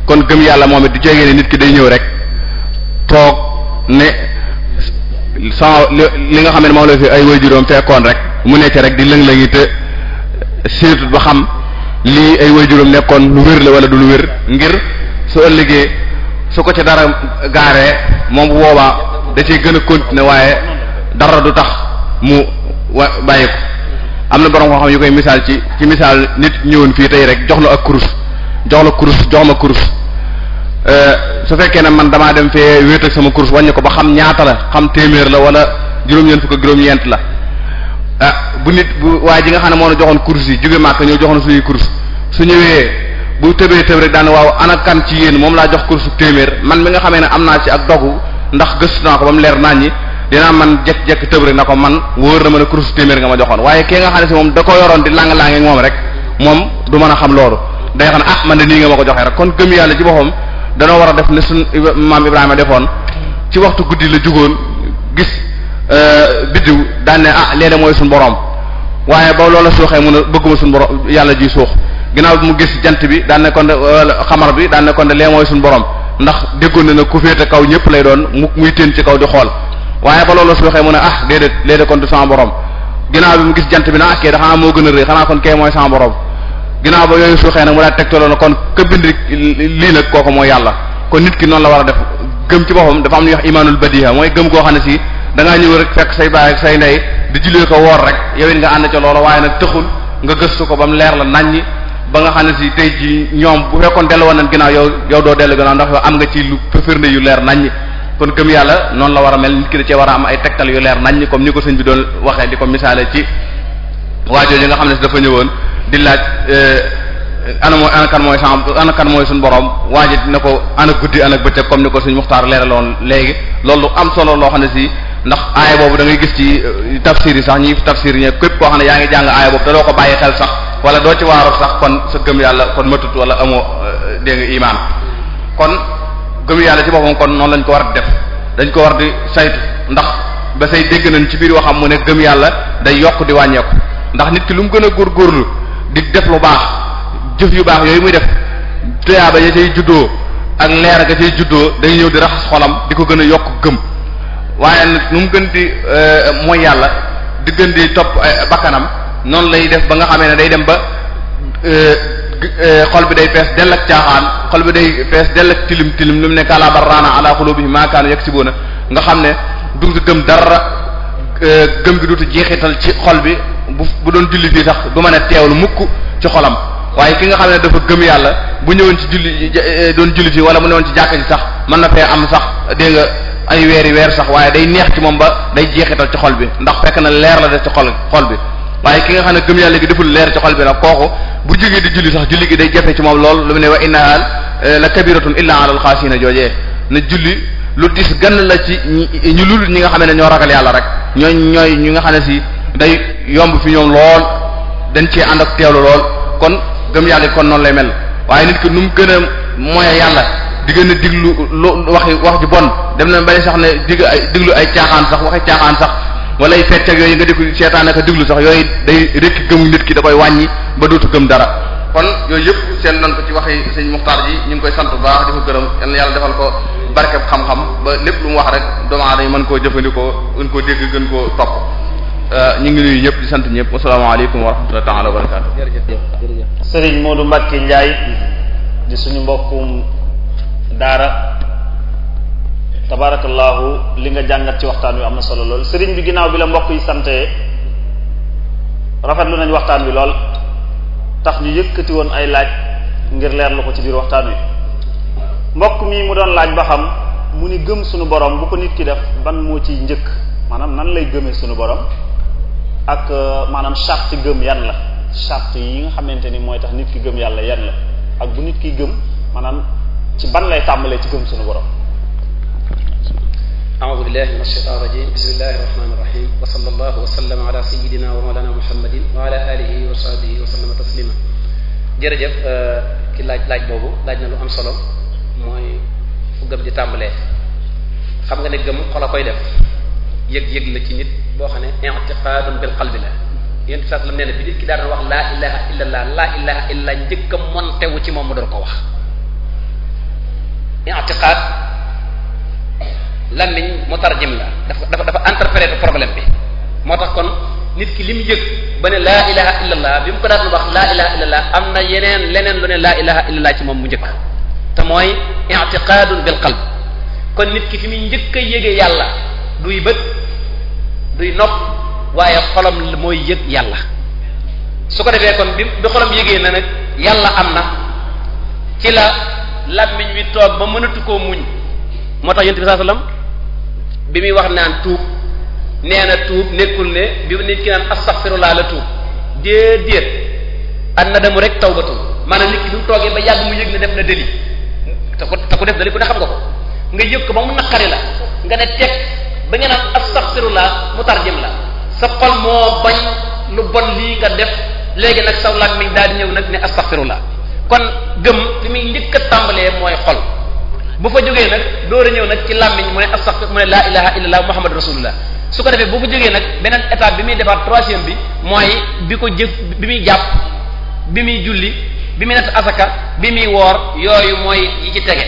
kon gëm yàlla moom it du jege ne nit ki day ñëw rek toog ne sans li nga xam ne moom la fi ay waajuram fekkoon rek mu nekk rek di lëng-lëngi te seetut ba xam lii ay waajuram nekkoon lu wér la wala du lu wér ngir soo ëllëgee su ko ca dara gaaree moom bu boobaa da cee gën a continuer waaye dara du tax mu wa bàyyi am na borom koo xam yu koy misaal ci misaal nit ñëwoon fii tey rek jox la ak kurus jox la kurus jox ma kurus euh, su fekkee ne man damaa dem fee wéet ak sama kurus wàññi ko ba xam ñaata la xam téeméer la wala juróom-ñeent fukk juróom-ñeent la. ah bu nit bu waa ji nga xam ne moom na joxoon course yi jóge màkk ñoo joxoon suñuy course su ñëwee bu tëbee tëb rek daan waaw ana kan ci yéen moom laa jox course téeméer man mi nga xamee ne am naa ci ak dogu ndax gës naa ko ba mu leer naañ ñi dinaa man jekk-jekk tëb rek na ko man wóor na ma ne course téeméer nga ma joxoon waaye kee nga xam ne si moom da ko yoroon di lang-lange moom rek moom du mën a xam loolu day xam ne ah man de nii nga ma ko joxee rek kon gëm yàlla ci boppam danoo war a def ne suñ maam Ibrahima defoon ci waxtu guddi la jugoon gis Euh, biddiw daan ne ah moo mooy suñu borom waaye ba loola suuxee mun a bëgguma suñu borom yàlla ji suux ginnaaw mu gis jant bi daan ne kon bi daan ne kon lee mooy suñu borom ndax déggoon na ne ku féete kaw ñëpp lay doon mu muy ci kaw di xool waaye ba loola suuxee mun a ah déedéet léeg kon borom ginnaaw bi mu gis jant bi na ah daxanaa moo gën a rëy xanaa kon kee mooy sama borom ginnaaw ba yooyu suuxee nag mu daal tegtaloo na kon ka bind lii nag kooku mooy yàlla kon nit ki noonu la war a def gëm ci boppam dafa am ñuy wax imaanul badiha mooy gëm goo xam ne si da ngaa ñëw rek fekk say baay ak say ndey di julee ko woor rek yow it nga ànd ca loola waaye nag tëxul nga gëstu ko ba mu leer la nañ naññi ba nga xam ne si tey ji ñoom bu fekkoon dellu woon nañ ginnaaw yow yow doo dellu ndax am nga ci lu firnde yu leer naññi kon gëm yàlla noonu la war a mel nit ki da cee war am ay tegtal yu leer naññi comme ni ko sëñ bi doon waxee di ko misaale ci waajoo yi nga xam ne dafa ñëwoon di laaj eh, ana mooy ana kan mooy sa ana kan mooy suñu borom waaji dina ko ana guddi ana bëccëg comme ni ko suñ muxtaar leeraloon léegi loolu am solo loo xam ne si ndax aaya boobu da gis ci euh, tafsir yi sax ñi tafsir yi képp koo xam ne yaa ngi jàng aaya boobu te doo ko bàyyi xel sax wala doo ci waaroo sax kon sa gëm yàlla kon matut wala amoo euh, dégg nga imaan kon gëm yàlla ci boppam kon noonu lañ ko war def dañ ko war di saytu ndax ba say dégg nañ ci biir waxam mu ne gëm yàlla day yokk di wàññeeku ndax nit ki lu mu gën a góor góorlu di def lu baax jëf yu baax yooyu muy def tuyaaba ya cay juddoo ak leer ga cay juddoo day ñëw di raxas di ko gën a yokk gëm waaye nag nu mu gën di eh, mooy yàlla di gën di topp eh, bakkanam noonu lay def ba nga xamee ne day dem ba eh, xol bi day fees dell ak caaxaan xol bi day fees dell ak tilim tilim lu mu nekk ala barraana ala qulubihim ma kaanu yaksibuuna nga xam ne duutu gëm dara gëm gi duutu jeexital ci xol bi bu bu doon julli fii sax du mën a teewlu mukk ci xolam waaye ki nga xam ne dafa gëm yàlla bu ñëwoon ci julli doon julli fii wala mu ñëwoon ci jàkka ji sax mën na fee am sax dégg ay weeri weer sax waaye day neex ci moom ba day jeexital ci xol bi ndax fekk na leer la def ci xol xol bi waaye ki nga xam ne gëm yàlla gi deful leer ci xol bi nag kooku bu jógee di julli sax julli gi day jafe ci moom lool lu mu ne wa innaha eh, la kabiratun illa ala alxaasina joojee na julli lu dis gan la ci ñu ñi nga xam ne ñoo ragal yàlla rek ñooy ñooy ñu nga xam ne si day yomb fi ñoom lool dañ ci ànd ak teewlu lool kon gëm yàlla kon noonu lay mel waaye nit ki nu mu gën a moye yàlla di gën a diglu lu wax wax ju bon dem na bari sax ne dig ay diglu ay caaxaan sax waxi caaxaan sax wala ay fecc ak yooyu nga déglu seetaan ak sax yooyu day rekk ki da wàññi ba dootu gëm dara kon yooyu yëpp seen nan ko ci waxi sëñ Muxtaar ji ñu ngi koy sant bu baax di ko gërëm yal na defal ko barkeb xam-xam ba lépp lu mu wax rek doomu aadama mën koo jëfandikoo gën koo dégg gën koo topp euh, ñu ngi nuyu ñëpp di sant ñëpp wasalaamaaleykum wa rahmatullahi taala wa barakaatu. jërëjëf jërëjëf Serigne Modou Mbacké Ndiaye di suñu mbokkum daara tabaarakallaahu li nga jàngat ci waxtaan wi am na solo lool sëriñ bi ginnaaw bi la mbokk yi sante rafetlu nañ waxtaan wi lool tax ñu yëkkati woon ay laaj ngir leer leerlu ko ci biir waxtaan wi mbokk mi mu doon laaj ba xam mu ni gëm suñu borom bu ko nit ki def ban moo ciy njëkk maanaam nan lay gëmee suñu borom ak euh, maanaam charte gëm yan la charte yi nga xamante ni mooy tax nit ki gëm yàlla yan ak bu nit ki gëm maanaam ci ban lay tàmbalee ci gëm suñu borom a'udhu billahi minash shaitanir rajim bismillahir rahmanir rahim wa sallallahu wa sallama ala sayyidina wa mawlana muhammadin wa ala alihi wa sahbihi wa sallama taslima jërëjëf euh, ki laaj laaj boobu laaj na lu am solo mooy fu gëm di tàmbalee xam nga ne gëm xol a koy def yëg-yëg la ci nit boo xam ne i'tiqadun bil qalbi la yéen saas la nee na bi nit ki daal di wax laa ilaha illallah laa ilaha illa njëkk a montewu ci moom mu doon ko wax i'tiqad làmmiñ mutarjim la dafa dafa dafa interpréter problème bi moo tax kon nit ki li mu jëkk ba ne laa ilaha illallah bi mu ko daan wax laa ilaha la am na yeneen leneen lu ne laa ilaha illallah ci moom mu njëkk te mooy i'tiqadun bil qalb nit ki fi muy njëkk a yëgee yàlla duy bët duy nopp waaye xolam mooy yëg yàlla su ko defee kon bi bi xolam yëgee na nag yàlla am na ci la làmmiñ wi toog ba mënatu koo muñ moo tax yonent bi sallallahu alayhi bi muy wax naan tuub nee na tuub nekkul ne bi nit ki naan laa la tuub déedéet an nadamu rek taw tawbatu maanaam nit ki bi mu toogee ba yàgg mu yëg ne def na deli te ko te ko def deli ku ne xam nga ko nga yëg ko ba na naqari la nga ne teg ba nga naan astaghfirullah mu tarjim la sa xol moo bañ lu bon lii nga def léegi nag saw làmmiñ daal di ñëw nag ne astaghfirullah kon gëm fi muy njëkk tàmbalee mooy xol boo fa jógee nag door a ñëw nag ci làmmiñ mu ne astaxfir mu ne laa ilaha illallah muhammad rasulullah su ko defee bu fa jógee nag beneen étape bi muy defaat troisième bi mooy bi ko jëf bi muy jàpp bi muy julli bi mu natt asaka bi muy woor yooyu mooy yi ci tege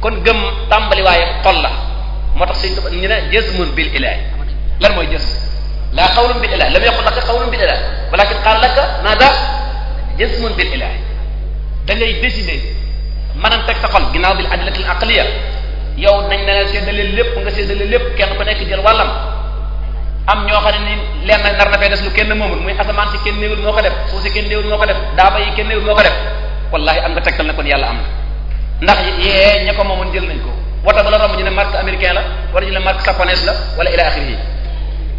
kon gëm tàmbali waaye xol la moo tax suñ ñu ne jësmun bil ilahi lan mooy jës laa xawlum bil ilahi lam yaqul laka xawlum bil ilahi walakin qaal laka maada jësmun bil ilahi da ngay décider maanaam teg sa xol ginnaaw bil adlatil aqliya yow nañ ne la leen lépp nga séddale lépp kenn ku nekk jël wàllam am ñoo xam ne ni leen na nar na fee des lu kenn moomul muy asamaan si kenn néewul moo ko def suuf si kenn néewul moo ko def daaba yi kenn néewul moo ko def wallahi am nga tegtal ne kon yàlla am na ndax yee ña ko moomoon jël nañ ko wota ba la romb ñu ne marque américain la wala ñu ne marque japonaise la wala ila axiri yi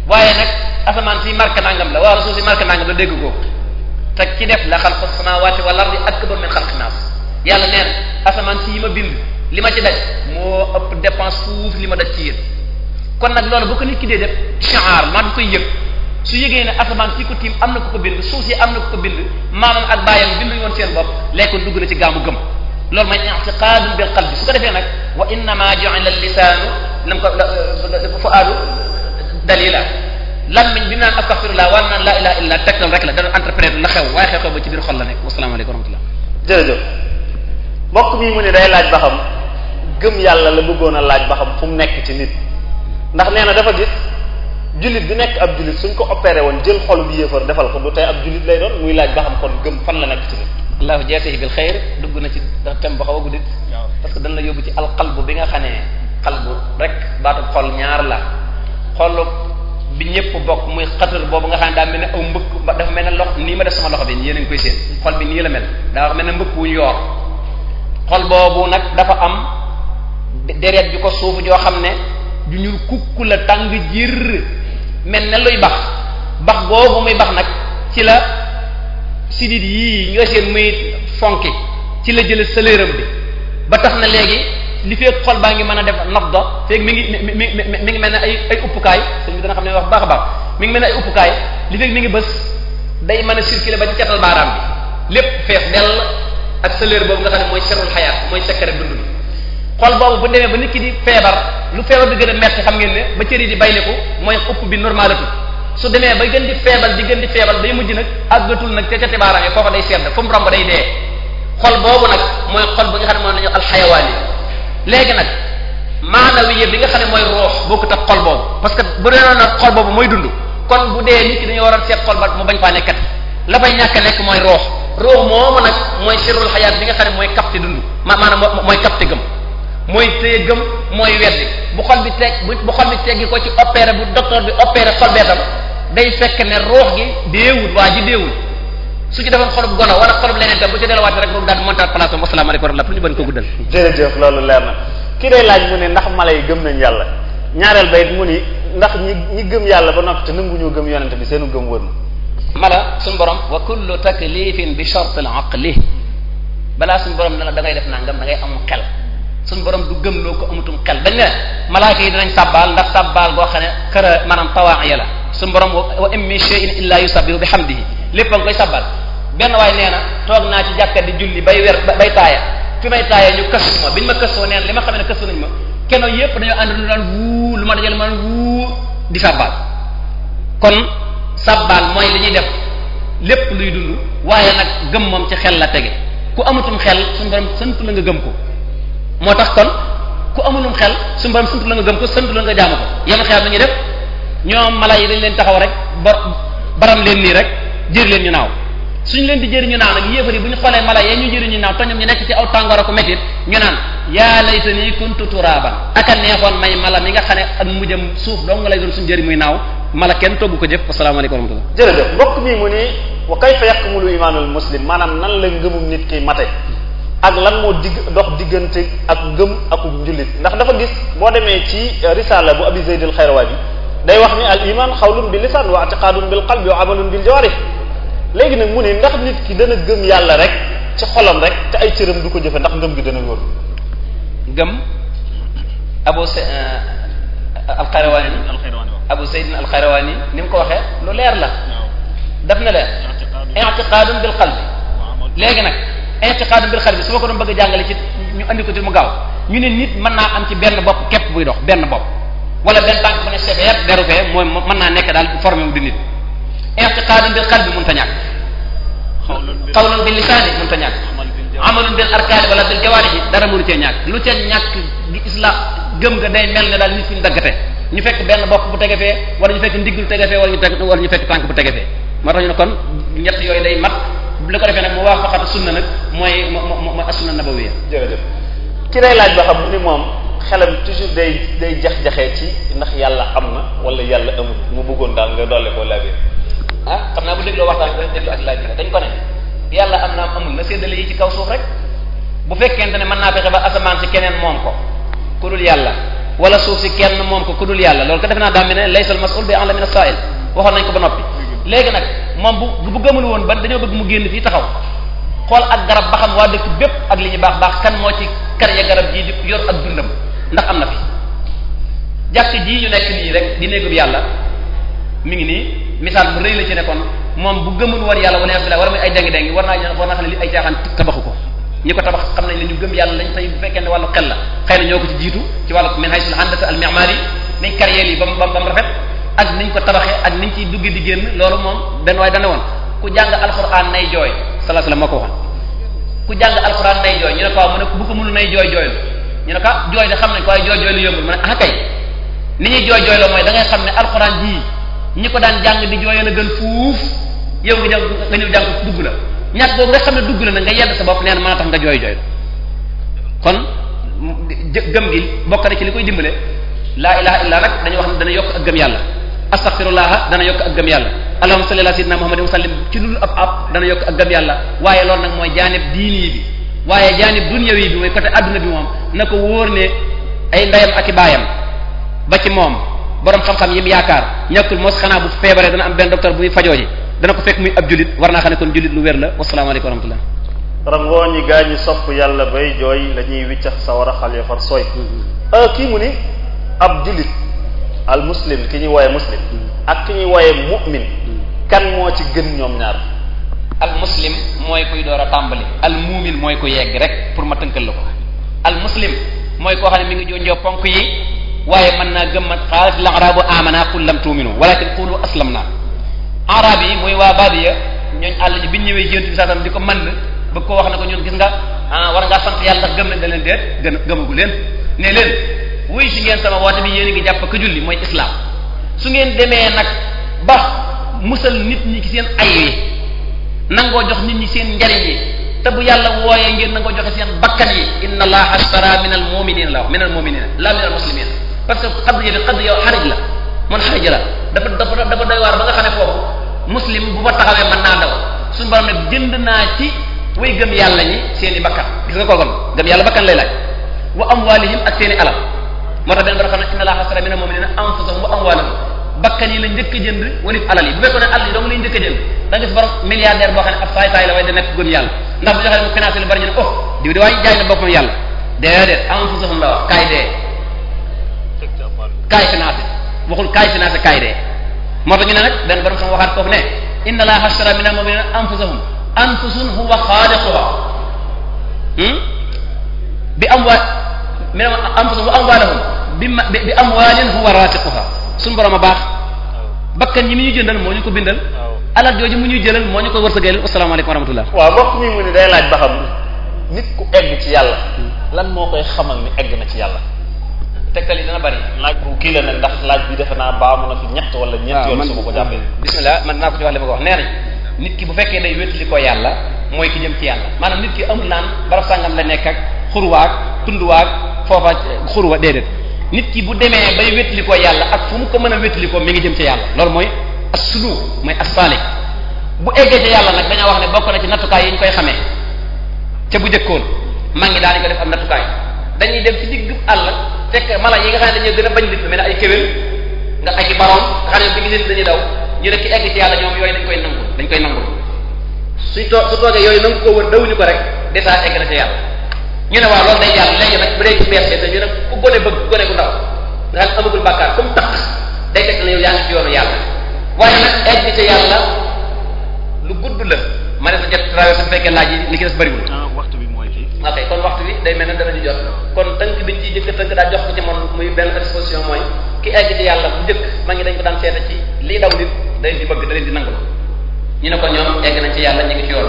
waaye nag asamaan si marque nangam la wala suuf dégg ko. te ci def la xalqu samawati wal ardi akbar min xalqi naas yàlla neen asamaan si yi ma bind li ma ci daj moo ëpp dépense fuuf li ma daj ci yéen kon nag loolu bu ko nit ki dee def chaar maa ngi koy yëg su yëgee ne asamaan si ko tiim am na ko ko bind suuf si am na ko ko bind maamam ak bàyyam binduñu woon seen bopp léegi kon dugg na ci gaamu gëm loolu mooy i'tiqaadun bil qalbi su ko defee nag wa innama ja'ala al lisaanu lam ko fuaadu dalila lammiñ bi naan astaghfirullah wala naan la ilaha illa tegtal rek la da doon entreprendre la xew waaye xew-xew ba ci biir xol la nekk wasalaamaaleykum wa rahmatullah jërëjëf mbokk mi mu ne day laaj ba xam gëm yàlla la bëggoon a laaj ba xam fu mu nekk ci nit ndax nee na dafa gis jullit bi nekk ab jullit suñ ko opéré woon jël xol bi yéefar defal ko du tey ab jullit lay doon muy laaj ba xam kon gëm fan la nekk ci nit allahu jeeteyi bil xeyr dugg na ci tem ba xaw a guddit parce que dañ la yóbbu ci alqalbu bi nga xam ne xalbu rek baatub xol ñaar la xolu bi ñëpp bokk muy xatar boobu nga xam ne daa mel ne aw mbëkk dafa mel ne lox nii ma def sama loxo bi a ngi koy seen xol bi nii la mel daa mel ne mbëkk wuñu yoor xol boobu nag dafa am deret ju ko suufu joo xam ne ju ñuul kukk la tàng jir mel ne luy bax bax boobu muy bax nag ci la sidit yii nga seen muy fonki ci la jële sëleeram bi ba tax na léegi li feeg xol baa ngi mën a def naf da feeg mi ngi mi mi ngi mel ne ay ay uppukaay sëñ bi dana xam ne wax baax a baax mi ngi mel ne ay uppukaay li feeg mi ngi bës day mën a circuler ba ci catal baaraam lépp fees dell ak chaleur boobu nga xam ne mooy serul xayaat mooy secret dund bi xol boobu bu demee ba nit ki di feebar lu feebar bi gën a xam ngeen ne ba cër yi di bayliku mooy upp bi normalatu su demee ba gën di feebal di gën di feebal day mujj nag àggatul nag te ca baaraam yi foofa day sedd fu mu romb day dee xol boobu nag mooy xol bu nga xam ne moo la ñu alxayawaan yi léegi nag maanawiya bi nga xam ne mooy boo bokkut ak xol boobu parce que bu dee nag xol boobu mooy dund kon bu dee nit ki dañoo war a seet xol ba mu bañ faa nekkati la fay ñàkk a nekk mooy roox roox moomu nag mooy sirul xayaat bi nga xam ne mooy capté dund maanaam mooy capté gëm mooy téye gëm mooy weddi bu xol bi teg bu xol bi teggi ko ci opéré bu docteur bi opéré xol bee tam day fekk ne roox gi deewul waa ji deewul. su ci defoon xolub gono wala xolub leneen tam bu ci delluwaat rek moom daal di montaat place am wasalaamaaleykum wa rahmatulah pour guddal. jërëjëf loolu leer na ki day laaj mu ne ndax mala yi gëm nañ yàlla ñaareel bayit mu ni ndax ñi ñi gëm yàlla ba noppi te ñoo gëm yonente bi seenu gëm wër na mala suñu borom wa kullu taklifin bi shart al aqli balaa suñu borom ne la da ngay def nangam da ngay am xel suñu borom du gëm loo ko amutum xel dañ ne malaaka yi dinañ sàbbaal ndax sàbbaal goo xam ne kër a maanaam tawaax ya la suñu borom wa in min shay'in illa yusabbihu bihamdihi lépp a ngi koy benn waay nee na toog naa ci jàkka di julli bay wer bay taaya fi may taaya ñu kës ma biñ ma kësoo nee na li ma xam ne kësu nañ ma keno yépp dañoo ànd lu daan wuu lu ma dajal ma daan wuu di sàbbaal kon sàbbaal mooy li ñuy def lépp luy dund waaye nag gëm moom ci xel la tege ku amutum xel suñu borom sant la nga gëm ko moo tax kon ku amulum xel suñu borom sant la nga gëm ko sant la nga jaamu ko yam xel la ñuy def ñoom mala yi dañ leen taxaw rek ba baram leen nii rek jër leen ñu naaw suñ leen di jëriñu naan ak yéefar yi bu ñu xoolee mala yee ñu jëriñu naan te ñoom ñu nekk ci aw tàngoor ko métit ñu naan yaa laytani kuntu turaban aka neexoon may mala mi nga xam ne ak mujjam suuf dong lay doon suñu jëri muy naaw mala kenn togg ko jëf asalaamaaleykum wa rahmatullah jërëjëf mbokk mi mu ni wa kayfa yakmulu imaanul muslim maanaam la ngëmum nit mate ak lan moo digg dox diggante ak ngëm ak njullit ndax dafa gis boo demee ci euh, risala bu abi zayd al xayrawaani day wax ni al iman xawlun bi lisan wa i'tiqadun bil qalbi wa amalun bil jawarih léegi nag mu ne ndax nit ki dana gëm yàlla rek ci xolam rek te ay cëram du ko jëfe ndax ngëm gi dana wóor gëm abu se euh, alxayrawaani abu seydin alxayrawaani ni mu ko waxee lu leer la daf na leer intiqaadum bil qalbi léegi nag intiqaadum bil qalbi su ma ko doon bëgg jàngale ci ñu andi ko ci mu gaaw ñu ne nit mën naa am ci benn bopp képp buy dox benn bopp wala benn tànk bu ne seet yat deru fee mooy mën naa nekk daal formé wu di nit i'tiqaadan bil qalbi mënta ñàkk qawlun bil lisaani mënta ñàkk amalun bil arkaani wala bil jawaarihi dara mënu cee ñàkk lu ca ñàkk islam gëm nga day mel ne daal nit fi ñu ñu fekk benn bopp bu tege fee wala ñu fekk ndiglu tege fee wala ñu teg wala ñu tànk bu tege fee moo tax ñu yooyu day mat li ko defee nag mu waafaqat sunna nag mooy mooy as-sunna nabawiyya jërëjëf ki day laaj ba xam mu ni moom xelam day day jax-jaxee ci ndax yàlla am na wala yàlla amul mu bëggoon daal nga dolle ko laajee ah xam naa bu dégloo waxtaan bi déglu ak laaj bi dañ ko ne yàlla am naa amul na séddale yi ci kaw suuf rek bu fekkente ne mën naa fexe ba asamaan si keneen moom ko ku dul yàlla wala suuf si kenn moom ko ku dul yàlla loolu ko defe naa daa mel ne laysal mas'ul bi a'lamu min as-sa'il waxoon nañ ko ba noppi léegi nag moom bu bu gëmul woon ba dañoo bëgg mu génn fii taxaw xool ak garab ba xam waa dëkk bépp ak li ñu baax baax kan moo ci karye garab jii di yor ak dundam ndax am na fi jàkk ñu nekk nii rek di néegub yàlla mi ngi nii misaal bu rëy la ci ne moom bu gëmul woon yàlla wane abdullah war ay dengi dengi war naa war naa xam ne tabaxu ko ñi ko tabax xam nañ ne ñu gëm yàlla lañ tey bu fekkee ne wàllu xel la xëy na ñoo ko ci jiitu ci wàllu min haysul yi ba mu ba mu rafet ak niñ ko tabaxee ak niñ ciy dugg di génn loolu moom benn waaye dane woon ku jàng alquran nay jooy sallallahu alayhi wasallam moo ko waxoon ku jàng alquran nay jooy ñu ne ko mu ne bu ko mënu nay jooy ñu ne ko ah, jooy de xam nañ ko waaye jooy jooylu yombul mu ne ah, ni ñuy jooy jooyloo mooy da ngay xam ne alquran jii ñi ko daan jàng di jooyal a gën fuuf yow nga jàng nga ñëw jàng dugg la ñàkk boobu nga xam ne dugg la na nga yedd sa bopp nee na maa tax nga jooy jooy kon gëm gi bokk na ci li koy dimbale laa ilaha illa nag dañu wax ne dana yokk ak gëm yàlla astaghfirullah dana yokk ak gëm yàlla allahumma salli ala sayyidina muhammadin wa sallim ci lul ab ab dana yokk ak gëm yàlla waaye loolu nag mooy jaanib diini bi waaye jaanib dunyawi bi mooy côté adduna bi moom na ko wóor ne ay ndeyam ak i baayam ba ci moom borom xam-xam yi mu yaakaar ñàkkul mos xanaa bu feebaree dana am benn docteur bu muy fajoo ji dana ko fekk muy ab jullit war naa xam ne kon jullit lu wér la wasalaamaaleykum wa rahmatullah rangoo ñi gaa ñi sopp yàlla bay jooy la ñuy wiccax sawara xale far sooy mm-hmm. euh, kii mu ni ab jullit al muslim ki ñuy wooye muslim ak ki ñuy wooye mu'min mm-hmm. kan moo ci gën ñoom ñaar al muslim mooy kuy door a tàmbali al muumin mooy ko yegg rek pour ma tënkal la ko al muslim mooy koo xam ne mi ngi jonjoo ponk yi waaye mën naa gëm man xaalat al arabu amana qul lam tuminu walakin qulu aslamna arab yi mooy waa badiya ñooñ àll ji bi ñëwee yént bi sasam di ko mën bëgg koo wax ne ko ñun gis nga ah, war ngaa sant yàlla ndax gëm nañ da leen déet gën gëmagu leen ne leen wuy si ngeen sama woote bi yéen a ngi jàpp ka julli mooy islam su ngeen demee nag ba musal nit ñi ki seen ay yi nangoo jox nit ñi seen njariñ yi te bu yàlla wooyee ngeen nangoo jox seen bakkat yi inna allaha la wax min al muminina la min al parce que xadd ji de xadd yow xarij la man xarij dafa dafa dafa muslim bu fa taxawee naa daw suñu borom ne jënd naa ci way gëm yàlla ñi seen i bakkan gis nga kookoon gëm yàlla bakkan lay laaj wa amwalihim ak seen i alal moo tax benn borom xam ne inna allaha ashtara mina al-mu'minina anfusahum wa amwalahum bakkan yi la njëkk jënd walif alal yi bu fekkoon ne alal yi dong lay njëkk jënd da nga gis borom milliardaire boo saay la waaye oh, de waaye jaay yàlla déedéet kaay financé waxul kaay financé kaay dee moo tax ñu ne nag benn borom sama waxaat foofu ne inna allaha ashtara minal mu'minina anfusahum anfusun huwa xaaliquha hmm? bi amwaal minal anfusahum wa amwaalahum bi bi amwaalin huwa raatiquha suñu borom a baax bakkan ñi mu ñu jëndal moo ñu ko bindal alal jooju mu ñuy jëlal moo ñu ko wërsëgal asalaamaaleykum wa rahmatullah waaw mbokk mi mu ne day laaj ba xam nit ku egg ci yàlla hmm. lan moo koy xamal ni egg na ci yàlla tegtal yi dana bari. laaj bu kii la nag ndax laaj bi defe naa baamu na fi ñett wala ñeent ah, yoon su ko jàppee ah, bismillah man naa ko ci wax li ma ko wax nee nañ nit ki bu fekkee day wétali ko yàlla mooy ki jëm ci yàlla maanaam nit ki amul naan barab sàngam la nekk ak xurwaag tunduwaag foofa xurwa déedéet nit ki bu demee bay wétali ko yàlla ak fu mu ko mën a wétali ko ngi jëm ci yàlla loolu mooy aslu mooy assaali bu eggee ci yàlla nag dañoo wax ne bokk na ci nattukaay yi ñu koy xamee ca bu jëkkoon man ngi ko def am nattukaay dañuy dem ci digg àll fekk mala yi nga xam ne dañoo gën a bañ nit mel ne ay kéwél nga i baroom nga xam ne bi leen dañuy daw ñu rek ci egg ci yàlla yooyu dañ koy nangu dañ koy nangu su too su yooyu nangu ko wër dawuñu ko rek déjà egg na ci yàlla ñu ne waaw loolu day yàlla léegi nag bu dee ci berse dañu nag ku gone bëgg ku gone ku ndaw nga xam amagul bàkkaar comme tax day fekk na yow yaa ngi ci yoonu yàlla waaye nag egg ci yàlla lu gudd la ma ne sa jot traversé fekkee laaj yi li ci des bëriwul ah, ok kon waxtu wi day mel ne danañu jot kon tënk biñ ci jëkk tënk daa jox ko ci moom muy benn exposition mooy ki egg ci yàlla bu njëkk ma ngi dañ ko daan seeta ci lii daw nit day di bëgg da leen di nangu ñu ne ko ñoom egg nañ ci yàlla ñu ngi ci yoon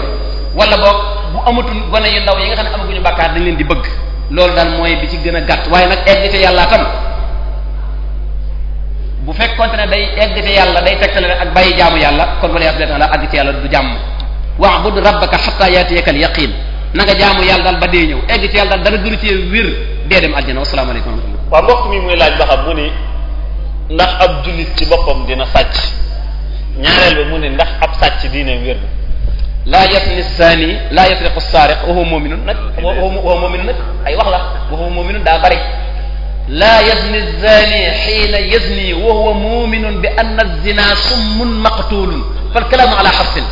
wala boog bu amatul gone yu ndaw yi nga xam ne amaguñu bàkkaar dañ leen di bëgg loolu daal mooy bi ci gën a gàtt waaye nag egg ci yàlla bu fekkoonte ne day egg ci yàlla day tegtale ak bàyyi jaamu yàlla kon wala yàlla àgg ci yàlla du jàmm wa'bud rabbaka hatta yatiyakal yaqin na nga jaamu yàlla daal ba dee ñëw egg ci yàlla daal dara gënu cee wér dee dem aljana wasalaamaaleykum wa rahmatullah waaw mbokk mi muy laaj ba xam mu ni ndax ab jullit ci boppam dina sàcc ñaareel ba mu ne ndax ab sàcc diine wér na laa yasni saani laa yasriqu saariq wa huwa mu'minun nag wa huwa mu'minun nag ay wax la wa huwa mu'minun daa bari laa yazni zani xiina yazni wa huwa muminun bi anna zina summun maqtulun fal kalaamu ala xabsin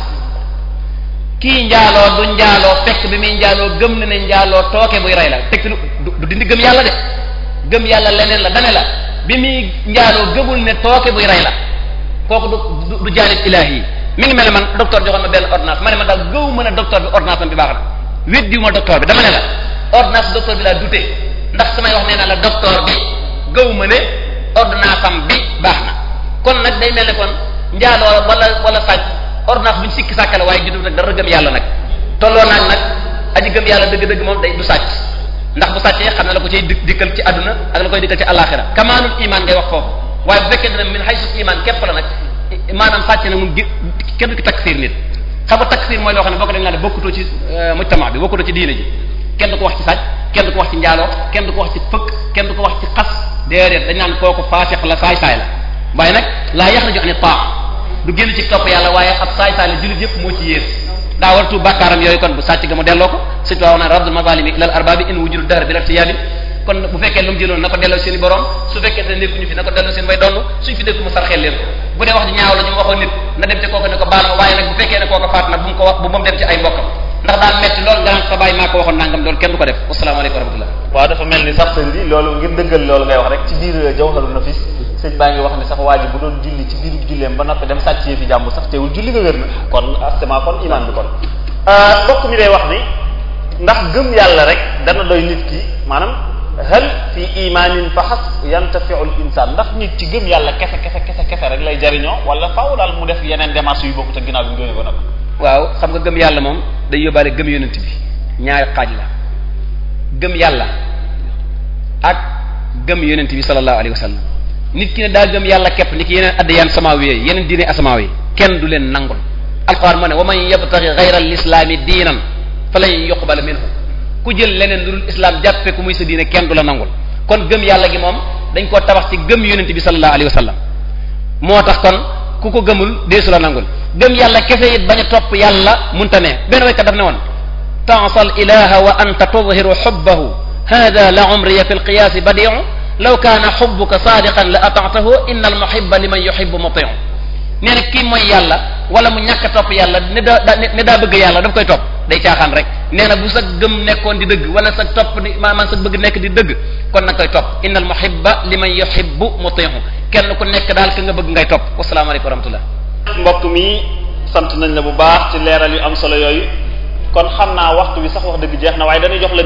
kii njaaloo du njaaloo fekk bi muy njaaloo gëm na ne njaaloo tooke buy rey la teg lu du dindi gëm yàlla de gëm yàlla leneen la dane la bi muy njaaloo gëmul ne tooke bu rey la kooku du du jaanib ilaahi yi mi ngi mel ne man docteur joxoon ma benn ordonnance ma ne ma daal gëw mën a docteur bi ordonnance am bi baaxat weddiwu ma docteur bi dama ne la ordonnance docteur bi laa dutee ndax samay wax nee naa la docteur bi gëw ma ne ordonnance am bi baax na kon nag day mel ne kon njaaloo wala wala sàcc ordonnance bu ñu sikki sàkka la waaye juddu nag dara gëm yàlla nag tolloo naag nag aji gëm yàlla dëgg-dëgg moom day du sàcc ndax bu sàccee xam ne la ko cay dikkal ci àdduna ak la koy dikkal ci alaxira kamaalul iman ngay wax foofu waaye bu fekkee ne min haysul iman képp la nag maanaam sàcc nag moom kenn du ki takfir nit xam nga takfir mooy loo xam ne boo ko dañ naa ne bokkutoo ci euh, mujtama bi bokkutoo ci diine ji kenn du ko wax ci sàcc kenn du ko wax ci njaaloo kenn du ko wax ci fëkk kenn du ko wax ci xas saay la waaye nag laa yaxraju an du génn ci topp yàlla waaye ab saay saali jullit yëpp moo ci yées daa wartu bàkkaaram yooyu kon bu sàcc ga mu delloo ko suñ tuwaaw naa lu mu jëloon na ko delloo seen i ko nit na dem ci kooku ne ko baal ma waaye nag bu fekkee ne kooku faat bu mu ko wax bu mu dem ci ay mbokkam ndax daal metti lool nga naan sa bàyyi maa ko waxoon nangam loolu kenn ko def wasalaamaaleykum wa rahmatullah waaw dafa mel ni sax seen bi loolu ngir dëggal loolu ngay wax rek ci biir jawharu sëñ baa ngi wax ne sax waa ji bu doon julli ci biiru julleem ba noppi dem sàcc yi fi jàmbur sax teewul julli nga wér na kon astama kon iman bi kon euh, bokk mi day wax ni ndax gëm yàlla rek dana doy nit ki maanaam hal fi imanin fa xas yantafiu l insan ndax nit ci gëm yàlla kefe kefe kefe kese rek lay jariñoo wala faaw daal mu def yeneen démarche yu bokku te ginnaaw bi gëmee ba noppi waaw xam nga gëm yàlla moom day yóbbaale gëm yonent bi ñaari xaaj la gëm yàlla ak gëm yonent bi sallallahu alayhi wa sallam nit ki ne daa gëm yàlla képp ni ki yeneen addiyaan samaawi yooyu yeneen diine asamaawi kenn du leen nangul alquran moo ne wa man yabtaxi gayra alislaami diinan fa lan yuqbal minhu ku jël leneen lu dul islam jàppe ku muy sa diine kenn du la nangul kon gëm yàlla gi moom dañ koo tabax ci gëm yonente bi sallallahu alayhi wa sallam moo tax kon ku ko gëmul deesu la nangul gëm yàlla kese it bañ a topp yàlla munta ne benn waykat daf ne woon taasal ilaha wa anta tuzhiru xubbahu hada la umriya fi lqiyaasi badiu law kaana xubbuka saadiqan la ataatahu inna al muhibba liman yuhibbu mutiu nee na kii mooy yàlla wala mu ñàkk topp yàlla ne daa ne daa bëgg yàlla daf koy topp day caaxaan rek nee na bu sa gëm nekkoon di dëgg wala sa topp di maanaam sa bëgg nekk di dëgg kon nag koy topp inna al muhibba liman yuhibbu mutiu kenn ku nekk daal ka nga bëgg ngay topp wasalaamaaleykum wa rahmatullah mbokk mi sant nañ la bu baax ci leeral yu am solo yooyu kon xam naa waxtu bi sax wax dëgg jeex na waaye dañuy jox la